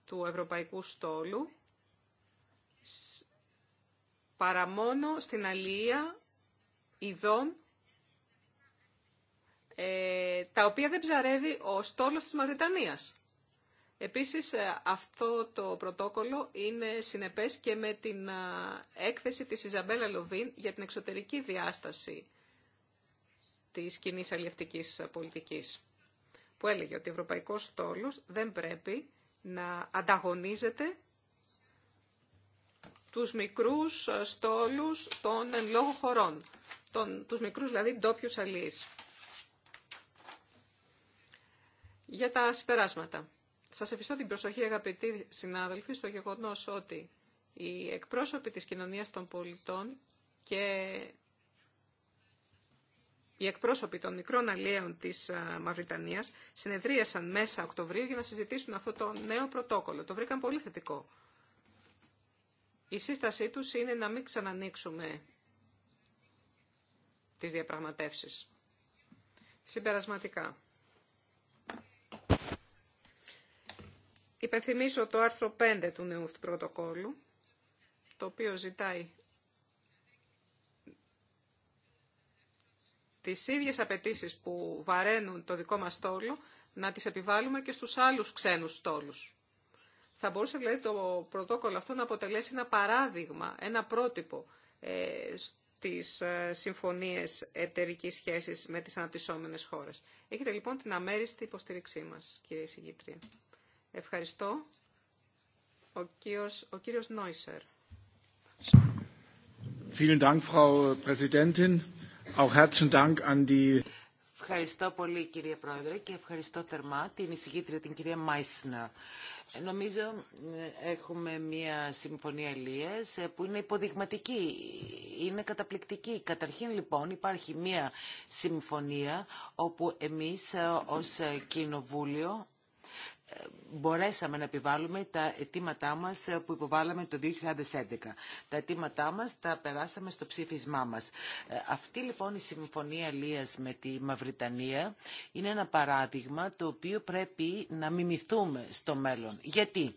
του Ευρωπαϊκού Στόλου παρά μόνο στην αλληλεία ειδών ε, τα οποία δεν ψαρεύει ο στόλος της Μαυριτανίας. Επίσης, ε, αυτό το πρωτόκολλο είναι συνεπές και με την ε, έκθεση της Ιζαμπέλα Λοβίν για την εξωτερική διάσταση της κοινή αλληλευτικής πολιτικής, που έλεγε ότι ο Ευρωπαϊκός στόλος δεν πρέπει να ανταγωνίζεται τους μικρούς στόλους των εν λόγω χωρών, των, τους μικρούς δηλαδή ντόπιου αλληλείς. Για τα συμπεράσματα. Σας ευχαριστώ την προσοχή αγαπητοί συνάδελφοι στο γεγονός ότι οι εκπρόσωποι της κοινωνίας των πολιτών και οι εκπρόσωποι των μικρών αλλιέων τη ε, Μαυριτανία συνεδρίασαν μέσα Οκτωβρίου για να συζητήσουν αυτό το νέο πρωτόκολλο. Το βρήκαν πολύ θετικό. Η σύστασή του είναι να μην ξανανοίξουμε τι διαπραγματεύσει Συμπερασματικά. Υπενθυμίσω το άρθρο 5 του νέου πρωτοκόλλου, το οποίο ζητάει τις ίδιες απαιτήσει που βαραίνουν το δικό μας στόλο να τις επιβάλλουμε και στους άλλους ξένους στόλους. Θα μπορούσε δηλαδή το πρωτόκολλο αυτό να αποτελέσει ένα παράδειγμα, ένα πρότυπο ε, στις ε, συμφωνίες εταιρική σχέσης με τις αναπτυσσόμενες χώρες. Έχετε λοιπόν την αμέριστη υποστήριξή μας, κύριε Συγγήτρια. Ευχαριστώ. Ο κύριος, ο Νόισερ. Vielen Dank, Frau Ευχαριστώ πολύ κυρία Πρόεδρε και ευχαριστώ θερμά την εισηγήτρια την κυρία Μάισνα. Νομίζω ε, έχουμε μια συμφωνία λίες, ε, που είναι υποδειγματική, είναι καταπληκτική. Καταρχήν λοιπόν υπάρχει μια συμφωνία όπου εμείς ε, ως Κοινοβούλιο μπορέσαμε να επιβάλλουμε τα αιτήματά μας ε, που υποβάλαμε το 2011. Τα αιτήματά μας τα περάσαμε στο ψήφισμά μας. Ε, αυτή λοιπόν η συμφωνία Λίας με τη Μαυριτανία είναι ένα παράδειγμα το οποίο πρέπει να μιμηθούμε στο μέλλον. Γιατί?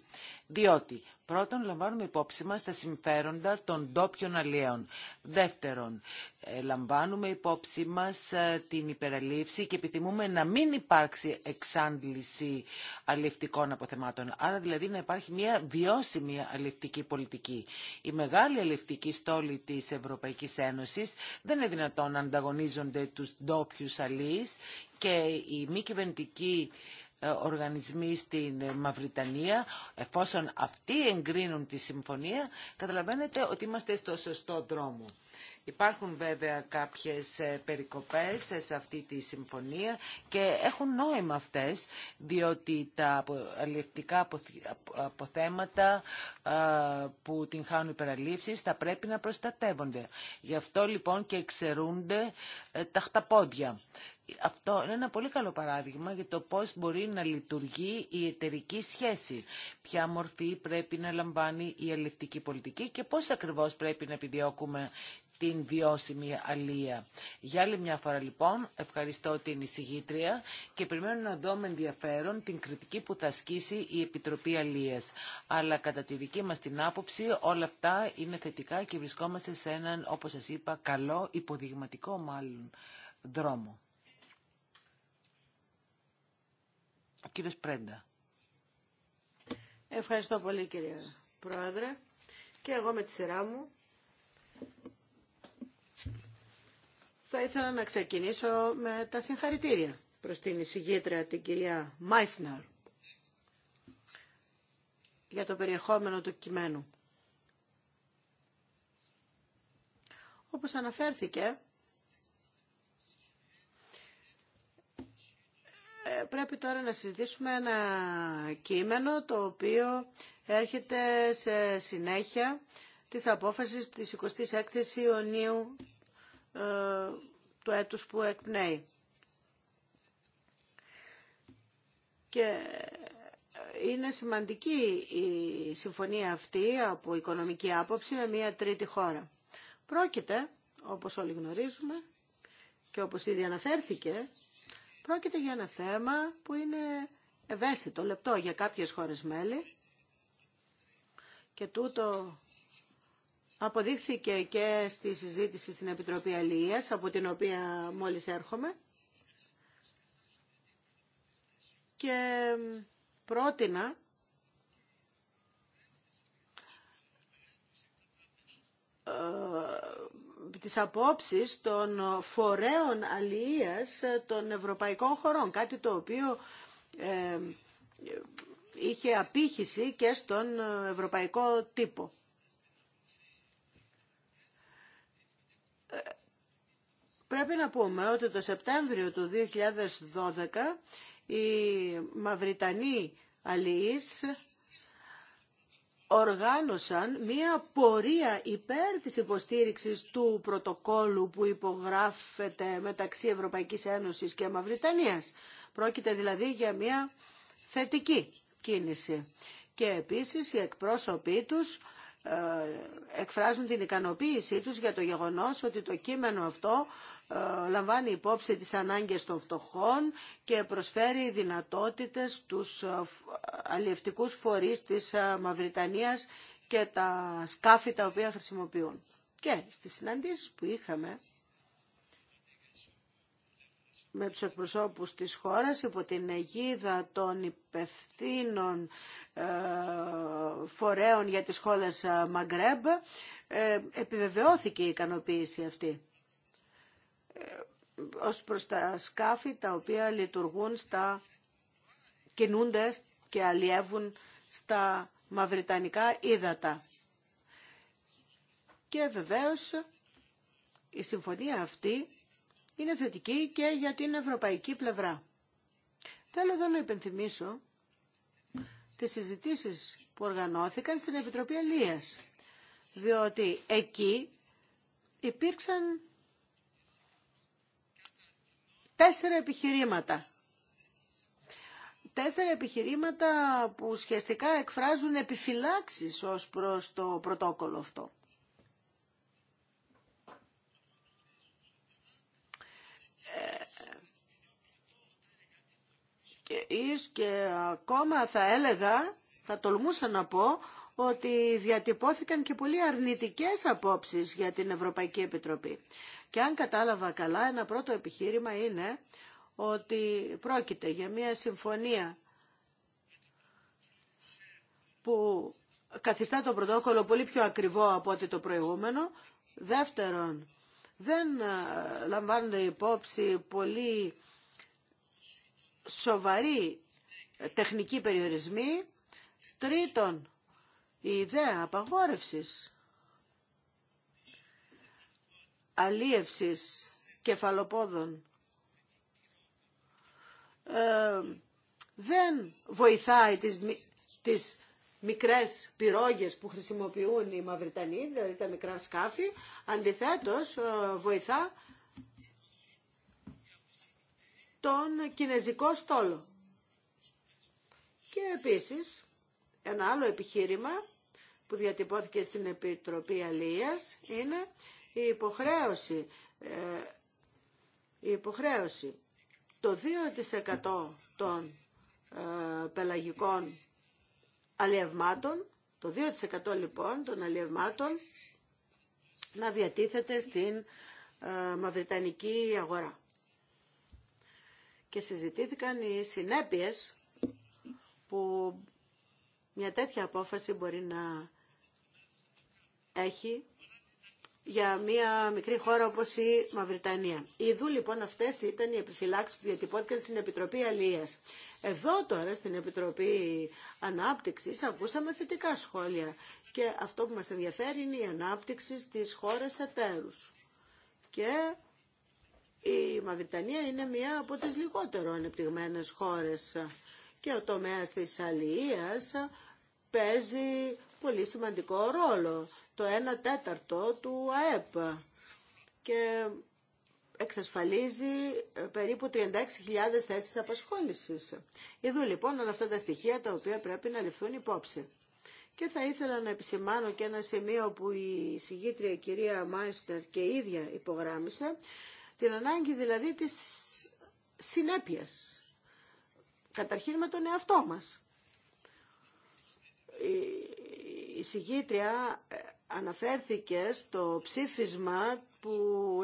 Διότι πρώτον λαμβάνουμε υπόψη μας τα συμφέροντα των ντόπιων αλλιέων. Δεύτερον, ε, λαμβάνουμε υπόψη μας ε, την υπεραλήψη και επιθυμούμε να μην υπάρξει εξάντληση αλληλευτικών αποθεμάτων. Άρα δηλαδή να υπάρχει μια βιώσιμη αλληλευτική πολιτική. Η μεγάλη αλληλευτική στόλη της Ευρωπαϊκής Ένωσης δεν είναι δυνατόν να ανταγωνίζονται τους ντόπιου αλληλείς και η μη κυβερνητική ε, οργανισμοί στην ε, Μαυριτανία, εφόσον αυτοί εγκρίνουν τη συμφωνία, καταλαβαίνετε ότι είμαστε στο σωστό δρόμο. Υπάρχουν βέβαια κάποιες ε, περικοπές ε, σε αυτή τη συμφωνία και έχουν νόημα αυτές, διότι τα αλληλευτικά αποθέματα ε, που την χάνουν υπεραλήψεις θα πρέπει να προστατεύονται. Γι' αυτό λοιπόν και εξαιρούνται τα χταπόδια. Αυτό είναι ένα πολύ καλό παράδειγμα για το πώς μπορεί να λειτουργεί η εταιρική σχέση. Ποια μορφή πρέπει να λαμβάνει η αλληλευτική πολιτική και πώς ακριβώς πρέπει να επιδιώκουμε την βιώσιμη αλεία. Για άλλη μια φορά λοιπόν ευχαριστώ την εισηγήτρια και περιμένω να δω με ενδιαφέρον την κριτική που θα ασκήσει η Επιτροπή Αλίας. Αλλά κατά τη δική μας την άποψη όλα αυτά είναι θετικά και βρισκόμαστε σε έναν όπως σας είπα καλό υποδειγματικό μάλλον δρόμο. Ο κύριος Πρέντα. Ευχαριστώ πολύ κύριε Πρόεδρε. Και εγώ με τη σειρά μου Θα ήθελα να ξεκινήσω με τα συγχαρητήρια προς την εισηγήτρια την κυρία Μάισναρ για το περιεχόμενο του κειμένου. Όπως αναφέρθηκε, ε, πρέπει τώρα να συζητήσουμε ένα κείμενο το οποίο έρχεται σε συνέχεια της απόφασης της 26ης Ιουνίου ε, του έτους που εκπνέει. Και είναι σημαντική η συμφωνία αυτή από οικονομική άποψη με μια τρίτη χώρα. Πρόκειται, όπως όλοι γνωρίζουμε και όπως ήδη αναφέρθηκε, πρόκειται για ένα θέμα που είναι ευαίσθητο, λεπτό για κάποιες χώρες μέλη και τούτο Αποδείχθηκε και στη συζήτηση στην Επιτροπή Αλληλείας, από την οποία μόλις έρχομαι. Και πρότεινα ε, τις απόψεις των φορέων αλληλείας των ευρωπαϊκών χωρών, κάτι το οποίο ε, είχε απήχηση και στον ευρωπαϊκό τύπο. Πρέπει να πούμε ότι το Σεπτέμβριο του 2012 οι Μαυριτανοί αλληλείς οργάνωσαν μία πορεία υπέρ της υποστήριξης του πρωτοκόλου που υπογράφεται μεταξύ Ευρωπαϊκής Ένωσης και Μαυριτανίας. Πρόκειται δηλαδή για μία θετική κίνηση. Και επίσης οι εκπρόσωποι τους ε, εκφράζουν την ικανοποίησή τους για το γεγονός ότι το κείμενο αυτό ε, λαμβάνει υπόψη τις ανάγκες των φτωχών και προσφέρει δυνατότητες στους ε, ε, αλλιευτικούς φορείς της Μαυριτανίας και τα σκάφη τα οποία χρησιμοποιούν. Και στις συναντήσεις που είχαμε με τους εκπροσώπους της χώρας υπό την αιγίδα των υπευθύνων φορέων για τις χώρες Μαγκρέμπ επιβεβαιώθηκε η ικανοποίηση αυτή ως προς τα σκάφη τα οποία λειτουργούν στα κινούνται και αλλιεύουν στα μαυριτανικά ύδατα. Και βεβαίως η συμφωνία αυτή είναι θετική και για την ευρωπαϊκή πλευρά. Θέλω εδώ να υπενθυμίσω τις συζητήσεις που οργανώθηκαν στην Επιτροπή Αλίας, διότι εκεί υπήρξαν τέσσερα επιχειρήματα. Τέσσερα επιχειρήματα που ουσιαστικά εκφράζουν επιφυλάξεις ως προς το πρωτόκολλο αυτό. Ε, και, και ακόμα θα έλεγα, θα τολμούσα να πω, ότι διατυπώθηκαν και πολύ αρνητικές απόψεις για την Ευρωπαϊκή Επιτροπή. Και αν κατάλαβα καλά, ένα πρώτο επιχείρημα είναι ότι πρόκειται για μια συμφωνία που καθιστά το πρωτόκολλο πολύ πιο ακριβό από ό,τι το προηγούμενο. Δεύτερον, δεν ε, λαμβάνονται υπόψη πολύ σοβαροί τεχνικοί περιορισμοί. Τρίτον, η ιδέα απαγόρευσης αλίευσης κεφαλοπόδων ε, δεν βοηθάει τις, τις μικρές πυρόγες που χρησιμοποιούν οι Μαυριτανοί, δηλαδή τα μικρά σκάφη, αντιθέτως ε, βοηθά τον κινέζικο στόλο. Και επίσης ένα άλλο επιχείρημα που διατυπώθηκε στην Επιτροπή Αλίας είναι η υποχρέωση, ε, η υποχρέωση το 2% των ε, πελαγικών αλλιευμάτων, το 2% λοιπόν των αλλιευμάτων να διατίθεται στην ε, μαυριτανική αγορά. Και συζητήθηκαν οι συνέπειες που μια τέτοια απόφαση μπορεί να έχει για μια μικρή χώρα όπως η Μαυριτανία. Ιδού λοιπόν αυτές ήταν οι επιφυλάξεις που διατυπώθηκαν στην Επιτροπή Αλίας. Εδώ τώρα στην Επιτροπή Ανάπτυξης ακούσαμε θετικά σχόλια και αυτό που μας ενδιαφέρει είναι η ανάπτυξη στις χώρες εταίρους. Και η Μαυριτανία είναι μία από τις λιγότερο ανεπτυγμένες χώρες και ο τομέας της αλληλείας παίζει πολύ σημαντικό ρόλο, το 1 τέταρτο του ΑΕΠ και εξασφαλίζει ε, περίπου 36.000 θέσεις απασχόλησης. Εδώ λοιπόν όλα αυτά τα στοιχεία τα οποία πρέπει να ληφθούν υπόψη. Και θα ήθελα να επισημάνω και ένα σημείο που η συγγήτρια κυρία Μάιστερ και η ίδια υπογράμμισε, την ανάγκη δηλαδή της συνέπειας. Καταρχήν με τον εαυτό μας η συγγήτρια ε, αναφέρθηκε στο ψήφισμα που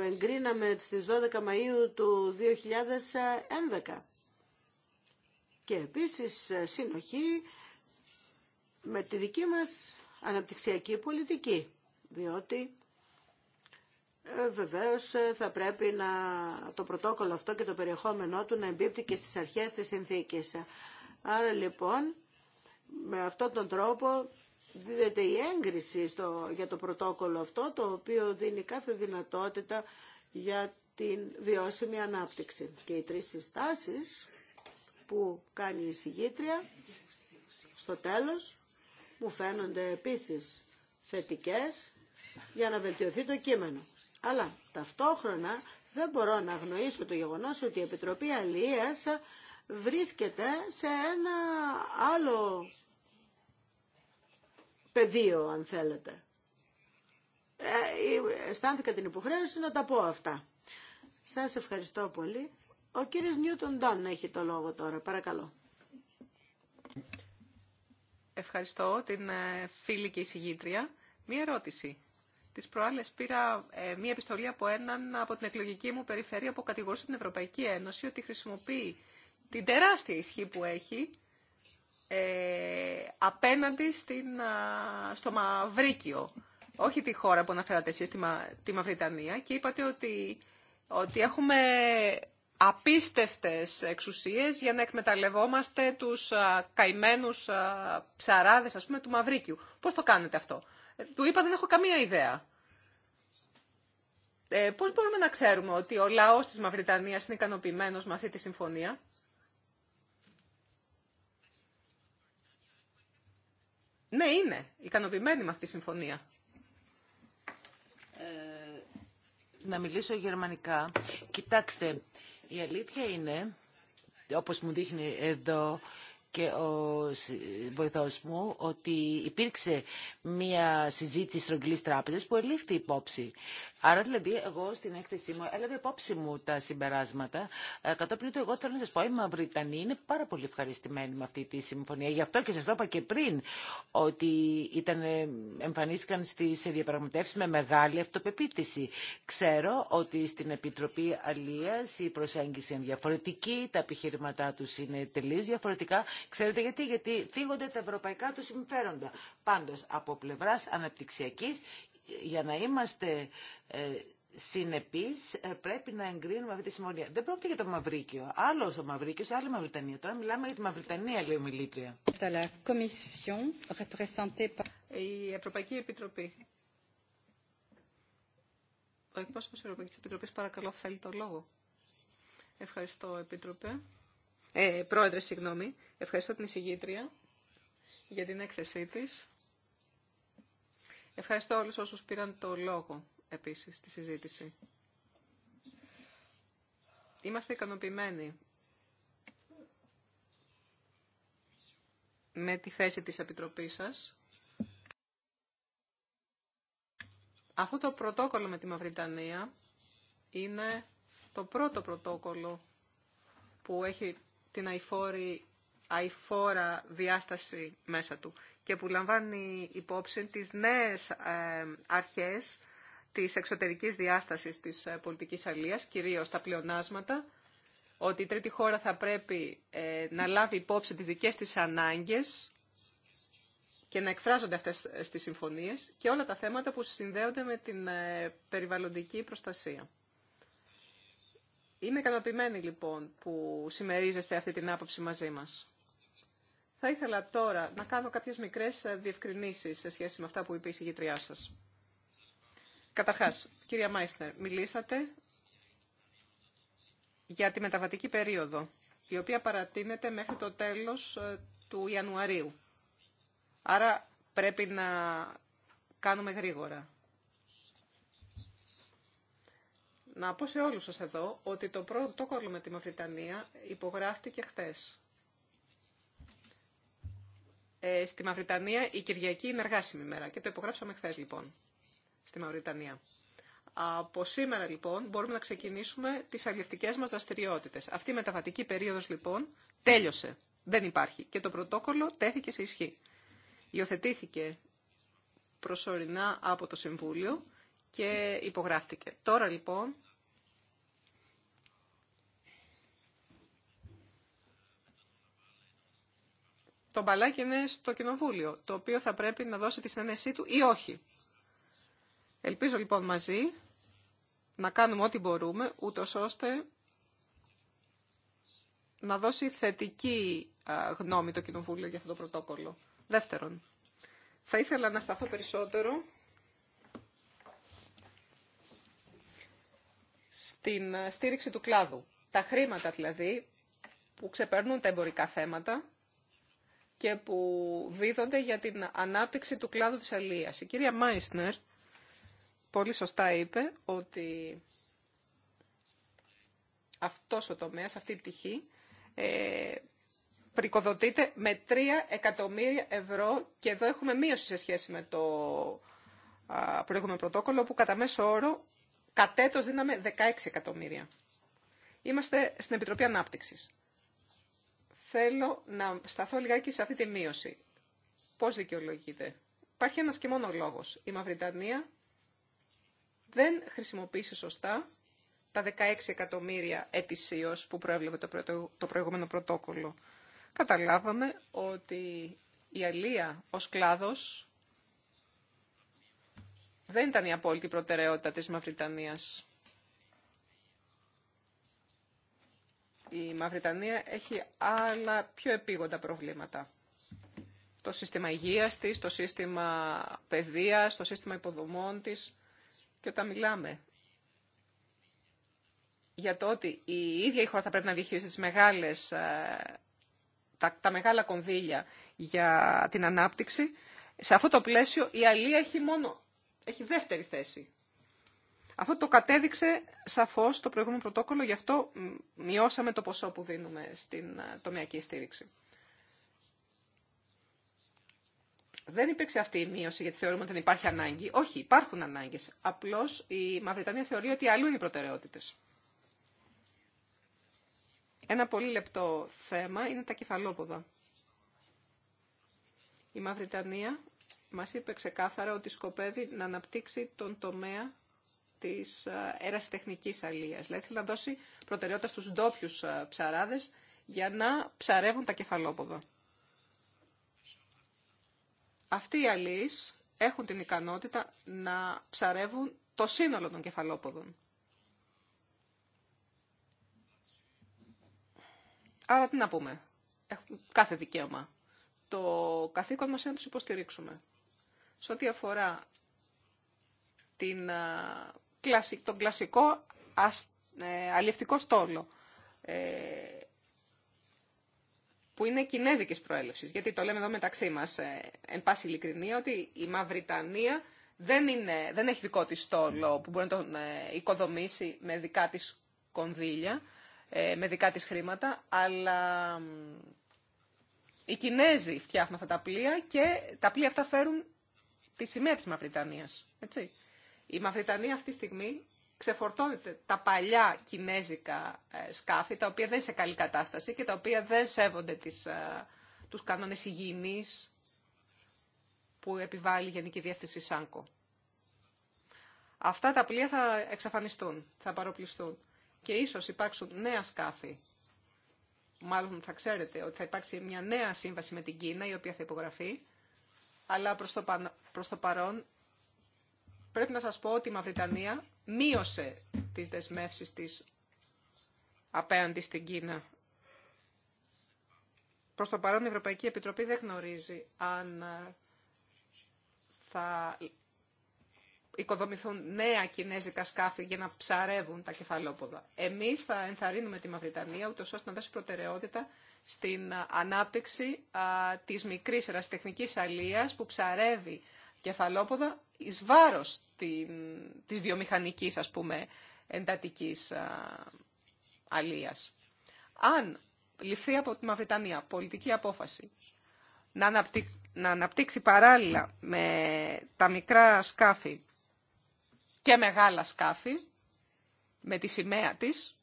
εγκρίναμε στις 12 Μαΐου του 2011. Και επίσης ε, συνοχή με τη δική μας αναπτυξιακή πολιτική, διότι ε, βεβαίως ε, θα πρέπει να, το πρωτόκολλο αυτό και το περιεχόμενό του να εμπίπτει και στις αρχές της συνθήκης. Άρα λοιπόν με αυτόν τον τρόπο δίδεται η έγκριση στο, για το πρωτόκολλο αυτό, το οποίο δίνει κάθε δυνατότητα για την βιώσιμη ανάπτυξη. Και οι τρεις συστάσεις που κάνει η συγγήτρια στο τέλος μου φαίνονται επίσης θετικές για να βελτιωθεί το κείμενο. Αλλά ταυτόχρονα δεν μπορώ να αγνοήσω το γεγονός ότι η Επιτροπή Αλίας βρίσκεται σε ένα άλλο πεδίο, αν θέλετε. Ε, ε, αισθάνθηκα την υποχρέωση να τα πω αυτά. Σας ευχαριστώ πολύ. Ο κύριος Νιούτον Ντάν έχει το λόγο τώρα. Παρακαλώ. Ευχαριστώ την ε, φίλη και εισηγήτρια. Μία ερώτηση. Τις προάλλες πήρα ε, μία επιστολή από έναν από την εκλογική μου περιφέρεια που κατηγορούσε την Ευρωπαϊκή Ένωση ότι χρησιμοποιεί την τεράστια ισχύ που έχει ε, απέναντι στην, στο Μαυρίκιο, όχι τη χώρα που αναφέρατε εσείς, τη, Μαυριτανία, και είπατε ότι, ότι έχουμε απίστευτες εξουσίες για να εκμεταλλευόμαστε τους α, καημένους ψαράδες, ας πούμε, του Μαυρίκιου. Πώς το κάνετε αυτό. Ε, του είπα δεν έχω καμία ιδέα. Ε, πώς μπορούμε να ξέρουμε ότι ο λαός της Μαυριτανίας είναι ικανοποιημένος με αυτή τη συμφωνία. Ναι, είναι ικανοποιημένη με αυτή τη συμφωνία. Ε, να μιλήσω γερμανικά. Κοιτάξτε, η αλήθεια είναι, όπως μου δείχνει εδώ και ο βοηθός μου, ότι υπήρξε μια συζήτηση στρογγυλής τράπεζας που ελήφθη υπόψη. Άρα δηλαδή εγώ στην έκθεσή μου έλαβε υπόψη μου τα συμπεράσματα. Ε, κατόπιν του εγώ θέλω να σας πω, οι Μαυριτανοί είναι πάρα πολύ ευχαριστημένοι με αυτή τη συμφωνία. Γι' αυτό και σας το είπα και πριν ότι ήταν, ε, εμφανίστηκαν στις διαπραγματεύσεις με μεγάλη αυτοπεποίθηση. Ξέρω ότι στην Επιτροπή Αλίας η προσέγγιση είναι διαφορετική, τα επιχειρηματά τους είναι τελείως διαφορετικά. Ξέρετε γιατί, γιατί θίγονται τα ευρωπαϊκά του συμφέροντα. Πάντως από πλευρά αναπτυξιακής για να είμαστε ε, συνεπείς ε, πρέπει να εγκρίνουμε αυτή τη συμφωνία. Δεν πρόκειται για το Μαυρίκιο. Άλλο ο Μαυρίκιο, άλλη Μαυριτανία. Τώρα μιλάμε για τη Μαυριτανία, λέει ο Μιλίτρια. Η Ευρωπαϊκή Επιτροπή. Ο εκπρόσωπο τη Ευρωπαϊκή Επιτροπή, παρακαλώ, θέλει το λόγο. Ευχαριστώ, Επίτροπε. Ε, πρόεδρε, συγγνώμη. Ευχαριστώ την εισηγήτρια για την έκθεσή της. Ευχαριστώ όλους όσους πήραν το λόγο επίσης στη συζήτηση. Είμαστε ικανοποιημένοι με τη θέση της Επιτροπής σας. Αυτό το πρωτόκολλο με τη Μαυριτανία είναι το πρώτο πρωτόκολλο που έχει την αηφόρη αηφόρα διάσταση μέσα του και που λαμβάνει υπόψη τις νέες ε, αρχές της εξωτερικής διάστασης της ε, πολιτικής αλίας, κυρίως τα πλεονάσματα, ότι η τρίτη χώρα θα πρέπει ε, να λάβει υπόψη τις δικές της ανάγκες και να εκφράζονται αυτές στις συμφωνίες και όλα τα θέματα που συνδέονται με την περιβαλλοντική προστασία. Είμαι ικανοποιημένη λοιπόν που συμμερίζεστε αυτή την άποψη μαζί μας. Θα ήθελα τώρα να κάνω κάποιες μικρές ε, διευκρινήσεις σε σχέση με αυτά που είπε η συγγητριά σας. Καταρχάς, κυρία Μάιστερ, μιλήσατε για τη μεταβατική περίοδο, η οποία παρατείνεται μέχρι το τέλος ε, του Ιανουαρίου. Άρα πρέπει να κάνουμε γρήγορα. Να πω σε όλους σας εδώ ότι το πρώτο κόλλο με τη Μαυριτανία υπογράφτηκε χθες. Ε, στη Μαυριτανία η Κυριακή είναι εργάσιμη ημέρα και το υπογράψαμε χθε λοιπόν στη Μαυριτανία. Από σήμερα λοιπόν μπορούμε να ξεκινήσουμε τις αλληλευτικές μας δραστηριότητε. Αυτή η μεταβατική περίοδος λοιπόν τέλειωσε. Δεν υπάρχει. Και το πρωτόκολλο τέθηκε σε ισχύ. Υιοθετήθηκε προσωρινά από το Συμβούλιο και υπογράφτηκε. Τώρα λοιπόν το μπαλάκι είναι στο κοινοβούλιο, το οποίο θα πρέπει να δώσει τη συνένεσή του ή όχι. Ελπίζω λοιπόν μαζί να κάνουμε ό,τι μπορούμε, ούτως ώστε να δώσει θετική γνώμη το Κοινοβούλιο για αυτό το πρωτόκολλο. Δεύτερον, θα ήθελα να σταθώ περισσότερο στην ε, στήριξη του κλάδου. Τα χρήματα δηλαδή που ξεπερνούν τα εμπορικά θέματα και που δίδονται για την ανάπτυξη του κλάδου της αλίας. Η κυρία Μάισνερ πολύ σωστά είπε ότι αυτός ο τομέας, αυτή η πτυχή, ε, πρικοδοτείται με 3 εκατομμύρια ευρώ και εδώ έχουμε μείωση σε σχέση με το προηγούμενο πρωτόκολλο που κατά μέσο όρο κατέτος δίναμε 16 εκατομμύρια. Είμαστε στην Επιτροπή Ανάπτυξης θέλω να σταθώ λιγάκι σε αυτή τη μείωση. Πώς δικαιολογείται. Υπάρχει ένας και μόνο λόγος. Η Μαυριτανία δεν χρησιμοποίησε σωστά τα 16 εκατομμύρια ετησίως που προέβλεπε το προηγούμενο πρωτόκολλο. Καταλάβαμε ότι η αλία ως κλάδος δεν ήταν η απόλυτη προτεραιότητα της Μαυριτανίας. η Μαυριτανία έχει άλλα πιο επίγοντα προβλήματα. Το σύστημα υγείας της, το σύστημα παιδείας, το σύστημα υποδομών της. Και όταν μιλάμε για το ότι η ίδια η χώρα θα πρέπει να διαχειρίζει μεγάλες, ε, τα, μεγάλα κονδύλια για την ανάπτυξη, σε αυτό το πλαίσιο η Αλία έχει μόνο έχει δεύτερη θέση. Αυτό το κατέδειξε σαφώς το προηγούμενο πρωτόκολλο, γι' αυτό μειώσαμε το ποσό που δίνουμε στην ε, τομιακή στήριξη. Δεν υπήρξε αυτή η μείωση γιατί θεωρούμε ότι δεν υπάρχει ανάγκη. Όχι, υπάρχουν ανάγκε. Απλώ η Μαυριτανία θεωρεί ότι αλλού είναι οι προτεραιότητε. Ένα πολύ λεπτό θέμα είναι τα κεφαλόποδα. Η Μαυριτανία μα είπε ξεκάθαρα ότι σκοπεύει να αναπτύξει τον τομέα της ε, τεχνικής αλίας. Δηλαδή θέλει να δώσει προτεραιότητα στους ντόπιου ε, ψαράδες για να ψαρεύουν τα κεφαλόποδα. Αυτοί οι αλεί έχουν την ικανότητα να ψαρεύουν το σύνολο των κεφαλόποδων. Άρα τι να πούμε. Έχουν κάθε δικαίωμα. Το καθήκον μας είναι να τους υποστηρίξουμε. Σε ό,τι αφορά την ε, τον κλασικό ε, αλλιευτικό στόλο ε, που είναι κινέζικης προέλευσης. Γιατί το λέμε εδώ μεταξύ μας, ε, εν πάση ειλικρινία, ότι η Μαυριτανία δεν, είναι, δεν έχει δικό της στόλο που μπορεί να τον οικοδομήσει με δικά της κονδύλια, με δικά της χρήματα, αλλά οι Κινέζοι φτιάχνουν αυτά τα πλοία και τα πλοία αυτά φέρουν τη σημαία της Μαυριτανίας. Έτσι. Η Μαυριτανία αυτή τη στιγμή ξεφορτώνεται τα παλιά κινέζικα ε, σκάφη, τα οποία δεν είναι σε καλή κατάσταση και τα οποία δεν σέβονται τις, ε, τους κανόνες υγιεινής που επιβάλλει η Γενική Διεύθυνση ΣΑΝΚΟ. Αυτά τα πλοία θα εξαφανιστούν, θα παροπλιστούν και ίσως υπάρξουν νέα σκάφη. Μάλλον θα ξέρετε ότι θα υπάρξει μια νέα σύμβαση με την Κίνα, η οποία θα υπογραφεί, αλλά προς το, προς το παρόν πρέπει να σας πω ότι η Μαυριτανία μείωσε τις δεσμεύσεις της απέναντι στην Κίνα. Προς το παρόν η Ευρωπαϊκή Επιτροπή δεν γνωρίζει αν ε, θα οικοδομηθούν νέα κινέζικα σκάφη για να ψαρεύουν τα κεφαλόποδα. Εμείς θα ενθαρρύνουμε τη Μαυριτανία ούτως ώστε να δώσει προτεραιότητα στην ε, ανάπτυξη α, της μικρής ερασιτεχνικής που ψαρεύει κεφαλόποδα εις βάρος της βιομηχανικής, ας πούμε, εντατικής αλίας. Αν ληφθεί από τη Μαυριτανία πολιτική απόφαση να αναπτύξει παράλληλα με τα μικρά σκάφη και μεγάλα σκάφη, με τη σημαία της,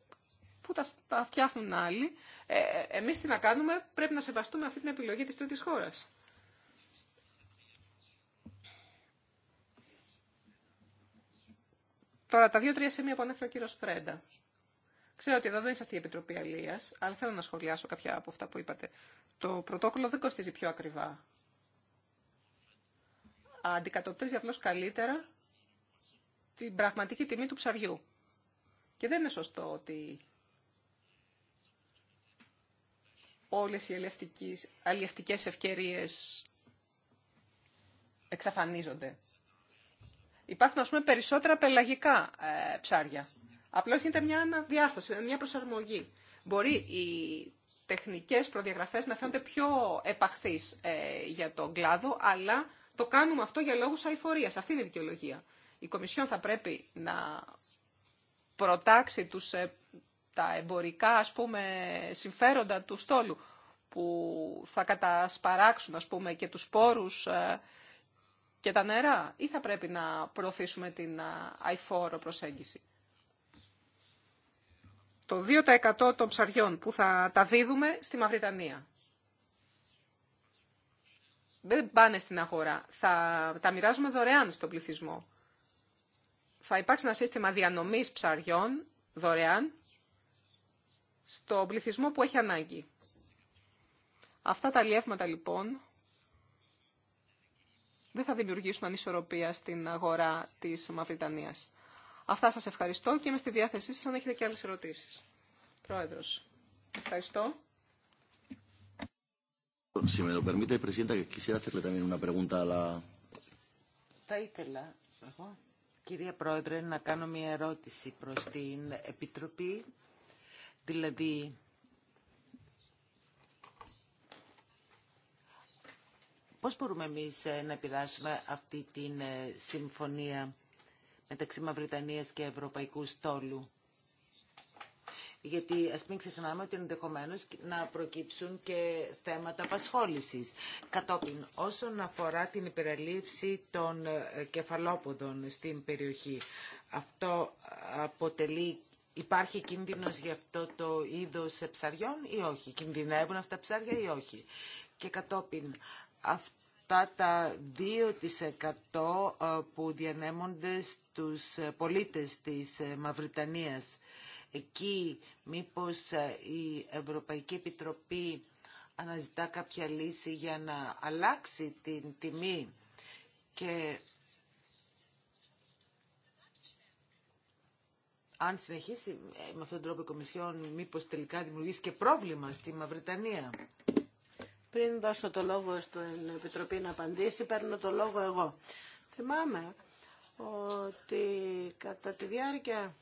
που τα φτιάχνουν άλλοι, ε, εμείς τι να κάνουμε, πρέπει να σεβαστούμε αυτή την επιλογή της τρίτης χώρας. Τώρα, τα δύο-τρία σημεία που ανέφερε ο κύριο Φρέντα. Ξέρω ότι εδώ δεν είσαστε η Επιτροπή Αλία, αλλά θέλω να σχολιάσω κάποια από αυτά που είπατε. Το πρωτόκολλο δεν κοστίζει πιο ακριβά. Αντικατοπτρίζει απλώ καλύτερα την πραγματική τιμή του ψαριού. Και δεν είναι σωστό ότι όλες οι αλλιευτικέ ευκαιρίε εξαφανίζονται. Υπάρχουν, ας πούμε, περισσότερα πελαγικά ε, ψάρια. Απλώς γίνεται μια αναδιάρθρωση, μια προσαρμογή. Μπορεί οι τεχνικέ προδιαγραφέ να φαίνονται πιο επαχθεί ε, για τον κλάδο, αλλά το κάνουμε αυτό για λόγου αηφορία. Αυτή είναι η δικαιολογία. Η Κομισιόν θα πρέπει να προτάξει τους, ε, τα εμπορικά, ας πούμε, συμφέροντα του στόλου, που θα κατασπαράξουν, ας πούμε, και τους πόρους ε, και τα νερά ή θα πρέπει να προωθήσουμε την αηφόρο προσέγγιση. Το 2% των ψαριών που θα τα δίδουμε στη Μαυριτανία. Δεν πάνε στην αγορά. Θα τα μοιράζουμε δωρεάν στον πληθυσμό. Θα υπάρξει ένα σύστημα διανομής ψαριών δωρεάν στον πληθυσμό που έχει ανάγκη. Αυτά τα λιεύματα λοιπόν δεν θα δημιουργήσουμε ανισορροπία στην αγορά τη Μαυριτανία. Αυτά σα ευχαριστώ και είμαι στη διάθεσή σα αν έχετε και άλλε ερωτήσει. Πρόεδρος, ευχαριστώ. Θα ήθελα, κυρία Πρόεδρε, να κάνω μια ερώτηση προς την Επιτροπή. Δηλαδή, Πώς μπορούμε εμείς ε, να επηρεάσουμε αυτή τη ε, συμφωνία μεταξύ Μαυριτανίας και Ευρωπαϊκού Στόλου. Γιατί ας μην ξεχνάμε ότι ενδεχομένω να προκύψουν και θέματα απασχόλησης. Κατόπιν, όσον αφορά την υπεραλήψη των ε, κεφαλόποδων στην περιοχή, αυτό αποτελεί Υπάρχει κίνδυνος για αυτό το είδος ψαριών ή όχι. Κινδυνεύουν αυτά τα ψάρια ή όχι. Και κατόπιν, αυτά τα 2% ε, που διανέμονται στους ε, πολίτες της ε, Μαυριτανίας. Εκεί μήπως η Ευρωπαϊκή Επιτροπή αναζητά κάποια λύση για να αλλάξει την τιμή και αν συνεχίσει με αυτόν τον τρόπο η Κομισιόν μήπως τελικά δημιουργήσει και πρόβλημα στη Μαυριτανία. Πριν δώσω το λόγο στην Επιτροπή να απαντήσει, παίρνω το λόγο εγώ. Θυμάμαι ότι κατά τη διάρκεια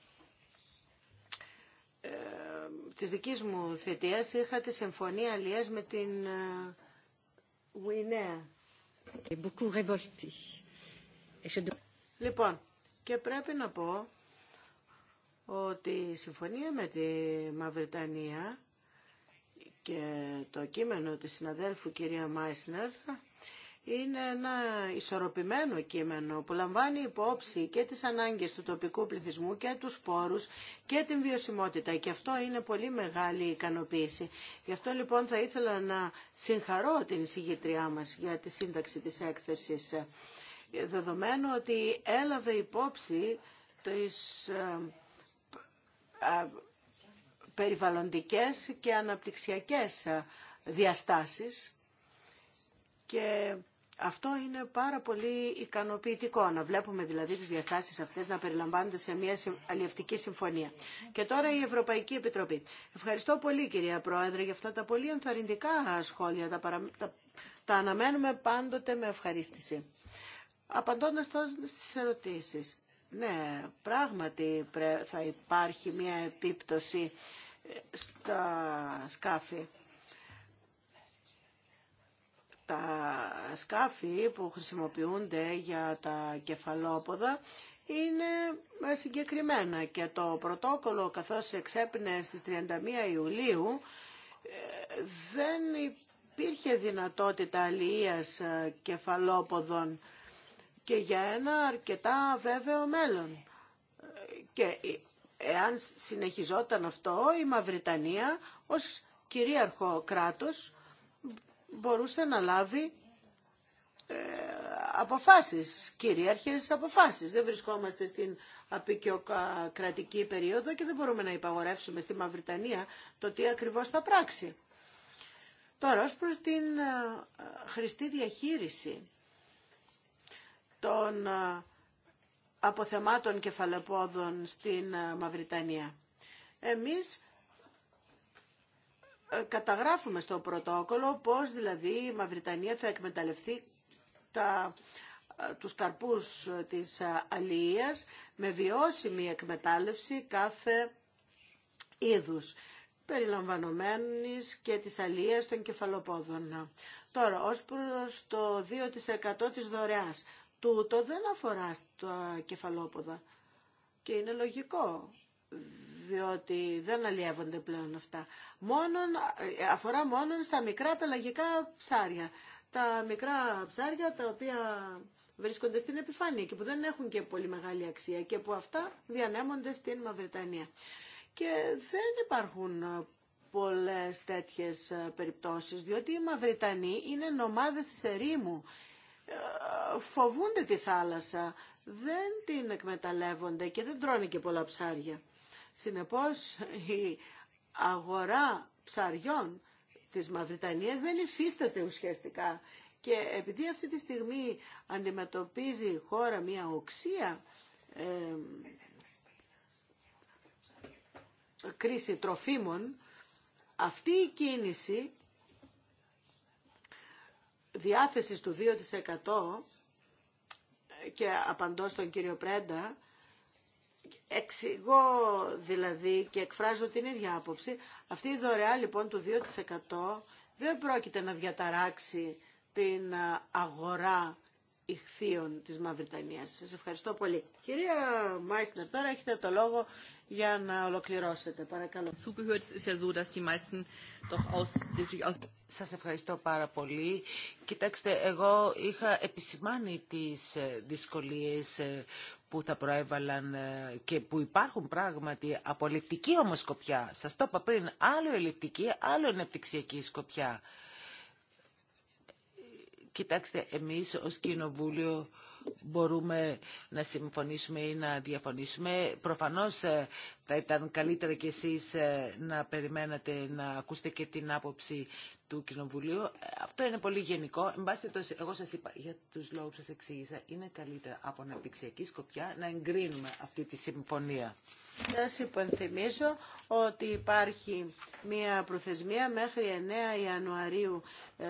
ε, της δικής μου θητείας είχα τη συμφωνία αλλιές με την ε, Λοιπόν, και πρέπει να πω ότι η συμφωνία με τη Μαυριτανία και το κείμενο της συναδέλφου κυρία Μάισνερ είναι ένα ισορροπημένο κείμενο που λαμβάνει υπόψη και τις ανάγκες του τοπικού πληθυσμού και τους πόρους και την βιωσιμότητα και αυτό είναι πολύ μεγάλη ικανοποίηση. Γι' αυτό λοιπόν θα ήθελα να συγχαρώ την εισηγητριά μας για τη σύνταξη της έκθεσης δεδομένου ότι έλαβε υπόψη τις ε, περιβαλλοντικές και αναπτυξιακές διαστάσεις και αυτό είναι πάρα πολύ ικανοποιητικό, να βλέπουμε δηλαδή τις διαστάσεις αυτές να περιλαμβάνονται σε μια αλλιευτική συμφωνία. Και τώρα η Ευρωπαϊκή Επιτροπή. Ευχαριστώ πολύ κυρία Πρόεδρε για αυτά τα πολύ ενθαρρυντικά σχόλια, τα, παρα... τα... τα αναμένουμε πάντοτε με ευχαρίστηση. Απαντώντας τώρα στις ερωτήσεις. Ναι, πράγματι θα υπάρχει μια επίπτωση στα σκάφη. Τα σκάφη που χρησιμοποιούνται για τα κεφαλόποδα είναι συγκεκριμένα και το πρωτόκολλο καθώς εξέπνε στις 31 Ιουλίου ε, δεν υπήρχε δυνατότητα αλληλείας ε, κεφαλόποδων και για ένα αρκετά βέβαιο μέλλον. Ε, και εάν συνεχιζόταν αυτό, η Μαυριτανία ως κυρίαρχο κράτος μπορούσε να λάβει ε, αποφάσεις, κυρίαρχες αποφάσεις. Δεν βρισκόμαστε στην απεικιοκρατική περίοδο και δεν μπορούμε να υπαγορεύσουμε στη Μαυριτανία το τι ακριβώς θα πράξει. Τώρα, ως προς την ε, ε, χρηστή διαχείριση των ε, θεμάτων κεφαλοπόδων στην ε, Μαυριτανία. Εμείς ε, καταγράφουμε στο πρωτόκολλο πώς δηλαδή η Μαυριτανία θα εκμεταλλευτεί τα, ε, τους καρπούς της αλίας με βιώσιμη εκμετάλλευση κάθε είδους περιλαμβανομένης και της αλίας των κεφαλοπόδων. Τώρα, ως προς το 2% της δωρεάς τούτο δεν αφορά στα κεφαλόποδα. Και είναι λογικό, διότι δεν αλλιεύονται πλέον αυτά. Μόνον, αφορά μόνο στα μικρά πελαγικά ψάρια. Τα μικρά ψάρια τα οποία βρίσκονται στην επιφάνεια και που δεν έχουν και πολύ μεγάλη αξία και που αυτά διανέμονται στην Μαυριτανία. Και δεν υπάρχουν πολλές τέτοιες περιπτώσεις, διότι οι Μαυριτανοί είναι νομάδες της ερήμου ε, φοβούνται τη θάλασσα, δεν την εκμεταλλεύονται και δεν τρώνε και πολλά ψάρια. Συνεπώς η αγορά ψαριών της Μαυριτανίας δεν υφίσταται ουσιαστικά και επειδή αυτή τη στιγμή αντιμετωπίζει η χώρα μια οξία ε, κρίση τροφίμων, αυτή η κίνηση διάθεση του 2% και απαντώ στον κύριο Πρέντα, εξηγώ δηλαδή και εκφράζω την ίδια άποψη, αυτή η δωρεά λοιπόν του 2% δεν πρόκειται να διαταράξει την αγορά ηχθείων της Μαυριτανίας. Σας ευχαριστώ πολύ. Κυρία Μάισνερ, τώρα έχετε το λόγο για να ολοκληρώσετε. Παρακαλώ. Σας ευχαριστώ πάρα πολύ. Κοιτάξτε, εγώ είχα επισημάνει τις ε, δυσκολίες ε, που θα προέβαλαν ε, και που υπάρχουν πράγματι από σκοπιά. Σας το είπα πριν, άλλο ελεκτική, άλλο ενεπτυξιακή σκοπιά. Κοιτάξτε, εμείς ως Κοινοβούλιο μπορούμε να συμφωνήσουμε ή να διαφωνήσουμε. Προφανώς ε, θα ήταν καλύτερα κι εσείς ε, να περιμένατε να ακούσετε και την άποψη του Κοινοβουλίου. Ε, αυτό είναι πολύ γενικό. Εν πάση περιπτώσει, εγώ σας είπα, για τους λόγους που σας εξήγησα, είναι καλύτερα από αναπτυξιακή σκοπιά να εγκρίνουμε αυτή τη συμφωνία. Σας υπενθυμίζω ότι υπάρχει μία προθεσμία μέχρι 9 Ιανουαρίου ε,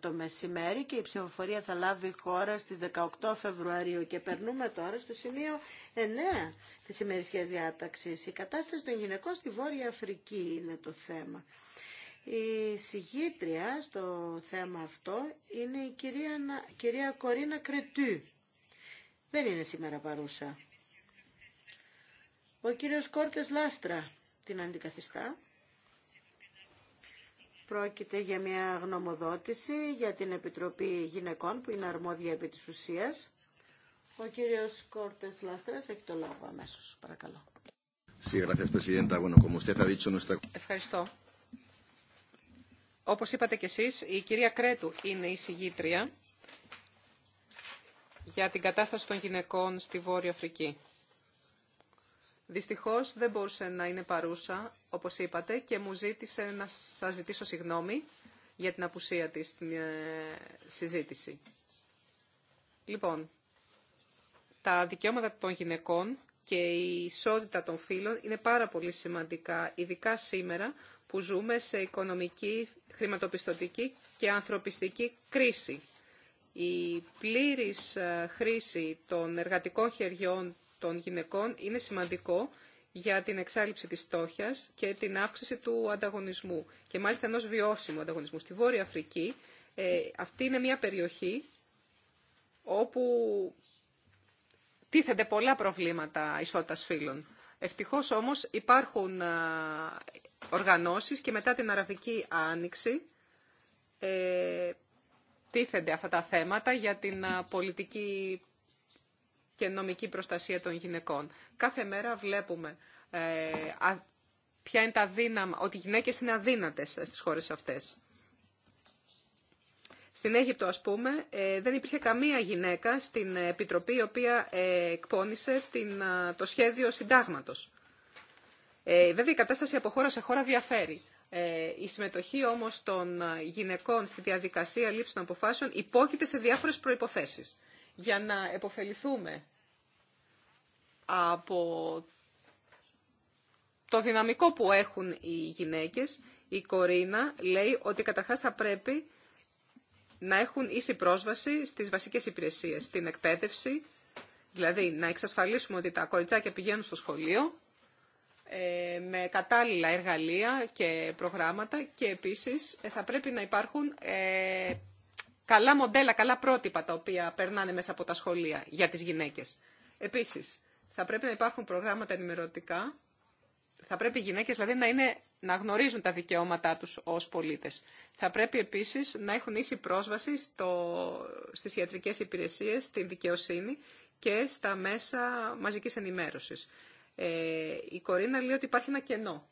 το μεσημέρι και η ψηφοφορία θα λάβει χώρα στις 18 Φεβρουαρίου. Και περνούμε τώρα στο σημείο 9 της ημερησίας διάταξης. Η κατάσταση των γυναικών στη Βόρεια Αφρική είναι το θέμα. Η συγγήτρια στο θέμα αυτό είναι η κυρία, κυρία Κορίνα Κρετού. Δεν είναι σήμερα παρούσα. Ο κύριος Κόρτες Λάστρα την αντικαθιστά. Πρόκειται για μια γνωμοδότηση για την Επιτροπή Γυναικών που είναι αρμόδια επί της ουσίας. Ο κύριος Κόρτες Λάστρας έχει το λόγο αμέσως. Παρακαλώ. Ευχαριστώ. Όπως είπατε κι εσείς, η κυρία Κρέτου είναι η συγγήτρια για την κατάσταση των γυναικών στη Βόρεια Αφρική. Δυστυχώς δεν μπορούσε να είναι παρούσα, όπως είπατε, και μου ζήτησε να σας ζητήσω συγγνώμη για την απουσία της στην ε, συζήτηση. Λοιπόν, τα δικαιώματα των γυναικών και η ισότητα των φύλων είναι πάρα πολύ σημαντικά, ειδικά σήμερα που ζούμε σε οικονομική, χρηματοπιστωτική και ανθρωπιστική κρίση. Η πλήρης ε, χρήση των εργατικών χεριών των γυναικών είναι σημαντικό για την εξάλληψη της στόχιας και την αύξηση του ανταγωνισμού και μάλιστα ενός βιώσιμου ανταγωνισμού. Στη Βόρεια Αφρική ε, αυτή είναι μια περιοχή όπου τίθενται πολλά προβλήματα ισότητας φύλων. Ευτυχώς όμως υπάρχουν α, ε, οργανώσεις και μετά την Αραβική Άνοιξη ε, τίθενται αυτά τα θέματα για την ε, πολιτική και νομική προστασία των γυναικών. Κάθε μέρα βλέπουμε ε, ποια είναι τα δύναμα, ότι οι γυναίκες είναι αδύνατες στις χώρες αυτές. Στην Αίγυπτο, ας πούμε, ε, δεν υπήρχε καμία γυναίκα στην Επιτροπή η οποία ε, εκπώνησε την, το σχέδιο συντάγματος. Ε, βέβαια, η κατάσταση από χώρα σε χώρα διαφέρει. Ε, η συμμετοχή όμως των γυναικών στη διαδικασία λήψη των αποφάσεων υπόκειται σε διάφορες προϋποθέσεις για να επωφεληθούμε από το δυναμικό που έχουν οι γυναίκες. Η Κορίνα λέει ότι καταρχάς θα πρέπει να έχουν ίση πρόσβαση στις βασικές υπηρεσίες, στην εκπαίδευση, δηλαδή να εξασφαλίσουμε ότι τα κοριτσάκια πηγαίνουν στο σχολείο ε, με κατάλληλα εργαλεία και προγράμματα και επίσης θα πρέπει να υπάρχουν ε, καλά μοντέλα, καλά πρότυπα τα οποία περνάνε μέσα από τα σχολεία για τις γυναίκες. Επίσης, θα πρέπει να υπάρχουν προγράμματα ενημερωτικά, θα πρέπει οι γυναίκες δηλαδή να, είναι, να γνωρίζουν τα δικαιώματά τους ως πολίτες. Θα πρέπει επίσης να έχουν ίση πρόσβαση στο, στις ιατρικές υπηρεσίες, στην δικαιοσύνη και στα μέσα μαζικής ενημέρωσης. Ε, η Κορίνα λέει ότι υπάρχει ένα κενό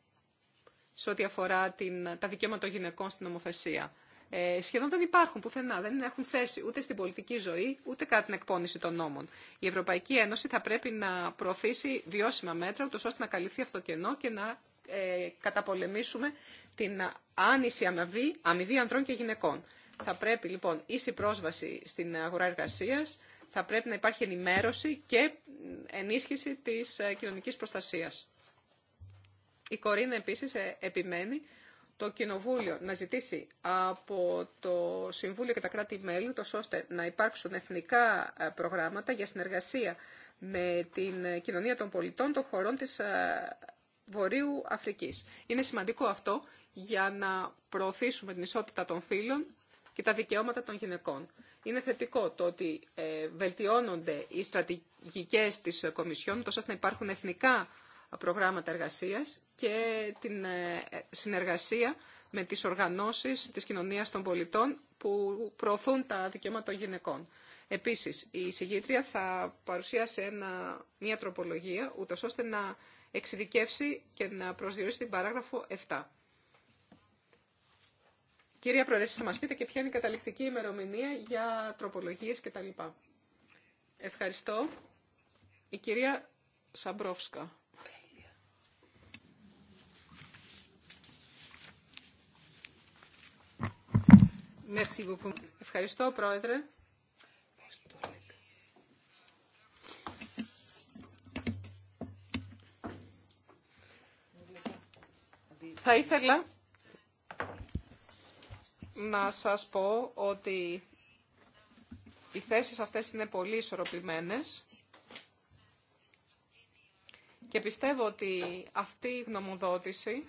σε ό,τι αφορά την, τα δικαιώματα των γυναικών στην νομοθεσία. Ε, σχεδόν δεν υπάρχουν πουθενά, δεν έχουν θέση ούτε στην πολιτική ζωή, ούτε κατά την εκπόνηση των νόμων. Η Ευρωπαϊκή Ένωση θα πρέπει να προωθήσει βιώσιμα μέτρα, ούτως ώστε να καλυφθεί αυτό το κενό και να ε, καταπολεμήσουμε την άνηση αμοιβή, αμοιβή ανδρών και γυναικών. Θα πρέπει λοιπόν ίση πρόσβαση στην αγορά εργασια θα πρέπει να υπάρχει ενημέρωση και ενίσχυση της ε, κοινωνικής προστασίας. Η Κορίνα επίσης επιμένει το Κοινοβούλιο να ζητήσει από το Συμβούλιο και τα κράτη-μέλη, ώστε να υπάρξουν εθνικά ε, προγράμματα για συνεργασία με την κοινωνία των πολιτών των χωρών της ε, Βορείου Αφρικής. Είναι σημαντικό αυτό για να προωθήσουμε την ισότητα των φύλων και τα δικαιώματα των γυναικών. Είναι θετικό το ότι ε, βελτιώνονται οι στρατηγικές της Κομισιόν, τόσο ώστε να υπάρχουν εθνικά προγράμματα εργασίας και την ε, συνεργασία με τις οργανώσεις της κοινωνίας των πολιτών που προωθούν τα δικαιώματα των γυναικών. Επίσης, η συγγήτρια θα παρουσιάσει μια τροπολογία, ούτως ώστε να εξειδικεύσει και να προσδιορίσει την παράγραφο 7. Κυρία Πρόεδρε, θα μας πείτε και ποια είναι η καταληκτική ημερομηνία για τροπολογίες κτλ. Ευχαριστώ. Η κυρία Σαμπρόφσκα. Ευχαριστώ, Πρόεδρε. Θα ήθελα να σας πω ότι οι θέσεις αυτές είναι πολύ ισορροπημένες και πιστεύω ότι αυτή η γνωμοδότηση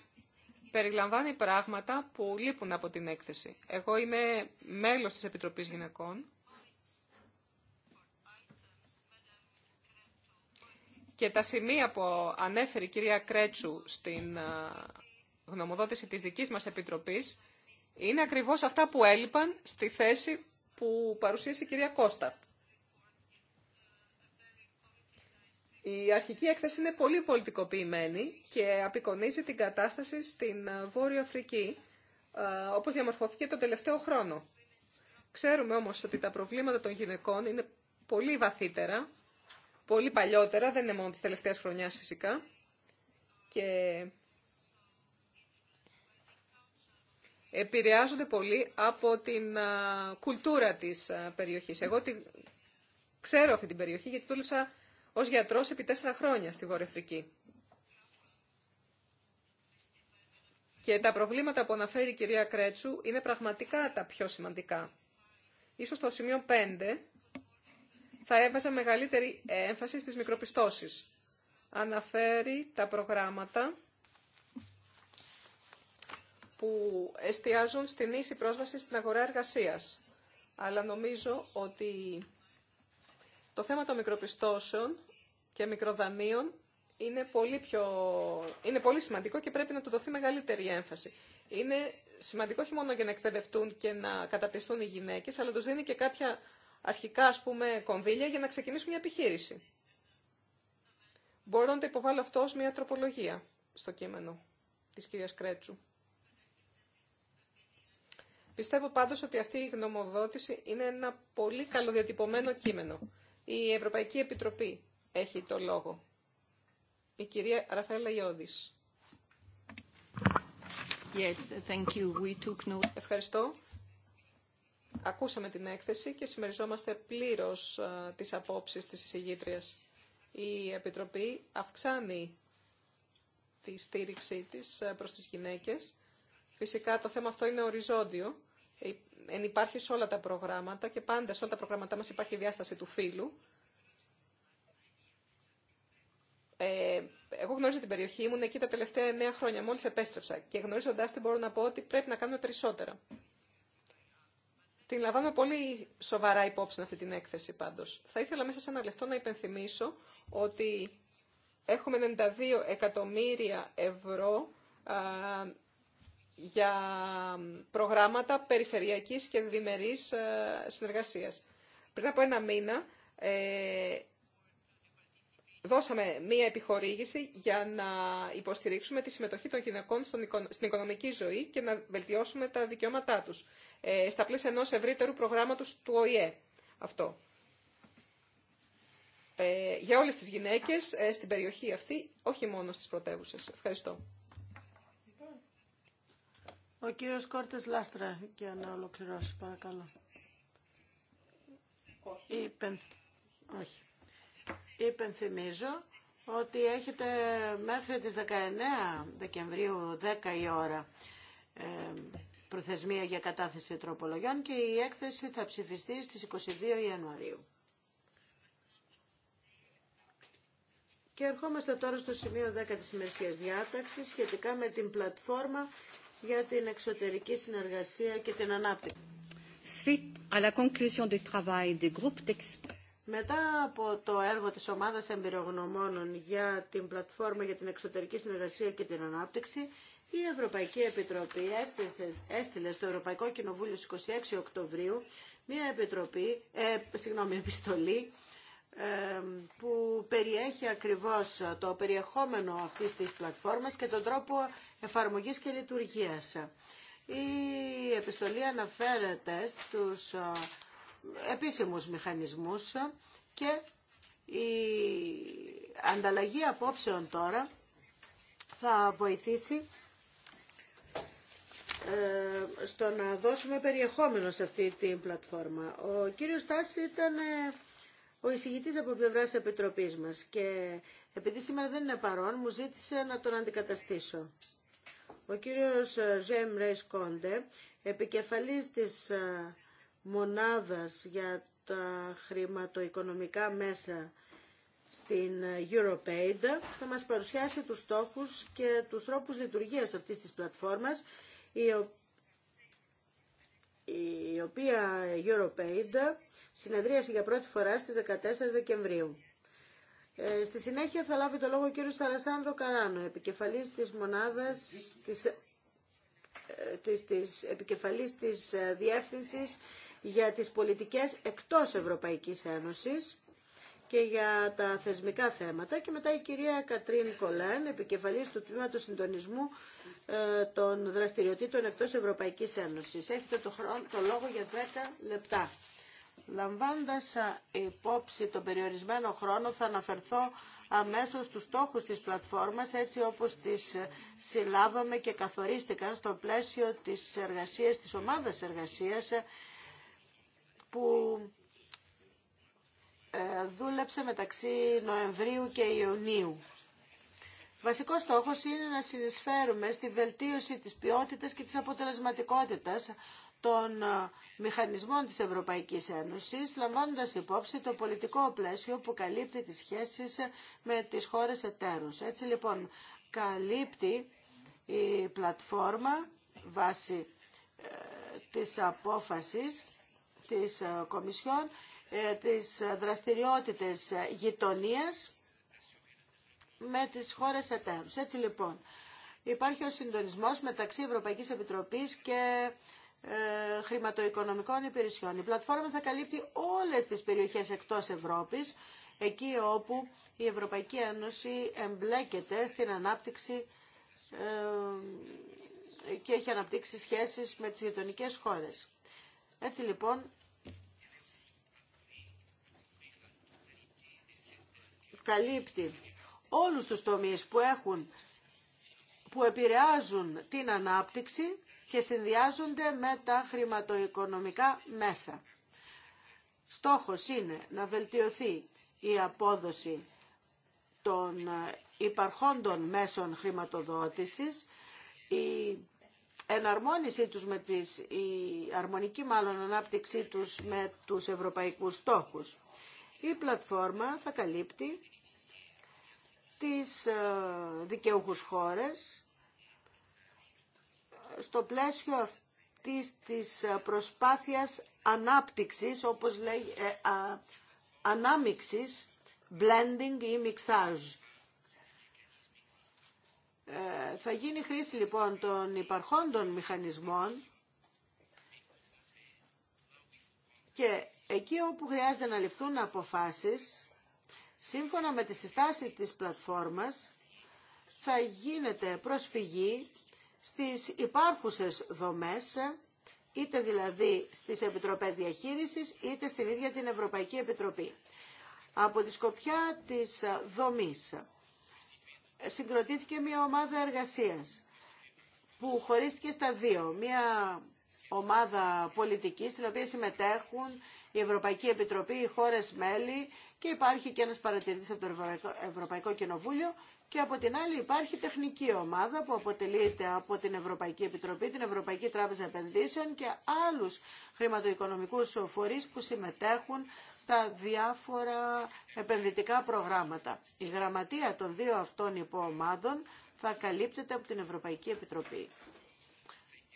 περιλαμβάνει πράγματα που λείπουν από την έκθεση. Εγώ είμαι μέλος της Επιτροπής Γυναικών και τα σημεία που ανέφερε η κυρία Κρέτσου στην γνωμοδότηση της δικής μας Επιτροπής είναι ακριβώς αυτά που έλειπαν στη θέση που παρουσίασε η κυρία Κώστα. Η αρχική έκθεση είναι πολύ πολιτικοποιημένη και απεικονίζει την κατάσταση στην ε, Βόρεια Αφρική, ε, όπως διαμορφώθηκε τον τελευταίο χρόνο. Ξέρουμε όμως ότι τα προβλήματα των γυναικών είναι πολύ βαθύτερα, πολύ παλιότερα, δεν είναι μόνο της τελευταίας χρονιάς φυσικά. Και επηρεάζονται πολύ από την ε, κουλτούρα της περιοχής. Εγώ ξέρω αυτή την περιοχή γιατί δούλεψα ως γιατρός επί τέσσερα χρόνια στη Βορειοαφρική. Και τα προβλήματα που αναφέρει η κυρία Κρέτσου είναι πραγματικά τα πιο σημαντικά. Ίσως στο σημείο 5 θα έβαζα μεγαλύτερη ε, έμφαση στις μικροπιστώσεις. Αναφέρει τα προγράμματα που εστιάζουν στην ίση πρόσβαση στην αγορά εργασίας. Αλλά νομίζω ότι το θέμα των μικροπιστώσεων και μικροδανείων είναι πολύ, πιο... είναι πολύ σημαντικό και πρέπει να του δοθεί μεγαλύτερη έμφαση. Είναι σημαντικό όχι μόνο για να εκπαιδευτούν και να καταπιστούν οι γυναίκε, αλλά του δίνει και κάποια αρχικά ας πούμε, κονδύλια για να ξεκινήσουν μια επιχείρηση. Μπορώ να το υποβάλω αυτό ως μια τροπολογία στο κείμενο της κυρίας Κρέτσου. Πιστεύω πάντως ότι αυτή η γνωμοδότηση είναι ένα πολύ καλοδιατυπωμένο κείμενο. Η Ευρωπαϊκή Επιτροπή έχει το λόγο. Η κυρία Ραφαέλα Ιώδης. Yes, Ευχαριστώ. Ακούσαμε την έκθεση και συμμεριζόμαστε πλήρως τις απόψεις της εισηγήτριας. Η Επιτροπή αυξάνει τη στήριξή της προς τις γυναίκες. Φυσικά το θέμα αυτό είναι οριζόντιο εν υπάρχει σε όλα τα προγράμματα και πάντα σε όλα τα προγράμματα μας υπάρχει η διάσταση του φύλου. Ε, εγώ γνωρίζω την περιοχή, ήμουν εκεί τα τελευταία εννέα χρόνια, μόλις επέστρεψα και γνωρίζοντάς την μπορώ να πω ότι πρέπει να κάνουμε περισσότερα. Την λαμβάνω πολύ σοβαρά υπόψη αυτή την έκθεση πάντως. Θα ήθελα μέσα σε ένα λεπτό να υπενθυμίσω ότι έχουμε 92 εκατομμύρια ευρώ για προγράμματα περιφερειακής και διμερής ε, συνεργασίας. Πριν από ένα μήνα ε, δώσαμε μία επιχορήγηση για να υποστηρίξουμε τη συμμετοχή των γυναικών στην οικονομική ζωή και να βελτιώσουμε τα δικαιώματά τους ε, στα πλαίσια ενός ευρύτερου προγράμματος του ΟΗΕ. Αυτό. για όλες τις γυναίκες στην περιοχή αυτή, όχι μόνο στις πρωτεύουσες. Ευχαριστώ. Ο κύριος Κόρτες Λάστρα για να ολοκληρώσει, παρακαλώ. Όχι. Υπεν... Όχι. Υπενθυμίζω ότι έχετε μέχρι τις 19 Δεκεμβρίου 10 η ώρα ε, προθεσμία για κατάθεση τροπολογιών και η έκθεση θα ψηφιστεί στις 22 Ιανουαρίου. Και ερχόμαστε τώρα στο σημείο 10 της ημερησίας διάταξης σχετικά με την πλατφόρμα για την εξωτερική συνεργασία και την ανάπτυξη. Μετά από το έργο της ομάδας εμπειρογνωμόνων για την πλατφόρμα για την εξωτερική συνεργασία και την ανάπτυξη, η Ευρωπαϊκή Επιτροπή έστειλε στο Ευρωπαϊκό Κοινοβούλιο στις 26 Οκτωβρίου μια επιτροπή, ε, συγγνώμη, επιστολή που περιέχει ακριβώς το περιεχόμενο αυτής της πλατφόρμας και τον τρόπο εφαρμογής και λειτουργίας. Η επιστολή αναφέρεται στους ε, επίσημους μηχανισμούς και η ανταλλαγή απόψεων τώρα θα βοηθήσει ε, στο να δώσουμε περιεχόμενο σε αυτή την πλατφόρμα. Ο κύριος Στάση ήταν ε, ο εισηγητή από πλευρά της Επιτροπής μας και επειδή σήμερα δεν είναι παρόν μου ζήτησε να τον αντικαταστήσω. Ο κύριος ε, Ζέμ Κόντε, επικεφαλής της ε, μονάδας για τα χρηματοοικονομικά μέσα στην ε, EuroPaid, θα μας παρουσιάσει τους στόχους και τους τρόπους λειτουργίας αυτής της πλατφόρμας, η οποία EuroPaid συνεδρίασε για πρώτη φορά στις 14 Δεκεμβρίου. Ε, στη συνέχεια θα λάβει το λόγο ο κύριος Αλασάνδρο Καράνο, επικεφαλής της μονάδας της, ε, της, επικεφαλής της ε, διεύθυνσης για τις πολιτικές εκτός Ευρωπαϊκής Ένωσης και για τα θεσμικά θέματα και μετά η κυρία Κατρίν Κολέν, επικεφαλής του Τμήματος Συντονισμού ε, των δραστηριοτήτων εκτός Ευρωπαϊκής Ένωσης. Έχετε το, χρόνο, το λόγο για 10 λεπτά. Λαμβάνοντας υπόψη τον περιορισμένο χρόνο θα αναφερθώ αμέσως στους στόχους της πλατφόρμας έτσι όπως τις ε, συλλάβαμε και καθορίστηκαν στο πλαίσιο της εργασίας, της ομάδας εργασίας ε, που δούλεψε μεταξύ Νοεμβρίου και Ιουνίου. Βασικό στόχος είναι να συνεισφέρουμε στη βελτίωση της ποιότητας και της αποτελεσματικότητας των ε, μηχανισμών της Ευρωπαϊκής Ένωσης, λαμβάνοντας υπόψη το πολιτικό πλαίσιο που καλύπτει τις σχέσεις με τις χώρες εταίρους. Έτσι λοιπόν, καλύπτει η πλατφόρμα βάσει ε, της απόφασης της ε, Κομισιόν ε, δραστηριότητες γειτονίας με τις χώρες εταίρους. Έτσι λοιπόν, υπάρχει ο συντονισμός μεταξύ Ευρωπαϊκής Επιτροπής και ε, χρηματοοικονομικών υπηρεσιών. Η πλατφόρμα θα καλύπτει όλες τις περιοχές εκτός Ευρώπης, εκεί όπου η Ευρωπαϊκή Ένωση εμπλέκεται στην ανάπτυξη ε, και έχει αναπτύξει σχέσεις με τις γειτονικέ χώρες. Έτσι λοιπόν, καλύπτει όλους τους τομείς που, έχουν, που επηρεάζουν την ανάπτυξη και συνδυάζονται με τα χρηματοοικονομικά μέσα. Στόχος είναι να βελτιωθεί η απόδοση των υπαρχόντων μέσων χρηματοδότησης, η εναρμόνιση τους με τις, η αρμονική μάλλον ανάπτυξή τους με τους ευρωπαϊκούς στόχους. Η πλατφόρμα θα καλύπτει τι ε, δικαιούχους χώρες. Στο πλαίσιο αυτής της ε, προσπάθειας ανάπτυξης, όπως λέει, ε, ανάμιξης, blending ή mixage. Ε, θα γίνει χρήση λοιπόν των υπαρχόντων μηχανισμών και εκεί όπου χρειάζεται να ληφθούν αποφάσεις, Σύμφωνα με τις συστάσεις της πλατφόρμας θα γίνεται προσφυγή στις υπάρχουσες δομές, είτε δηλαδή στις Επιτροπές Διαχείρισης, είτε στην ίδια την Ευρωπαϊκή Επιτροπή. Από τη σκοπιά της δομής συγκροτήθηκε μια ομάδα εργασίας που χωρίστηκε στα δύο. Μια ομάδα πολιτικής, στην οποία συμμετέχουν η Ευρωπαϊκή Επιτροπή, οι χώρες μέλη, και υπάρχει και ένας παρατηρητής από το Ευρωπαϊκό Κοινοβούλιο και από την άλλη υπάρχει τεχνική ομάδα που αποτελείται από την Ευρωπαϊκή Επιτροπή, την Ευρωπαϊκή Τράπεζα Επενδύσεων και άλλους χρηματοοικονομικούς φορείς που συμμετέχουν στα διάφορα επενδυτικά προγράμματα. Η γραμματεία των δύο αυτών υποομάδων θα καλύπτεται από την Ευρωπαϊκή Επιτροπή.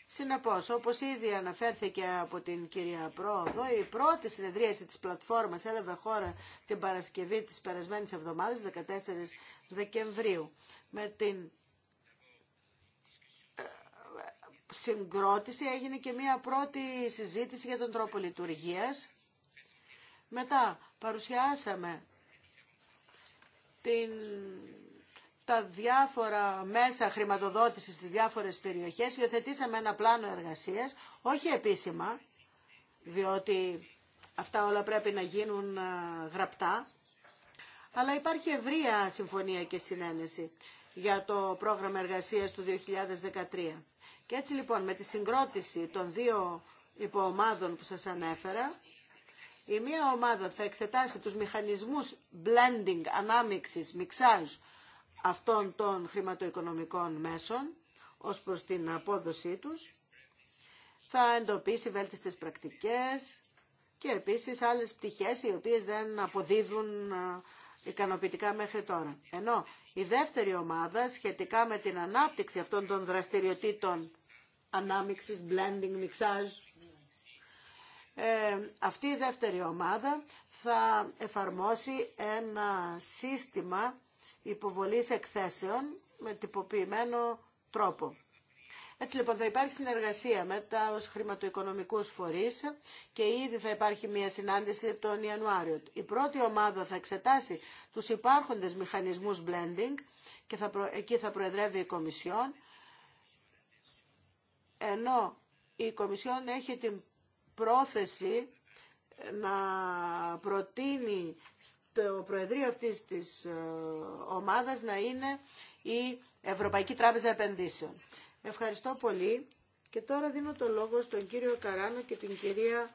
Συνεπώς, όπως ήδη αναφέρθηκε από την κυρία Πρόοδο, η πρώτη συνεδρίαση της πλατφόρμας έλαβε χώρα την Παρασκευή της περασμένης εβδομάδας, 14 Δεκεμβρίου, με την ε, συγκρότηση έγινε και μια πρώτη συζήτηση για τον τρόπο λειτουργίας. Μετά παρουσιάσαμε την τα διάφορα μέσα χρηματοδότησης στις διάφορες περιοχές, υιοθετήσαμε ένα πλάνο εργασίας, όχι επίσημα, διότι αυτά όλα πρέπει να γίνουν ε, γραπτά, αλλά υπάρχει ευρεία συμφωνία και συνένεση για το πρόγραμμα εργασίας του 2013. Και έτσι λοιπόν με τη συγκρότηση των δύο υποομάδων που σας ανέφερα, η μία ομάδα θα εξετάσει τους μηχανισμούς blending, ανάμιξης, μιξάζ, αυτών των χρηματοοικονομικών μέσων ως προς την απόδοσή τους, θα εντοπίσει βέλτιστες πρακτικές και επίσης άλλες πτυχές οι οποίες δεν αποδίδουν ικανοποιητικά μέχρι τώρα. Ενώ η δεύτερη ομάδα σχετικά με την ανάπτυξη αυτών των δραστηριοτήτων ανάμιξης, blending, mixage, ε, αυτή η δεύτερη ομάδα θα εφαρμόσει ένα σύστημα υποβολής εκθέσεων με τυποποιημένο τρόπο. Έτσι λοιπόν θα υπάρχει συνεργασία με τα χρηματοοικονομικούς φορείς και ήδη θα υπάρχει μια συνάντηση τον Ιανουάριο. Η πρώτη ομάδα θα εξετάσει τους υπάρχοντες μηχανισμούς blending και θα εκεί θα προεδρεύει η Κομισιόν, ενώ η Κομισιόν έχει την πρόθεση να προτείνει το προεδρείο αυτής της ε, ομάδας να είναι η Ευρωπαϊκή Τράπεζα Επενδύσεων. Ευχαριστώ πολύ και τώρα δίνω το λόγο στον κύριο Καράνο και την κυρία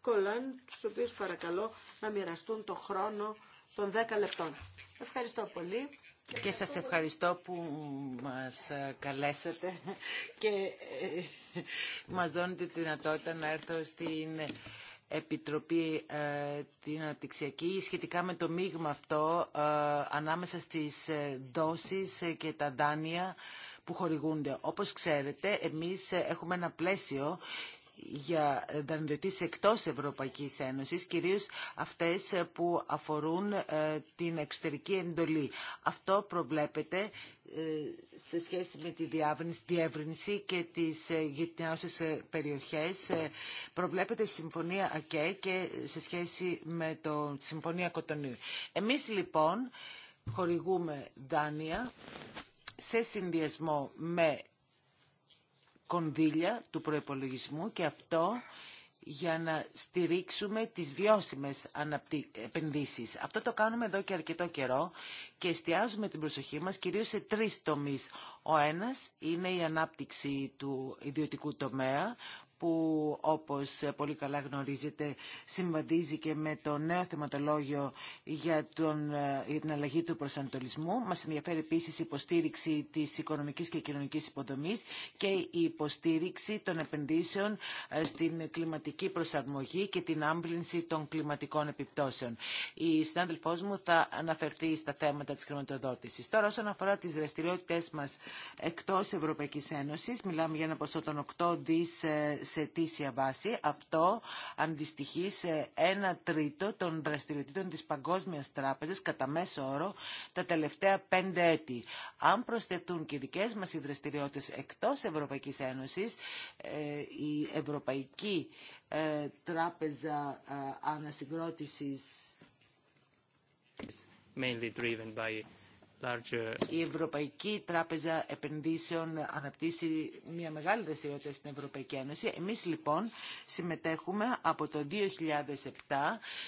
Κολάν, τους οποίους παρακαλώ να μοιραστούν το χρόνο των 10 λεπτών. Ευχαριστώ πολύ. Και σας ευχαριστώ που μας ε, καλέσατε και ε, μας δώνετε τη δυνατότητα να έρθω στην Επιτροπή ε, την Αναπτυξιακή σχετικά με το μείγμα αυτό ε, ανάμεσα στις ε, δόσεις και τα δάνεια που χορηγούνται. Όπως ξέρετε, εμείς έχουμε ένα πλαίσιο για δανειοδοτήσεις εκτός Ευρωπαϊκής Ένωσης, κυρίως αυτές που αφορούν την εξωτερική εντολή. Αυτό προβλέπεται ε, σε σχέση με τη διεύρυνση και τις ε, γειτονιάσεις ε, περιοχές προβλέπεται η Συμφωνία ΑΚΕ και σε σχέση με τη Συμφωνία Κοτονίου. Εμείς λοιπόν χορηγούμε δάνεια σε συνδυασμό με κονδύλια του προϋπολογισμού και αυτό για να στηρίξουμε τις βιώσιμες επενδύσεις. Αυτό το κάνουμε εδώ και αρκετό καιρό και εστιάζουμε την προσοχή μας κυρίως σε τρεις τομείς. Ο ένας είναι η ανάπτυξη του ιδιωτικού τομέα που όπως πολύ καλά γνωρίζετε συμβαδίζει και με το νέο θεματολόγιο για, τον, ε, για την αλλαγή του προσανατολισμού. Μας ενδιαφέρει επίσης η υποστήριξη της οικονομικής και κοινωνικής υποδομής και η υποστήριξη των επενδύσεων ε, στην κλιματική προσαρμογή και την άμπλυνση των κλιματικών επιπτώσεων. Η συνάδελφός μου θα αναφερθεί στα θέματα της χρηματοδότησης. Τώρα όσον αφορά τις δραστηριότητες μας εκτός Ευρωπαϊκής Ένωσης, μιλάμε για ένα ποσό των 8 δις ε, σε αιτήσια βάση. Αυτό αντιστοιχεί σε ένα τρίτο των δραστηριοτήτων της Παγκόσμιας Τράπεζας κατά μέσο όρο τα τελευταία πέντε έτη. Αν προσθεθούν και δικέ μας οι δραστηριότητες εκτός Ευρωπαϊκής Ένωσης, ε, η Ευρωπαϊκή ε, Τράπεζα ε, Ανασυγκρότησης mainly Uh, Η Ευρωπαϊκή Τράπεζα Επενδύσεων αναπτύσσει μια μεγάλη δραστηριότητα στην Ευρωπαϊκή Ένωση. Εμείς λοιπόν συμμετέχουμε από το 2007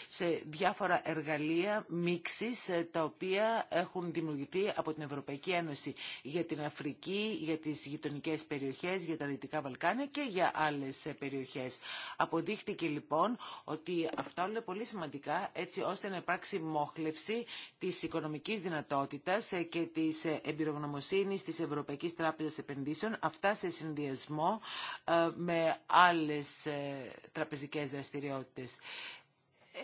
σε διάφορα εργαλεία μίξης ε, τα οποία έχουν δημιουργηθεί από την Ευρωπαϊκή Ένωση για την Αφρική, για τις γειτονικέ περιοχές, για τα Δυτικά Βαλκάνια και για άλλες ε, περιοχές. Αποδείχτηκε λοιπόν ότι αυτά όλα πολύ σημαντικά έτσι ώστε να υπάρξει μόχλευση της οικονομικής δυνατότητας και της Εμπειρογνωμοσύνης της Ευρωπαϊκής Τράπεζας Επενδύσεων, αυτά σε συνδυασμό ε, με άλλες ε, τραπεζικές δραστηριότητες.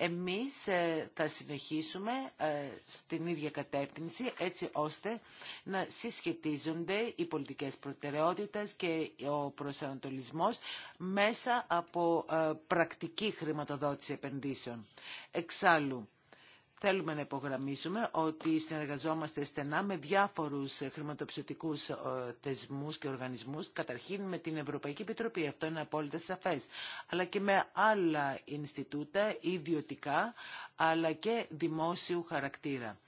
Εμείς ε, θα συνεχίσουμε στην ίδια κατεύθυνση έτσι ώστε να συσχετίζονται οι πολιτικές προτεραιότητες και ο προσανατολισμός μέσα από πρακτική χρηματοδότηση επενδύσεων. Εξάλλου, Θέλουμε να υπογραμμίσουμε ότι συνεργαζόμαστε στενά με διάφορους χρηματοπιστωτικούς ε, θεσμούς και οργανισμούς, καταρχήν με την Ευρωπαϊκή Επιτροπή, αυτό είναι απόλυτα σαφές, αλλά και με άλλα Ινστιτούτα ιδιωτικά, αλλά και δημόσιου χαρακτήρα.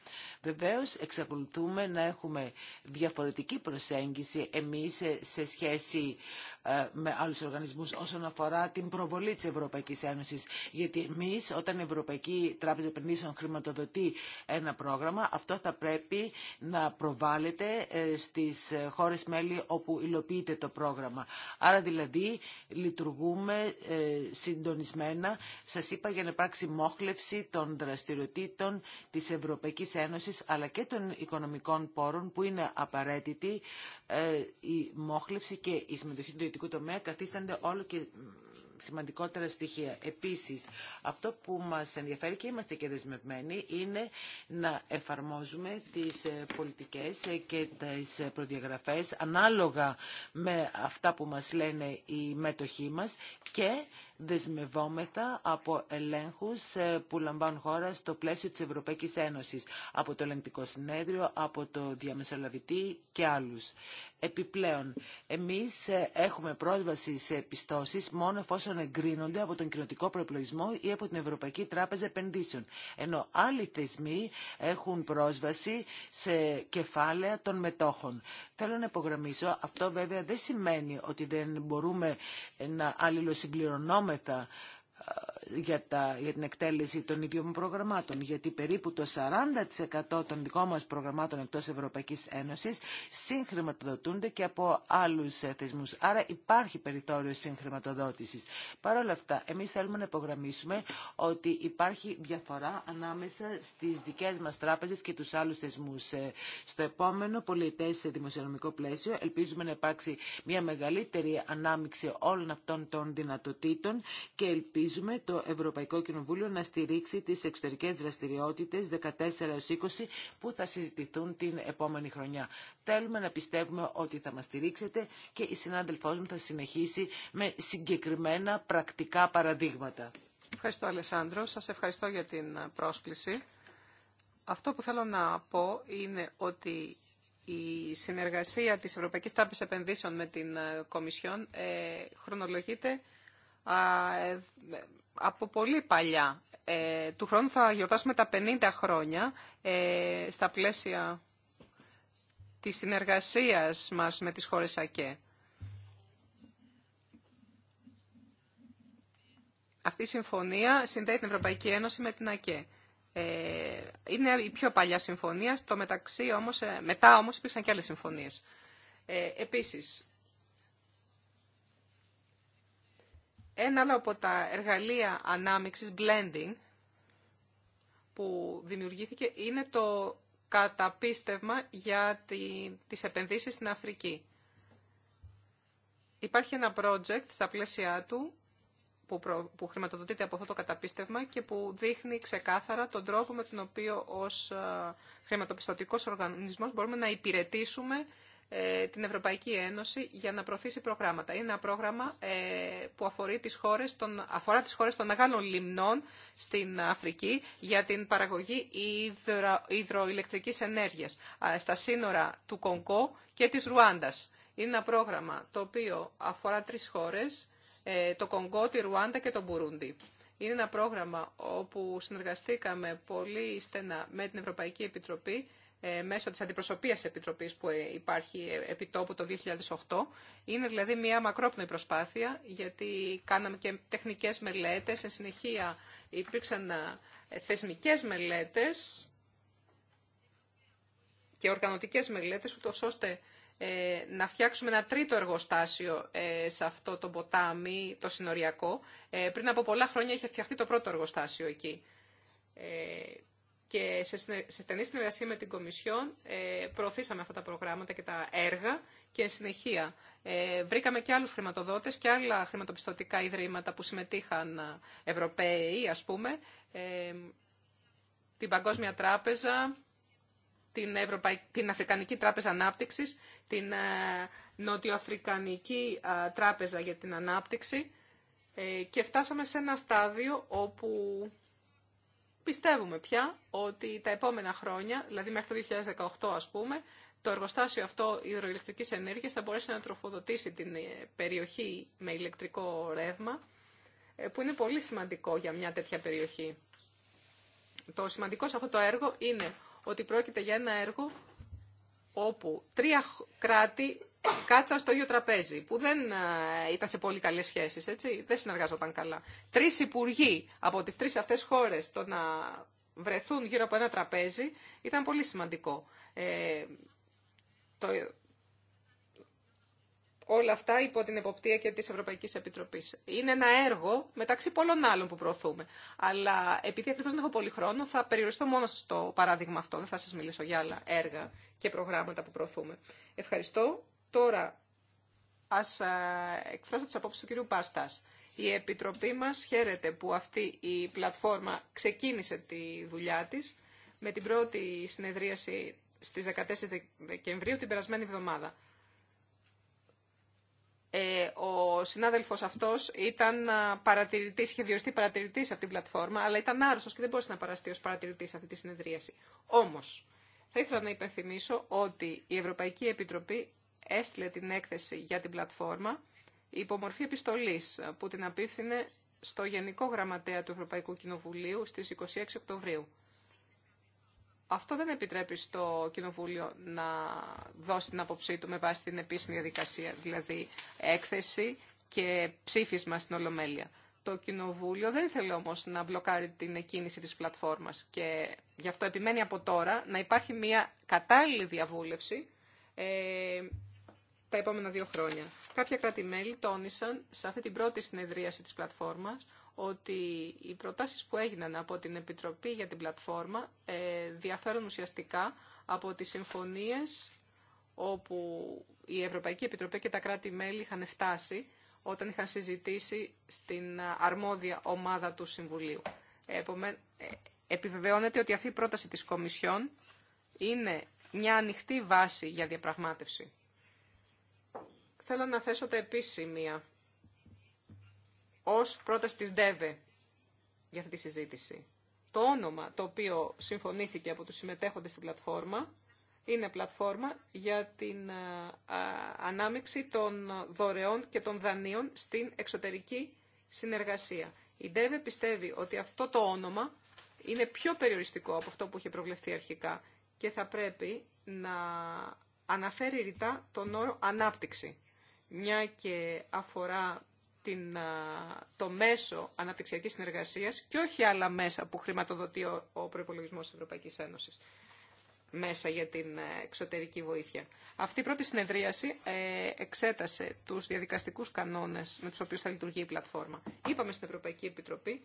Βεβαίως, εξακολουθούμε να έχουμε διαφορετική προσέγγιση εμείς σε σχέση ε, με άλλους οργανισμούς όσον αφορά την προβολή της Ευρωπαϊκής Ένωσης. Γιατί εμείς, όταν η Ευρωπαϊκή Τράπεζα Επενδύσεων χρηματοδοτεί ένα πρόγραμμα, αυτό θα πρέπει να προβάλλεται ε, στις ε, χώρες μέλη όπου υλοποιείται το πρόγραμμα. Άρα, δηλαδή, λειτουργούμε συντονισμένα. Σας είπα για να υπάρξει μόχλευση των δραστηριοτήτων της Ευρωπαϊκής Ένωσης αλλά και των οικονομικών πόρων που είναι απαραίτητη ε, η μόχλευση και η συμμετοχή του ιδιωτικού τομέα καθίστανται όλο και σημαντικότερα στοιχεία. Επίσης, αυτό που μας ενδιαφέρει και είμαστε και δεσμευμένοι είναι να εφαρμόζουμε τις ε, πολιτικές και τις προδιαγραφές ανάλογα με αυτά που μας λένε οι μέτοχοί μας και δεσμευόμεθα από ελέγχους ε, που λαμβάνουν χώρα στο πλαίσιο της Ευρωπαϊκής Ένωσης, από το Ελεγκτικό Συνέδριο, από το Διαμεσολαβητή και άλλους. Επιπλέον, εμείς ε, έχουμε πρόσβαση σε πιστώσεις μόνο εφόσον εγκρίνονται από τον κοινοτικό προπολογισμό ή από την Ευρωπαϊκή Τράπεζα Επενδύσεων, ενώ άλλοι θεσμοί έχουν πρόσβαση σε κεφάλαια των μετόχων. Θέλω να υπογραμμίσω, αυτό βέβαια δεν σημαίνει ότι δεν μπορούμε ε, να αλληλοσυμπληρωνόμαστε μετά για, την εκτέλεση των ίδιων προγραμμάτων, γιατί περίπου το 40% των δικών μας προγραμμάτων εκτός Ευρωπαϊκής Ένωσης συγχρηματοδοτούνται και από άλλους ε, θεσμούς. Άρα υπάρχει περιθώριο συγχρηματοδότησης. Παρ' όλα αυτά, εμείς θέλουμε να υπογραμμίσουμε ότι υπάρχει διαφορά ανάμεσα στις δικές μας τράπεζες και τους άλλους θεσμούς. Ε, στο επόμενο σε δημοσιονομικό πλαίσιο ελπίζουμε να υπάρξει μια μεγαλύτερη ανάμειξη όλων αυτών των δυνατοτήτων και ελπίζουμε το Ευρωπαϊκό Κοινοβούλιο να στηρίξει τις εξωτερικές δραστηριότητες 14 20 που θα συζητηθούν την επόμενη χρονιά. Θέλουμε να πιστεύουμε ότι θα μας στηρίξετε και η συνάδελφός μου θα συνεχίσει με συγκεκριμένα πρακτικά παραδείγματα. Ευχαριστώ Αλεσάνδρο, σας ευχαριστώ για την ε, πρόσκληση. Αυτό που θέλω να πω είναι ότι η συνεργασία της Ευρωπαϊκής Τράπεζας Επενδύσεων με την ε, Κομισιόν ε, χρονολογείται ε, από πολύ παλιά. Ε, του χρόνου θα γιορτάσουμε τα 50 χρόνια ε, στα πλαίσια της συνεργασίας μας με τις χώρες ΑΚΕ. Αυτή η συμφωνία συνδέει την Ευρωπαϊκή Ένωση με την ΑΚΕ. Ε, είναι η πιο παλιά συμφωνία, στο μεταξύ όμως, μετά όμως υπήρξαν και άλλες συμφωνίες. επίσης, Ένα άλλο από τα εργαλεία ανάμειξης, blending, που δημιουργήθηκε είναι το καταπίστευμα για τη τις επενδύσεις στην Αφρική. Υπάρχει ένα project στα πλαίσια του που χρηματοδοτείται από αυτό το καταπίστευμα και που δείχνει ξεκάθαρα τον τρόπο με τον οποίο ως ε, χρηματοπιστωτικός οργανισμός μπορούμε να υπηρετήσουμε ε, την Ευρωπαϊκή Ένωση για να προωθήσει προγράμματα. Είναι ένα πρόγραμμα ε, που αφορεί τις χώρες των, αφορά τις χώρες των μεγάλων λιμνών στην Αφρική για την παραγωγή υδρο, υδροηλεκτρικής ενέργειας στα σύνορα του Κονγκό και της Ρουάντας. Είναι ένα πρόγραμμα το οποίο αφορά τρεις χώρες, ε, το Κονγκό, τη Ρουάντα και τον Μπουρούντι. Είναι ένα πρόγραμμα όπου συνεργαστήκαμε πολύ στενά με την Ευρωπαϊκή Επιτροπή ε, μέσω της αντιπροσωπείας επιτροπής που ε, υπάρχει ε, τόπου το 2008. Είναι δηλαδή μια μακρόπνοη προσπάθεια γιατί κάναμε και τεχνικές μελέτες, σε συνεχεία υπήρξαν θεσμικές μελέτες και οργανωτικές μελέτες ούτως ώστε να φτιάξουμε ένα τρίτο εργοστάσιο σε αυτό το ποτάμι, το συνοριακό. πριν από πολλά χρόνια είχε φτιαχτεί το πρώτο εργοστάσιο εκεί και σε στενή συνεργασία με την Κομισιόν ε, προωθήσαμε αυτά τα προγράμματα και τα έργα και συνεχεία ε, βρήκαμε και άλλους χρηματοδότες και άλλα χρηματοπιστωτικά ιδρύματα που συμμετείχαν ε, Ευρωπαίοι, ας πούμε, την Παγκόσμια Τράπεζα, την, Ευρωπαϊ... την Αφρικανική Τράπεζα Ανάπτυξης, την Νοτιοαφρικανική Τράπεζα για την Ανάπτυξη και φτάσαμε σε ένα στάδιο όπου Πιστεύουμε πια ότι τα επόμενα χρόνια, δηλαδή μέχρι το 2018 ας πούμε, το εργοστάσιο αυτό υδροηλεκτρικής ενέργειας θα μπορέσει να τροφοδοτήσει την ε, περιοχή με ηλεκτρικό ρεύμα, ε, που είναι πολύ σημαντικό για μια τέτοια περιοχή. Το σημαντικό σε αυτό το έργο είναι ότι πρόκειται για ένα έργο όπου τρία κράτη κάτσα στο ίδιο τραπέζι, που δεν ε, ήταν σε πολύ καλές σχέσεις, έτσι, δεν συνεργάζονταν καλά. Τρεις υπουργοί από τις τρεις αυτές χώρες το να βρεθούν γύρω από ένα τραπέζι ήταν πολύ σημαντικό. Ε, το, όλα αυτά υπό την εποπτεία και της Ευρωπαϊκής Επιτροπής. Είναι ένα έργο μεταξύ πολλών άλλων που προωθούμε. Αλλά επειδή ακριβώς δεν έχω πολύ χρόνο, θα περιοριστώ μόνο στο παράδειγμα αυτό. Δεν θα σας μιλήσω για άλλα έργα και προγράμματα που προωθούμε. Ευχαριστώ. Τώρα, ας ε, εκφράσω τις απόψεις του κυρίου Πάστας. Η Επιτροπή μας χαίρεται που αυτή η πλατφόρμα ξεκίνησε τη δουλειά της με την πρώτη συνεδρίαση στις 14 Δεκεμβρίου την περασμένη εβδομάδα. Ε, ο συνάδελφος αυτός ήταν ε, παρατηρητής, είχε διοριστεί παρατηρητής σε αυτήν την πλατφόρμα, αλλά ήταν άρρωστος και δεν μπορούσε να παραστεί ως παρατηρητής αυτή τη συνεδρίαση. Όμως, θα ήθελα να υπενθυμίσω ότι η Ευρωπαϊκή Επιτροπή έστειλε την έκθεση για την πλατφόρμα μορφή επιστολής που την απίφθινε στο Γενικό Γραμματέα του Ευρωπαϊκού Κοινοβουλίου στις 26 Οκτωβρίου. Αυτό δεν επιτρέπει στο Κοινοβούλιο να δώσει την άποψή του με βάση την επίσημη διαδικασία, δηλαδή έκθεση και ψήφισμα στην Ολομέλεια. Το Κοινοβούλιο δεν θέλει όμως να μπλοκάρει την εκκίνηση της πλατφόρμας και γι' αυτό επιμένει από τώρα να υπάρχει μια κατάλληλη διαβούλευση ε, τα επόμενα δύο χρόνια. Κάποια κράτη-μέλη τόνισαν σε αυτή την πρώτη συνεδρίαση της πλατφόρμας ότι οι προτάσεις που έγιναν από την Επιτροπή για την πλατφόρμα ε, διαφέρουν ουσιαστικά από τις συμφωνίες όπου η Ευρωπαϊκή Επιτροπή και τα κράτη-μέλη είχαν φτάσει όταν είχαν συζητήσει στην αρμόδια ομάδα του Συμβουλίου. Επομέ... Ε, επιβεβαιώνεται ότι αυτή η πρόταση της Κομισιόν είναι μια ανοιχτή βάση για διαπραγμάτευση θέλω να θέσω τα επίσημια ως πρόταση της ΔΕΒΕ για αυτή τη συζήτηση. Το όνομα το οποίο συμφωνήθηκε από τους συμμετέχοντες στην πλατφόρμα είναι πλατφόρμα για την ε, ανάμειξη των δωρεών και των δανείων στην εξωτερική συνεργασία. Η ΔΕΒΕ πιστεύει ότι αυτό το όνομα είναι πιο περιοριστικό από αυτό που είχε προβλεφθεί αρχικά και θα πρέπει να αναφέρει ρητά τον όρο ανάπτυξη μια και αφορά την, το μέσο αναπτυξιακής συνεργασίας και όχι άλλα μέσα που χρηματοδοτεί ο, ο προϋπολογισμός της Ευρωπαϊκής Ένωσης μέσα για την ε, εξωτερική βοήθεια. Αυτή η πρώτη συνεδρίαση ε, εξέτασε τους διαδικαστικούς κανόνες με τους οποίους θα λειτουργεί η πλατφόρμα. Είπαμε στην Ευρωπαϊκή Επιτροπή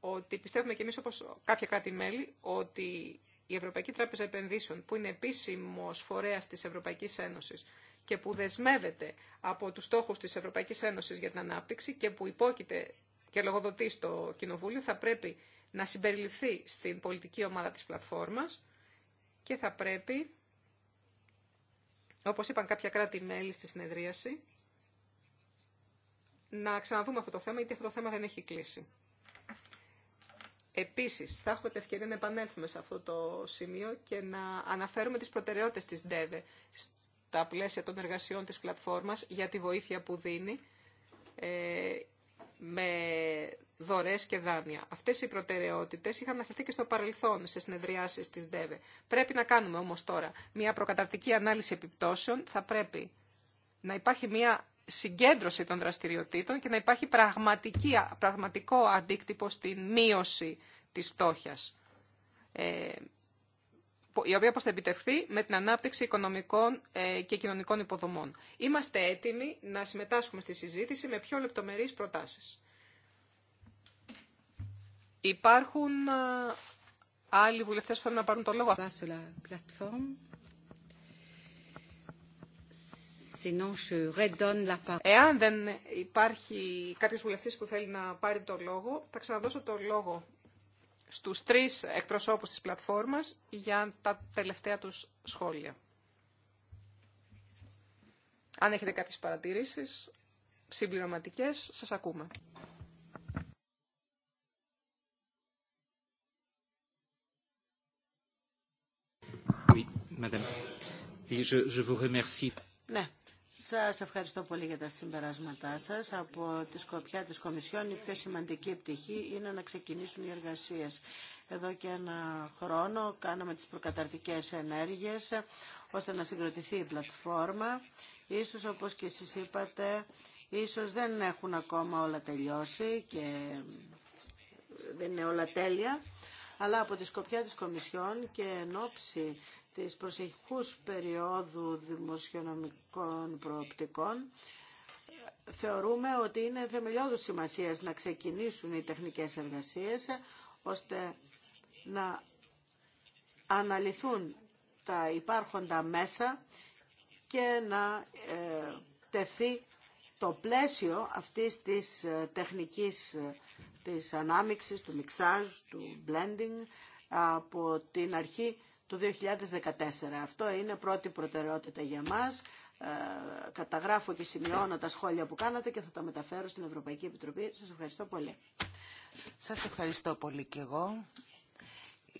ότι πιστεύουμε και εμείς όπως κάποια κράτη-μέλη ότι η Ευρωπαϊκή Τράπεζα Επενδύσεων που είναι επίσημος φορέας της Ευρωπαϊκής Ένωσης και που δεσμεύεται από τους στόχους της Ευρωπαϊκής Ένωσης για την ανάπτυξη και που υπόκειται και λογοδοτεί στο Κοινοβούλιο θα πρέπει να συμπεριληφθεί στην πολιτική ομάδα της πλατφόρμας και θα πρέπει, όπως είπαν κάποια κράτη-μέλη στη συνεδρίαση, να ξαναδούμε αυτό το θέμα, γιατί αυτό το θέμα δεν έχει κλείσει. Επίσης, θα έχουμε την ευκαιρία να επανέλθουμε σε αυτό το σημείο και να αναφέρουμε τις προτεραιότητες της ΔΕΒΕ τα πλαίσια των εργασιών της πλατφόρμας για τη βοήθεια που δίνει ε, με δωρές και δάνεια. Αυτές οι προτεραιότητες είχαν αναφερθεί και στο παρελθόν σε συνεδριάσεις της ΔΕΒΕ. Πρέπει να κάνουμε όμως τώρα μια προκαταρτική ανάλυση επιπτώσεων. Θα πρέπει να υπάρχει μια συγκέντρωση των δραστηριοτήτων και να υπάρχει πραγματική, πραγματικό αντίκτυπο στην μείωση της στόχιας. Ε, η οποία θα επιτευχθεί με την ανάπτυξη οικονομικών ε, και κοινωνικών υποδομών. Είμαστε έτοιμοι να συμμετάσχουμε στη συζήτηση με πιο λεπτομερείς προτάσεις. Υπάρχουν ε, άλλοι βουλευτές που θέλουν να πάρουν το λόγο. Εάν δεν υπάρχει κάποιος βουλευτής που θέλει να πάρει το λόγο, θα ξαναδώσω το λόγο στους τρεις εκπροσώπους της πλατφόρμας για τα τελευταία τους σχόλια. Αν έχετε κάποιες παρατηρήσεις συμπληρωματικές, σας ακούμε. Oui, madame. je, ναι. Σας ευχαριστώ πολύ για τα συμπεράσματά σας. Από τη σκοπιά της Κομισιόν η πιο σημαντική πτυχή είναι να ξεκινήσουν οι εργασίες. Εδώ και ένα χρόνο κάναμε τις προκαταρτικές ενέργειες ώστε να συγκροτηθεί η πλατφόρμα. Ίσως όπως και εσείς είπατε, ίσως δεν έχουν ακόμα όλα τελειώσει και δεν είναι όλα τέλεια αλλά από τη σκοπιά της Κομισιόν και εν της προσεχικούς περίοδου δημοσιονομικών προοπτικών, θεωρούμε ότι είναι θεμελιώδους σημασίας να ξεκινήσουν οι τεχνικές εργασίες, ώστε να αναλυθούν τα υπάρχοντα μέσα και να ε, τεθεί το πλαίσιο αυτής της ε, τεχνικής ε, της ανάμιξης, του μιξάζ, του blending από την αρχή το 2014. Αυτό είναι πρώτη προτεραιότητα για μας. Ε, καταγράφω και σημειώνω τα σχόλια που κάνατε και θα τα μεταφέρω στην Ευρωπαϊκή Επιτροπή. Σας ευχαριστώ πολύ. Σας ευχαριστώ πολύ και εγώ.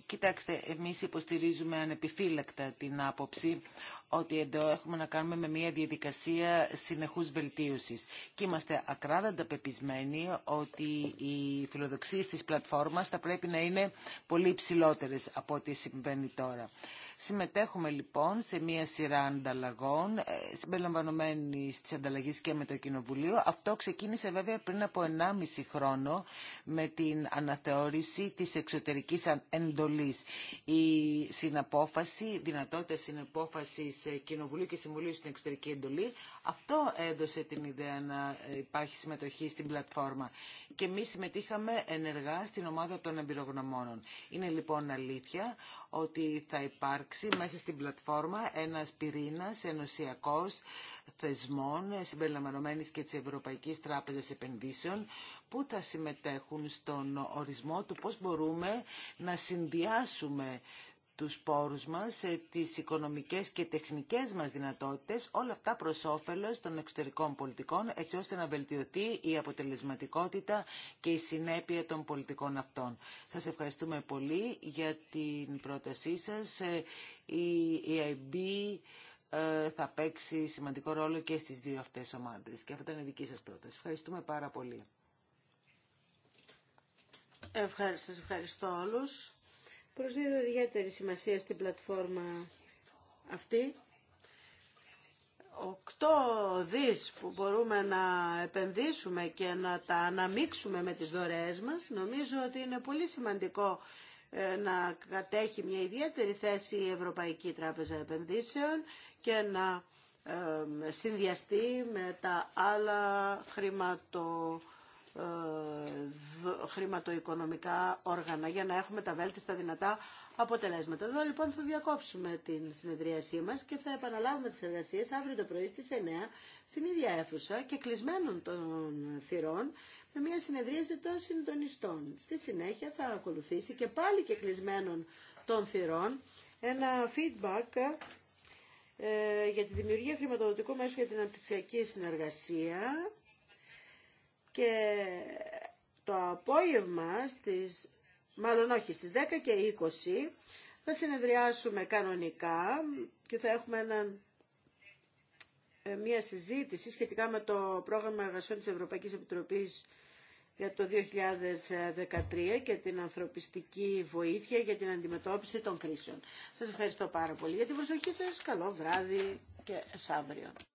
Κοιτάξτε, εμείς υποστηρίζουμε ανεπιφύλακτα την άποψη ότι εδώ έχουμε να κάνουμε με μια διαδικασία συνεχούς βελτίωσης. Και είμαστε ακράδαντα πεπισμένοι ότι οι φιλοδοξίες της πλατφόρμας θα πρέπει να είναι πολύ ψηλότερες από ό,τι συμβαίνει τώρα. Συμμετέχουμε λοιπόν σε μία σειρά ανταλλαγών, ε, συμπεριλαμβανομένη τη ανταλλαγή και με το Κοινοβουλίο. Αυτό ξεκίνησε βέβαια πριν από 1,5 χρόνο με την αναθεώρηση τη εξωτερική εντολή. Η συναπόφαση, δυνατότητα συναπόφασης ε, Κοινοβουλίου και Συμβουλίου στην εξωτερική εντολή, αυτό έδωσε την ιδέα να υπάρχει συμμετοχή στην πλατφόρμα. Και εμεί συμμετείχαμε ενεργά στην ομάδα των εμπειρογνωμόνων. Είναι λοιπόν αλήθεια ότι θα υπάρξει μέσα στην πλατφόρμα ένας πυρήνα ενωσιακό, θεσμών συμπεριλαμβανομένη και τη Ευρωπαϊκή Τράπεζα Επενδύσεων που θα συμμετέχουν στον ορισμό του πώς μπορούμε να συνδυάσουμε τους πόρους μας, ε, τις οικονομικές και τεχνικές μας δυνατότητες, όλα αυτά προς όφελος των εξωτερικών πολιτικών, έτσι ώστε να βελτιωθεί η αποτελεσματικότητα και η συνέπεια των πολιτικών αυτών. Σας ευχαριστούμε πολύ για την πρότασή σας. Ε, η EIB ε θα παίξει σημαντικό ρόλο και στις δύο αυτές ομάδες. Και αυτό ήταν η δική σας πρόταση. Ευχαριστούμε πάρα πολύ. Ευχαριστώ, ευχαριστώ όλους προσδίδω ιδιαίτερη σημασία στην πλατφόρμα αυτή. Οκτώ δις που μπορούμε να επενδύσουμε και να τα αναμίξουμε με τις δωρεές μας, νομίζω ότι είναι πολύ σημαντικό ε, να κατέχει μια ιδιαίτερη θέση η Ευρωπαϊκή Τράπεζα Επενδύσεων και να ε, συνδυαστεί με τα άλλα χρηματοδοτήματα. Ε, χρηματοοικονομικά όργανα για να έχουμε τα βέλτιστα δυνατά αποτελέσματα. Εδώ λοιπόν θα διακόψουμε την συνεδρίασή μας και θα επαναλάβουμε τις εργασίες αύριο το πρωί στις 9 στην ίδια αίθουσα και κλεισμένων των θυρών με μια συνεδρίαση των συντονιστών. Στη συνέχεια θα ακολουθήσει και πάλι και κλεισμένων των θυρών ένα feedback ε, για τη δημιουργία χρηματοδοτικού μέσου για την αναπτυξιακή συνεργασία και το απόγευμα στις, μάλλον όχι, στις 10 και 20 θα συνεδριάσουμε κανονικά και θα έχουμε έναν ε, μια συζήτηση σχετικά με το πρόγραμμα εργασιών της Ευρωπαϊκής Επιτροπής για το 2013 και την ανθρωπιστική βοήθεια για την αντιμετώπιση των κρίσεων. Σας ευχαριστώ πάρα πολύ για την προσοχή σας. Καλό βράδυ και αύριο.